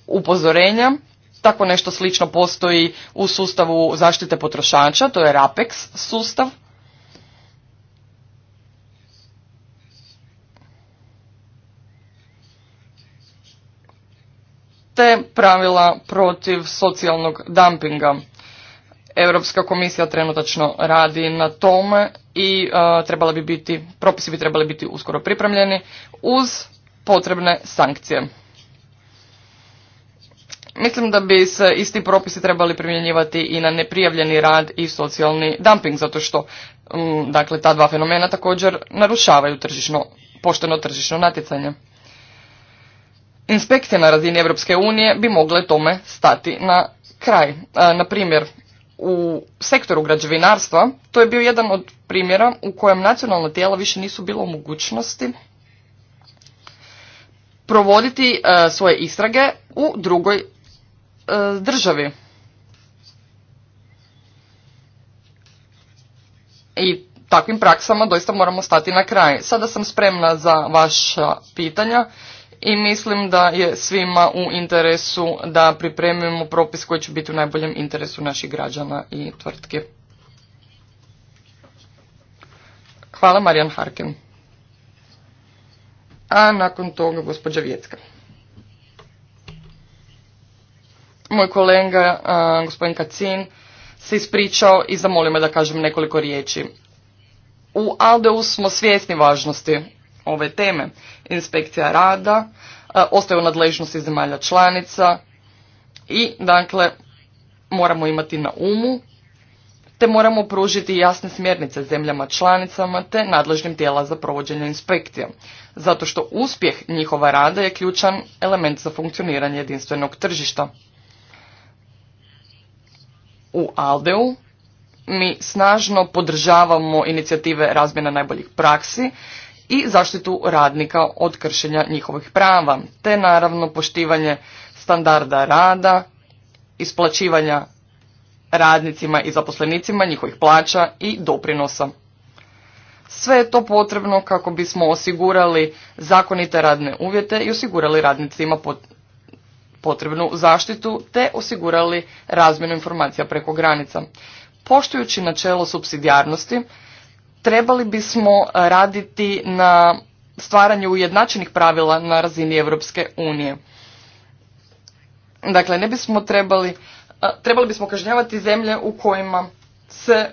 upozorenja, tako nešto slično postoji u sustavu zaštite potrošača, to je RAPEX sustav, te pravila protiv socijalnog dumpinga. Europska komisija trenutačno radi na tome i e, trebala bi biti, propisi bi trebali biti uskoro pripremljeni uz potrebne sankcije. Mislim da bi se isti propisi trebali primjenjivati i na neprijavljeni rad i socijalni dumping, zato što mm, dakle, ta dva fenomena također narušavaju tržišno, pošteno tržišno natjecanje. Inspekcije na razini Europske unije bi mogle tome stati na kraj. E, na primjer, u sektoru građevinarstva to je bio jedan od primjera u kojem nacionalna tijela više nisu bilo u mogućnosti provoditi e, svoje istrage u drugoj e, državi. I takvim praksama doista moramo stati na kraj. Sada sam spremna za vaša pitanja i mislim da je svima u interesu da pripremimo propis koji će biti u najboljem interesu naših građana i tvrtke. Hvala Marijan Harkin. A nakon toga gospođa Vjetska. Moj kolega, gospodin Kacin, se ispričao i zamolio me da kažem nekoliko riječi. U Aldeus smo svjesni važnosti ove teme. Inspekcija rada e, ostaje u nadležnosti zemalja članica i dakle moramo imati na umu te moramo pružiti jasne smjernice zemljama članicama te nadležnim tijela za provođenje inspekcija, zato što uspjeh njihova rada je ključan element za funkcioniranje jedinstvenog tržišta. U Aldeu mi snažno podržavamo inicijative razmjena najboljih praksi i zaštitu radnika od kršenja njihovih prava, te naravno poštivanje standarda rada, isplaćivanja radnicima i zaposlenicima njihovih plaća i doprinosa. Sve je to potrebno kako bismo osigurali zakonite radne uvjete i osigurali radnicima potrebnu zaštitu te osigurali razmjenu informacija preko granica. Poštujući načelo subsidijarnosti, trebali bismo raditi na stvaranju ujednačenih pravila na razini Europske unije. Dakle, ne bismo trebali, trebali bismo kažnjavati zemlje u kojima se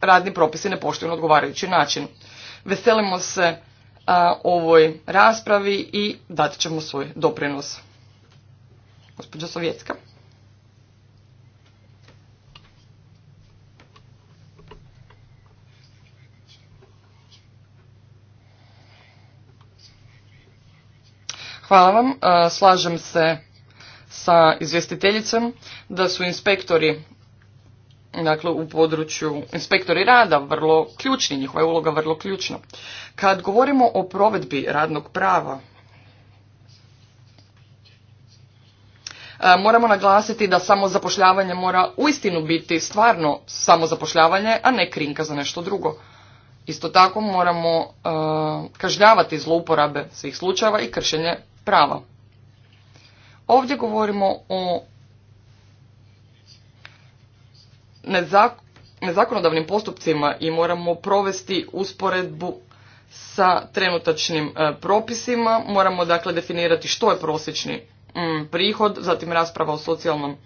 radni propisi ne poštuju na odgovarajući način. Veselimo se ovoj raspravi i dat ćemo svoj doprinos. Gospođo Sovjetska. Hvala vam. E, slažem se sa izvjestiteljicom da su inspektori dakle u području inspektori rada vrlo ključni, njihova je uloga vrlo ključna. Kad govorimo o provedbi radnog prava, e, moramo naglasiti da samozapošljavanje mora uistinu biti stvarno samozapošljavanje, a ne krinka za nešto drugo. Isto tako moramo kažljavati e, kažnjavati zlouporabe svih slučajeva i kršenje prava. Ovdje govorimo o nezakonodavnim postupcima i moramo provesti usporedbu sa trenutačnim e, propisima. Moramo dakle definirati što je prosječni prihod, zatim rasprava o socijalnom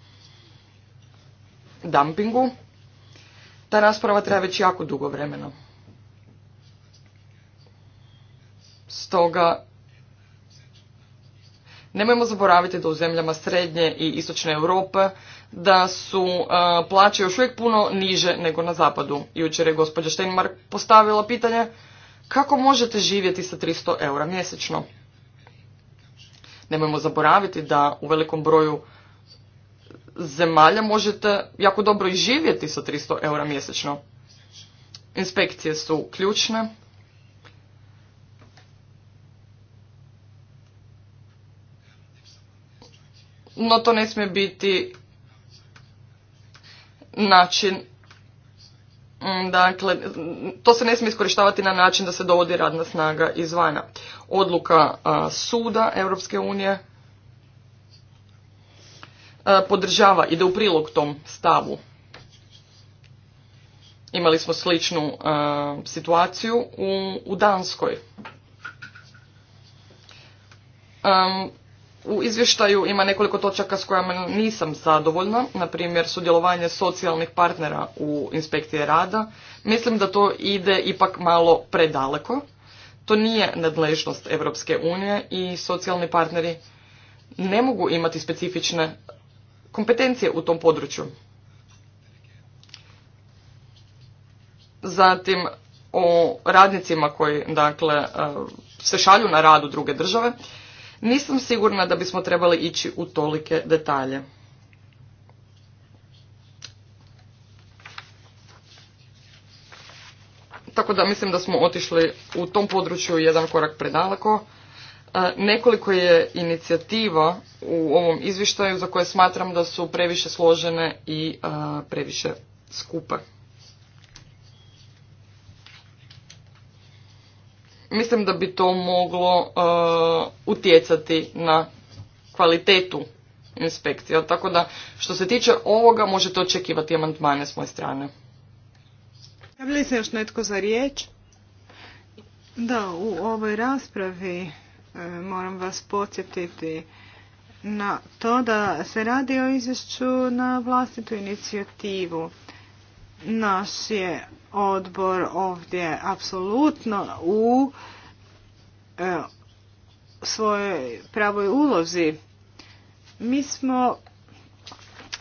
dumpingu. Ta rasprava traje već jako dugo vremena. Stoga Nemojmo zaboraviti da u zemljama srednje i istočne Europe da su e, plaće još uvijek puno niže nego na zapadu. Jučer je gospođa Steinmark postavila pitanje kako možete živjeti sa 300 eura mjesečno. Nemojmo zaboraviti da u velikom broju zemalja možete jako dobro i živjeti sa 300 eura mjesečno. Inspekcije su ključne no to ne smije biti način mm, Dakle, to se ne smije iskorištavati na način da se dovodi radna snaga izvana. Odluka suda Europske unije a, podržava, ide u prilog tom stavu. Imali smo sličnu situaciju u, u Danskoj. U izvještaju ima nekoliko točaka s kojima nisam zadovoljna, na primjer sudjelovanje socijalnih partnera u inspekcije rada. Mislim da to ide ipak malo predaleko. To nije nadležnost Europske unije i socijalni partneri ne mogu imati specifične kompetencije u tom području. Zatim o radnicima koji dakle, eh, se šalju na rad u druge države nisam sigurna da bismo trebali ići u tolike detalje. Tako da mislim da smo otišli u tom području jedan korak predaleko. E, nekoliko je inicijativa u ovom izvještaju za koje smatram da su previše složene i e, previše skupe. mislim da bi to moglo e, utjecati na kvalitetu inspekcija. Tako da što se tiče ovoga možete očekivati amandmane s moje strane. Javili se još netko za riječ? Da, u ovoj raspravi e, moram vas podsjetiti na to da se radi o izvješću na vlastitu inicijativu naš je odbor ovdje apsolutno u e, svojoj pravoj ulozi. Mi smo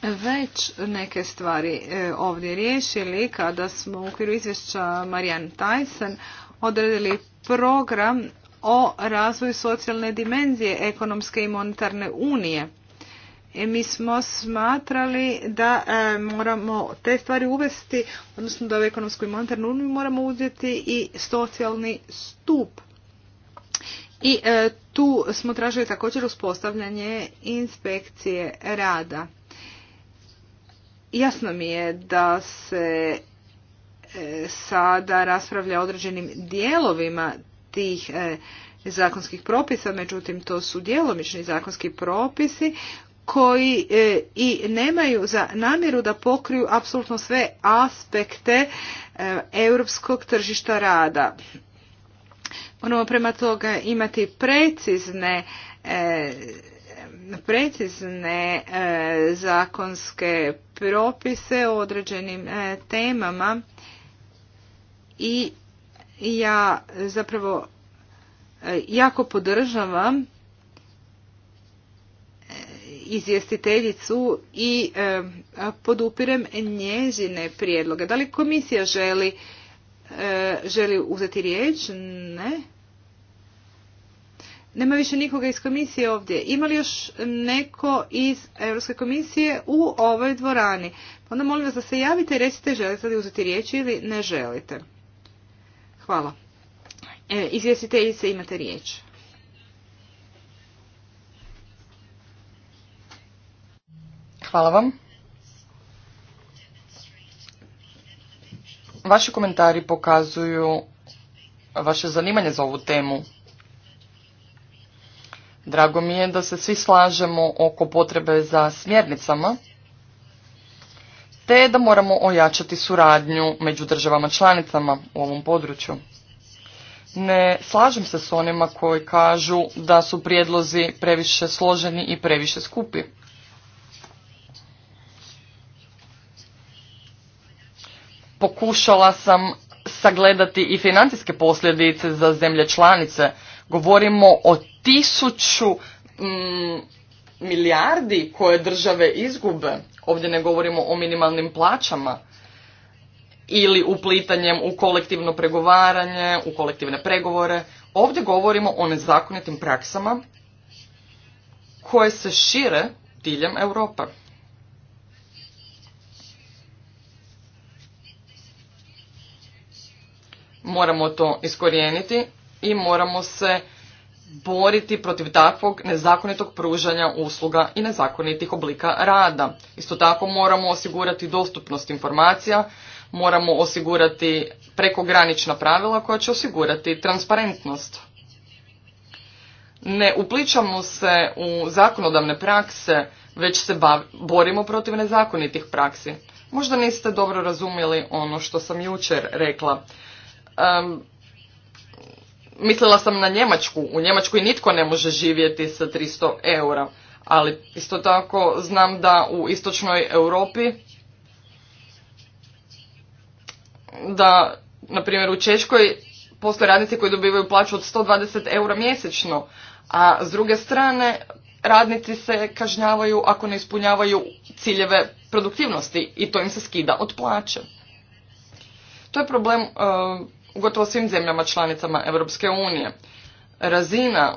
već neke stvari e, ovdje riješili kada smo u okviru izvješća Marijan Tyson odredili program o razvoju socijalne dimenzije ekonomske i monetarne unije. E, mi smo smatrali da e, moramo te stvari uvesti, odnosno da u ekonomsku i monetarnu uniju moramo uzeti i socijalni stup. I e, tu smo tražili također uspostavljanje inspekcije rada. Jasno mi je da se sada raspravlja o određenim dijelovima tih zakonskih propisa, međutim to su djelomični zakonski propisi koji e, i nemaju za namjeru da pokriju apsolutno sve aspekte e, europskog tržišta rada. Moramo prema toga imati precizne e, precizne zakonske propise o određenim temama i ja zapravo jako podržavam izvjestiteljicu i e, podupirem njezine prijedloge. Da li komisija želi, e, želi uzeti riječ? Ne. Nema više nikoga iz komisije ovdje. Ima li još neko iz Europske komisije u ovoj dvorani? Pa onda molim vas da se javite i recite želite li uzeti riječ ili ne želite. Hvala. E, izvjestiteljice imate riječ. Hvala vam. Vaši komentari pokazuju vaše zanimanje za ovu temu. Drago mi je da se svi slažemo oko potrebe za smjernicama, te da moramo ojačati suradnju među državama članicama u ovom području. Ne slažem se s onima koji kažu da su prijedlozi previše složeni i previše skupi. pokušala sam sagledati i financijske posljedice za zemlje članice. Govorimo o tisuću mm, milijardi koje države izgube. Ovdje ne govorimo o minimalnim plaćama ili uplitanjem u kolektivno pregovaranje, u kolektivne pregovore. Ovdje govorimo o nezakonitim praksama koje se šire diljem Europe. Moramo to iskorijeniti i moramo se boriti protiv takvog nezakonitog pružanja usluga i nezakonitih oblika rada. Isto tako moramo osigurati dostupnost informacija, moramo osigurati prekogranična pravila koja će osigurati transparentnost. Ne upličamo se u zakonodavne prakse, već se bav, borimo protiv nezakonitih praksi. Možda niste dobro razumjeli ono što sam jučer rekla um, mislila sam na Njemačku. U Njemačkoj nitko ne može živjeti sa 300 eura, ali isto tako znam da u istočnoj Europi da, na primjer, u Češkoj postoje radnici koji dobivaju plaću od 120 eura mjesečno, a s druge strane radnici se kažnjavaju ako ne ispunjavaju ciljeve produktivnosti i to im se skida od plaće. To je problem u gotovo svim zemljama članicama Europske unije. Razina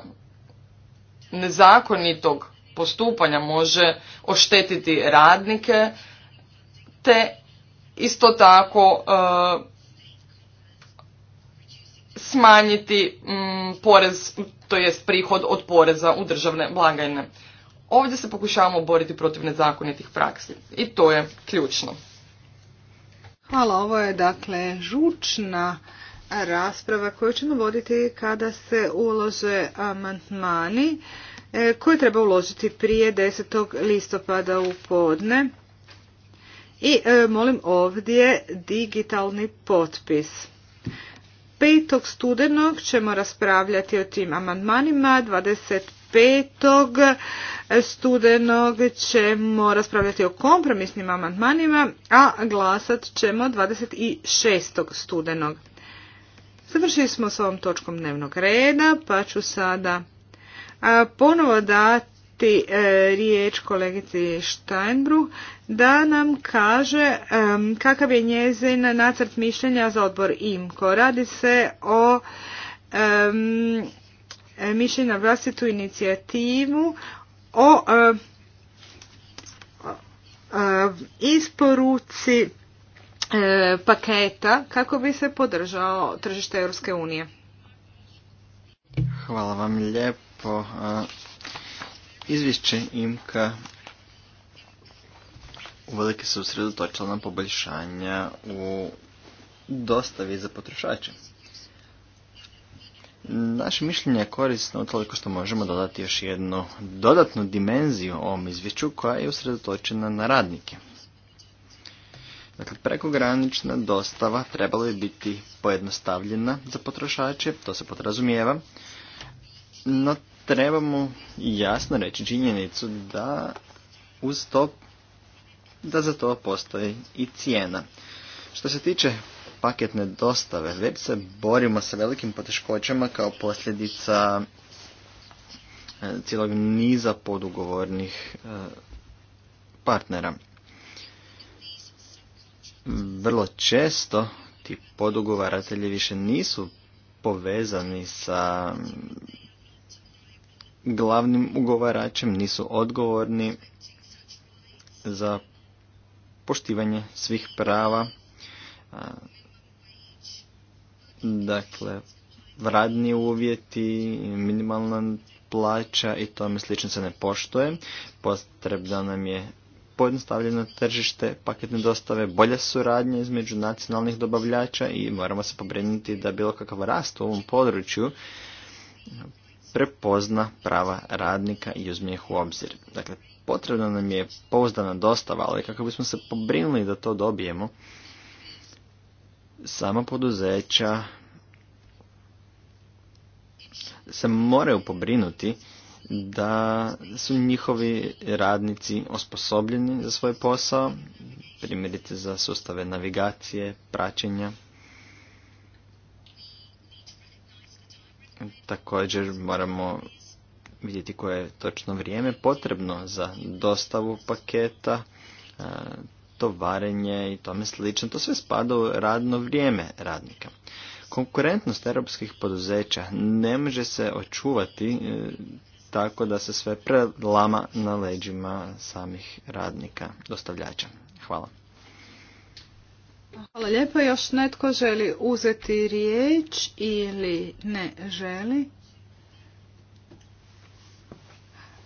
nezakonitog postupanja može oštetiti radnike te isto tako e, smanjiti mm, porez, to jest prihod od poreza u državne blagajne. Ovdje se pokušavamo boriti protiv nezakonitih praksi i to je ključno. Hvala, ovo je dakle žučna rasprava koju ćemo voditi kada se ulože amantmani e, koje treba uložiti prije 10. listopada u podne. I e, molim ovdje digitalni potpis. 5. studenog ćemo raspravljati o tim amandmanima, 25. studenog ćemo raspravljati o kompromisnim amandmanima, a glasat ćemo 26. studenog. Završili smo s ovom točkom dnevnog reda, pa ću sada ponovo dati e, riječ kolegici Steinbruch da nam kaže e, kakav je njezin nacrt mišljenja za odbor IMKO. Radi se o e, mišljenju na vlastitu inicijativu o isporuci E, paketa kako bi se podržao tržište Europske unije. Hvala vam lijepo. E, izvješće IMKA uvelike se usredotočila na poboljšanja u dostavi za potrošače. Naše mišljenje je korisno toliko što možemo dodati još jednu dodatnu dimenziju ovom izvješću koja je usredotočena na radnike. Dakle, prekogranična dostava trebala bi biti pojednostavljena za potrošače, to se podrazumijeva, no trebamo jasno reći činjenicu da uz to, da za to postoji i cijena. Što se tiče paketne dostave, već se borimo sa velikim poteškoćama kao posljedica e, cijelog niza podugovornih e, partnera vrlo često ti podugovaratelji više nisu povezani sa glavnim ugovaračem, nisu odgovorni za poštivanje svih prava. Dakle, radni uvjeti, minimalna plaća i tome slično se ne poštuje. Potrebno nam je pojednostavljeno tržište, paketne dostave, bolja suradnja između nacionalnih dobavljača i moramo se pobrinuti da bilo kakav rast u ovom području prepozna prava radnika i uzme ih u obzir. Dakle, potrebna nam je pouzdana dostava, ali kako bismo se pobrinuli da to dobijemo, sama poduzeća se moraju pobrinuti da su njihovi radnici osposobljeni za svoj posao, primjerice za sustave navigacije, praćenja. Također moramo vidjeti koje je točno vrijeme potrebno za dostavu paketa, e, tovarenje i tome slično. To sve spada u radno vrijeme radnika. Konkurentnost europskih poduzeća ne može se očuvati e, tako da se sve prelama na leđima samih radnika, dostavljača. Hvala. Hvala lijepo. Još netko želi uzeti riječ ili ne želi?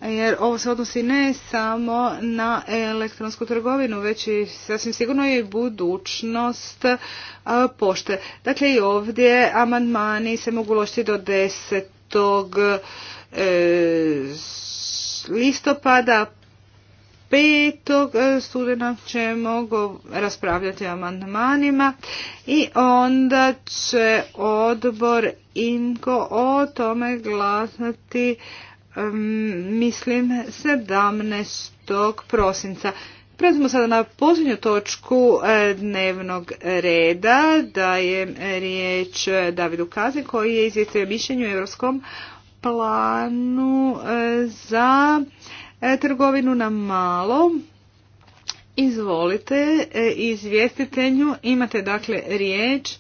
Jer ovo se odnosi ne samo na elektronsku trgovinu, već i sasvim sigurno i budućnost pošte. Dakle i ovdje amandmani se mogu lošiti do 10. E, listopada petog e, studenog ćemo raspravljati o amandmanima i onda će odbor INKO o tome glasati mislim 17. prosinca. Prelazimo sada na posljednju točku e, dnevnog reda, da je riječ Davidu Kazi koji je izvijestio mišljenju Europskom planu e, za e, trgovinu na malo. Izvolite, e, izvjestitelju, imate dakle riječ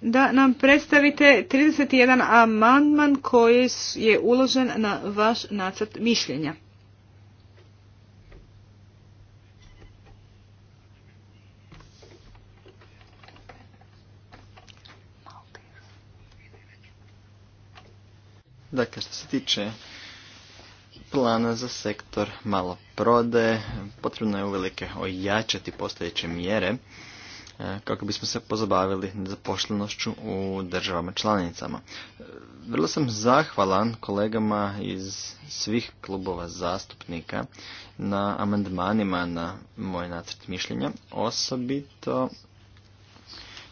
da nam predstavite 31 amandman koji je uložen na vaš nacrt mišljenja. Dakle, što se tiče plana za sektor malo prode, potrebno je uvelike ojačati postojeće mjere e, kako bismo se pozabavili zaposlenošću u državama članicama. E, vrlo sam zahvalan kolegama iz svih klubova zastupnika na amandmanima na moj nacrt mišljenja. Osobito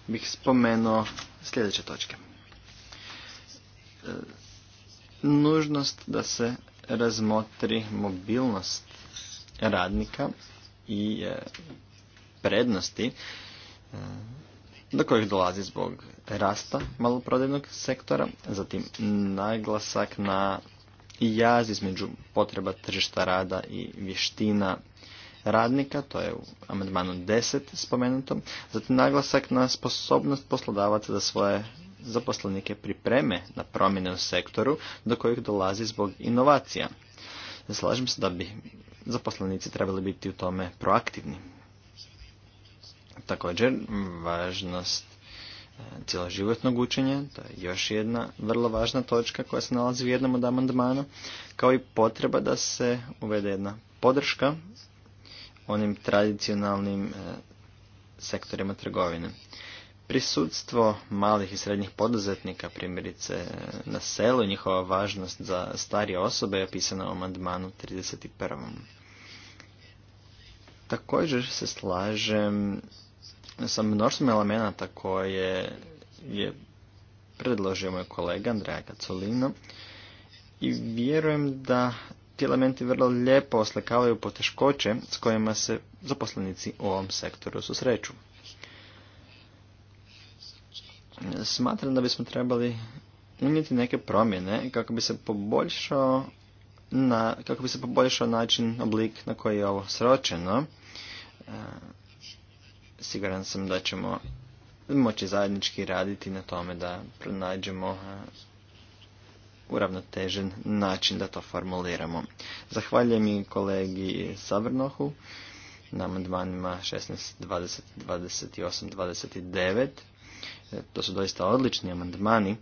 bih spomenuo sljedeće točke. E, nužnost da se razmotri mobilnost radnika i e, prednosti e, do kojih dolazi zbog rasta maloprodajnog sektora, zatim naglasak na jaz između potreba tržišta rada i vještina radnika, to je u amandmanu 10 spomenuto, zatim naglasak na sposobnost poslodavaca da svoje zaposlenike pripreme na promjene u sektoru do kojih dolazi zbog inovacija. Slažem se da bi zaposlenici trebali biti u tome proaktivni. Također, važnost e, cijeloživotnog učenja, to je još jedna vrlo važna točka koja se nalazi u jednom od amandmana, kao i potreba da se uvede jedna podrška onim tradicionalnim e, sektorima trgovine. Prisutstvo malih i srednjih poduzetnika, primjerice na selu, njihova važnost za starije osobe je opisana u amandmanu 31. Također se slažem sa mnoštvom elemenata koje je predložio moj kolega Andreja Kacolino i vjerujem da ti elementi vrlo lijepo oslikavaju poteškoće s kojima se zaposlenici u ovom sektoru susreću smatram da bismo trebali unijeti neke promjene kako bi se poboljšao na, kako bi se poboljšao način, oblik na koji je ovo sročeno. E, siguran sam da ćemo moći zajednički raditi na tome da pronađemo e, uravnotežen način da to formuliramo. Zahvaljujem i kolegi sabrnohu na amandmanima 16, 20, 28, 29 E, to su doista odlični amandmani.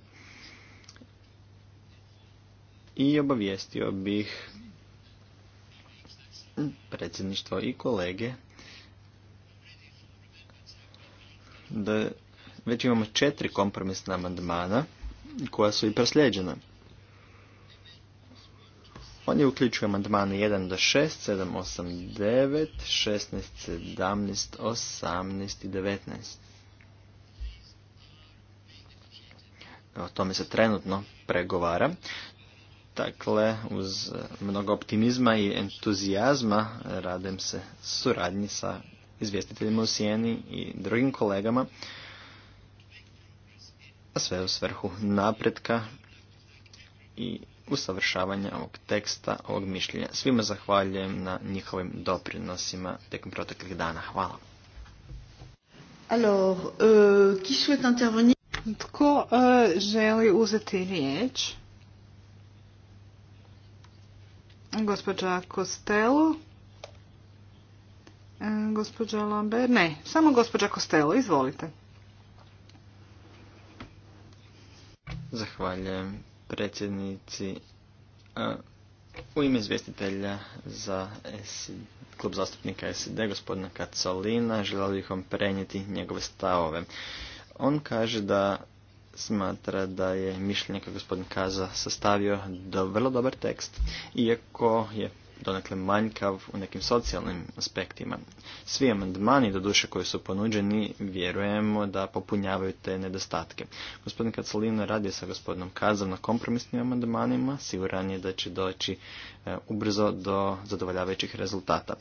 I obavijestio bih predsjedništvo i kolege da već imamo četiri kompromisna amandmana koja su i prosljeđena. Oni uključuju amandmane 1 do 6, 7, 8, 9, 16, 17, 18 i 19. o tome se trenutno pregovara. Dakle, uz mnogo optimizma i entuzijazma radim se suradnji sa izvjestiteljima u Sijeni i drugim kolegama. A sve u svrhu napretka i usavršavanja ovog teksta, ovog mišljenja. Svima zahvaljujem na njihovim doprinosima tijekom proteklih dana. Hvala. Alors, euh, souhaite tko e, želi uzeti riječ? Gospođa Kostelu. E, gospođa Lambert. Ne, samo gospođa Kostelu. Izvolite. Zahvaljujem predsjednici e, u ime izvjestitelja za klub zastupnika SID, gospodina Kacolina, želi bih vam prenijeti njegove stavove. On kaže da smatra da je mišljenje koje gospodin Kaza sastavio do vrlo dobar tekst, iako je donekle manjkav u nekim socijalnim aspektima. Svi amandmani, doduše koji su ponuđeni, vjerujemo da popunjavaju te nedostatke. Gospodin Kacalino radi sa gospodinom Kazom na kompromisnim amandmanima, siguran je da će doći E, ubrzo do zadovoljavajućih rezultata.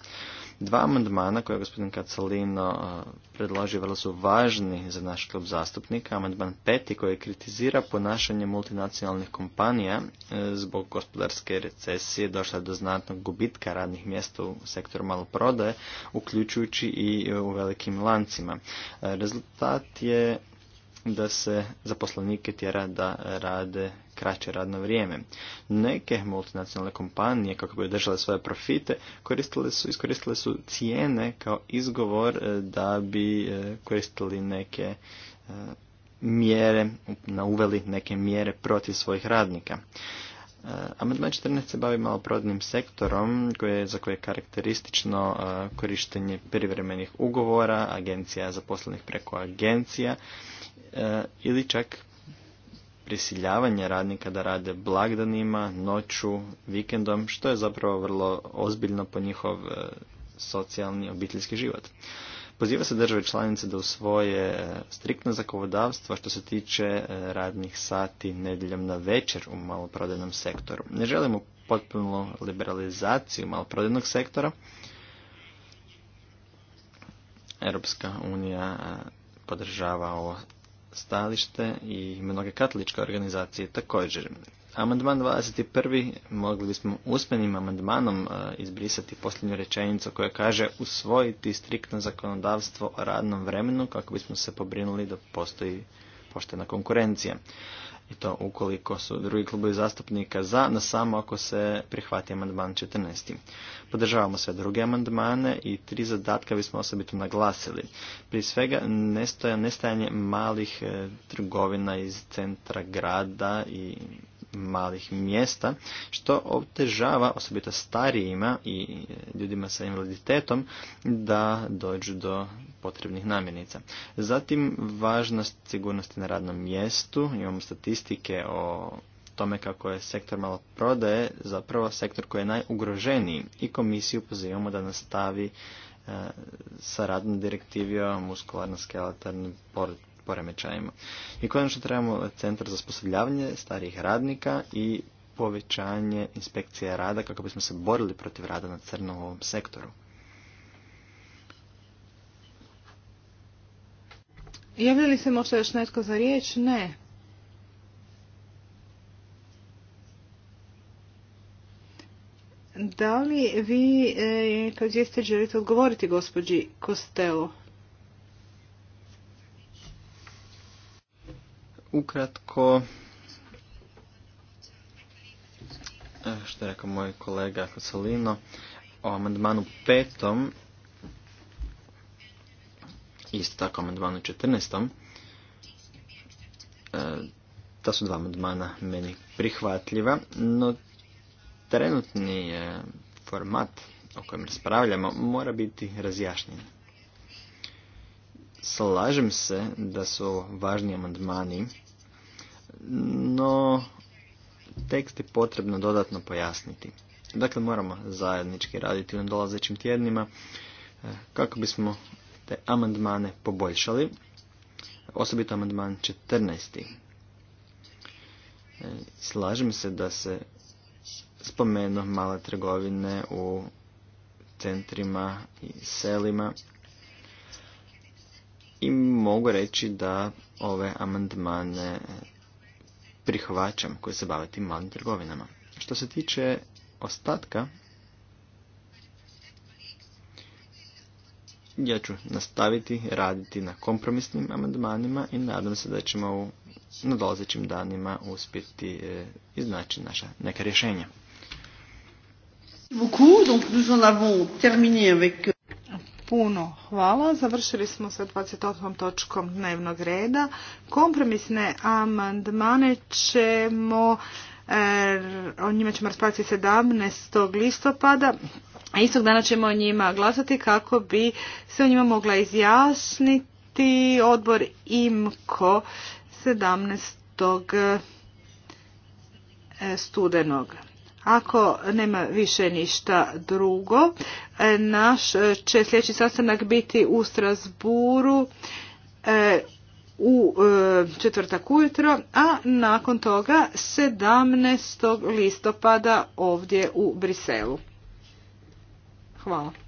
Dva amandmana koje je gospodin Kacalino e, predložio vrlo su važni za naš klub zastupnika. Amandman peti koji kritizira ponašanje multinacionalnih kompanija e, zbog gospodarske recesije došla do znatnog gubitka radnih mjesta u sektoru maloprodaje, uključujući i u velikim lancima. Rezultat je da se zaposlenike tjera da rade kraće radno vrijeme. Neke multinacionalne kompanije, kako bi držale svoje profite, koristile su, iskoristile su cijene kao izgovor e, da bi e, koristili neke e, mjere, nauveli neke mjere protiv svojih radnika. Amandman 14 se bavi maloprodnim sektorom koje, za koje je karakteristično korištenje privremenih ugovora, agencija zaposlenih preko agencija E, ili čak prisiljavanje radnika da rade blagdanima, noću, vikendom, što je zapravo vrlo ozbiljno po njihov e, socijalni obiteljski život. Poziva se države članice da usvoje e, striktno zakonodavstvo što se tiče radnih sati nedjeljom na večer u maloprodajnom sektoru. Ne želimo potpunu liberalizaciju maloprodajnog sektora. Europska unija podržava ovo stalište i mnoge katoličke organizacije također. Amandman 21. mogli bismo usmenim amandmanom e, izbrisati posljednju rečenicu koja kaže usvojiti striktno zakonodavstvo o radnom vremenu kako bismo se pobrinuli da postoji poštena konkurencija. I to ukoliko su drugi klubovi zastupnika za, na samo ako se prihvati amandman 14. Podržavamo sve druge amandmane i tri zadatka bismo osobito naglasili. Prije svega nestoja, nestajanje malih e, trgovina iz centra grada i malih mjesta, što otežava osobito starijima i ljudima sa invaliditetom da dođu do potrebnih namjenica. Zatim, važnost sigurnosti na radnom mjestu. Imamo statistike o tome kako je sektor malo prodaje zapravo sektor koji je najugroženiji i komisiju pozivamo da nastavi e, sa radnom direktivom muskularno skeletarnim poremećajima. I konačno trebamo centar za sposobljavanje starijih radnika i povećanje inspekcije rada kako bismo se borili protiv rada na crnom ovom sektoru. Javlja li se možda još netko za riječ? Ne. Da li vi, eh, kao jeste, želite odgovoriti gospođi Kostelo? Ukratko, e, što je rekao moj kolega Kosolino, o amandmanu petom, isto tako amandmanu četrnestom, e, ta su dva amandmana meni prihvatljiva, no trenutni e, format o kojem raspravljamo mora biti razjašnjen slažem se da su važni amandmani, no tekst je potrebno dodatno pojasniti. Dakle, moramo zajednički raditi u dolazećim tjednima e, kako bismo te amandmane poboljšali, osobito amandman 14. E, slažem se da se spomenu male trgovine u centrima i selima i mogu reći da ove amandmane prihvaćam koje se bave tim malim trgovinama. Što se tiče ostatka, ja ću nastaviti raditi na kompromisnim amandmanima i nadam se da ćemo u nadolazećim danima uspjeti e, iznaći naša neka rješenja. Beaucoup, donc puno hvala. Završili smo sa 28. točkom dnevnog reda. Kompromisne amandmane ćemo, eh, o njima ćemo raspraviti 17. listopada. A istog dana ćemo o njima glasati kako bi se o njima mogla izjasniti odbor IMKO 17. Eh, studenog. Ako nema više ništa drugo, e, naš e, će sljedeći sastanak biti u Strasburu e, u četvrtak ujutro, a nakon toga 17. listopada ovdje u Briselu. Hvala.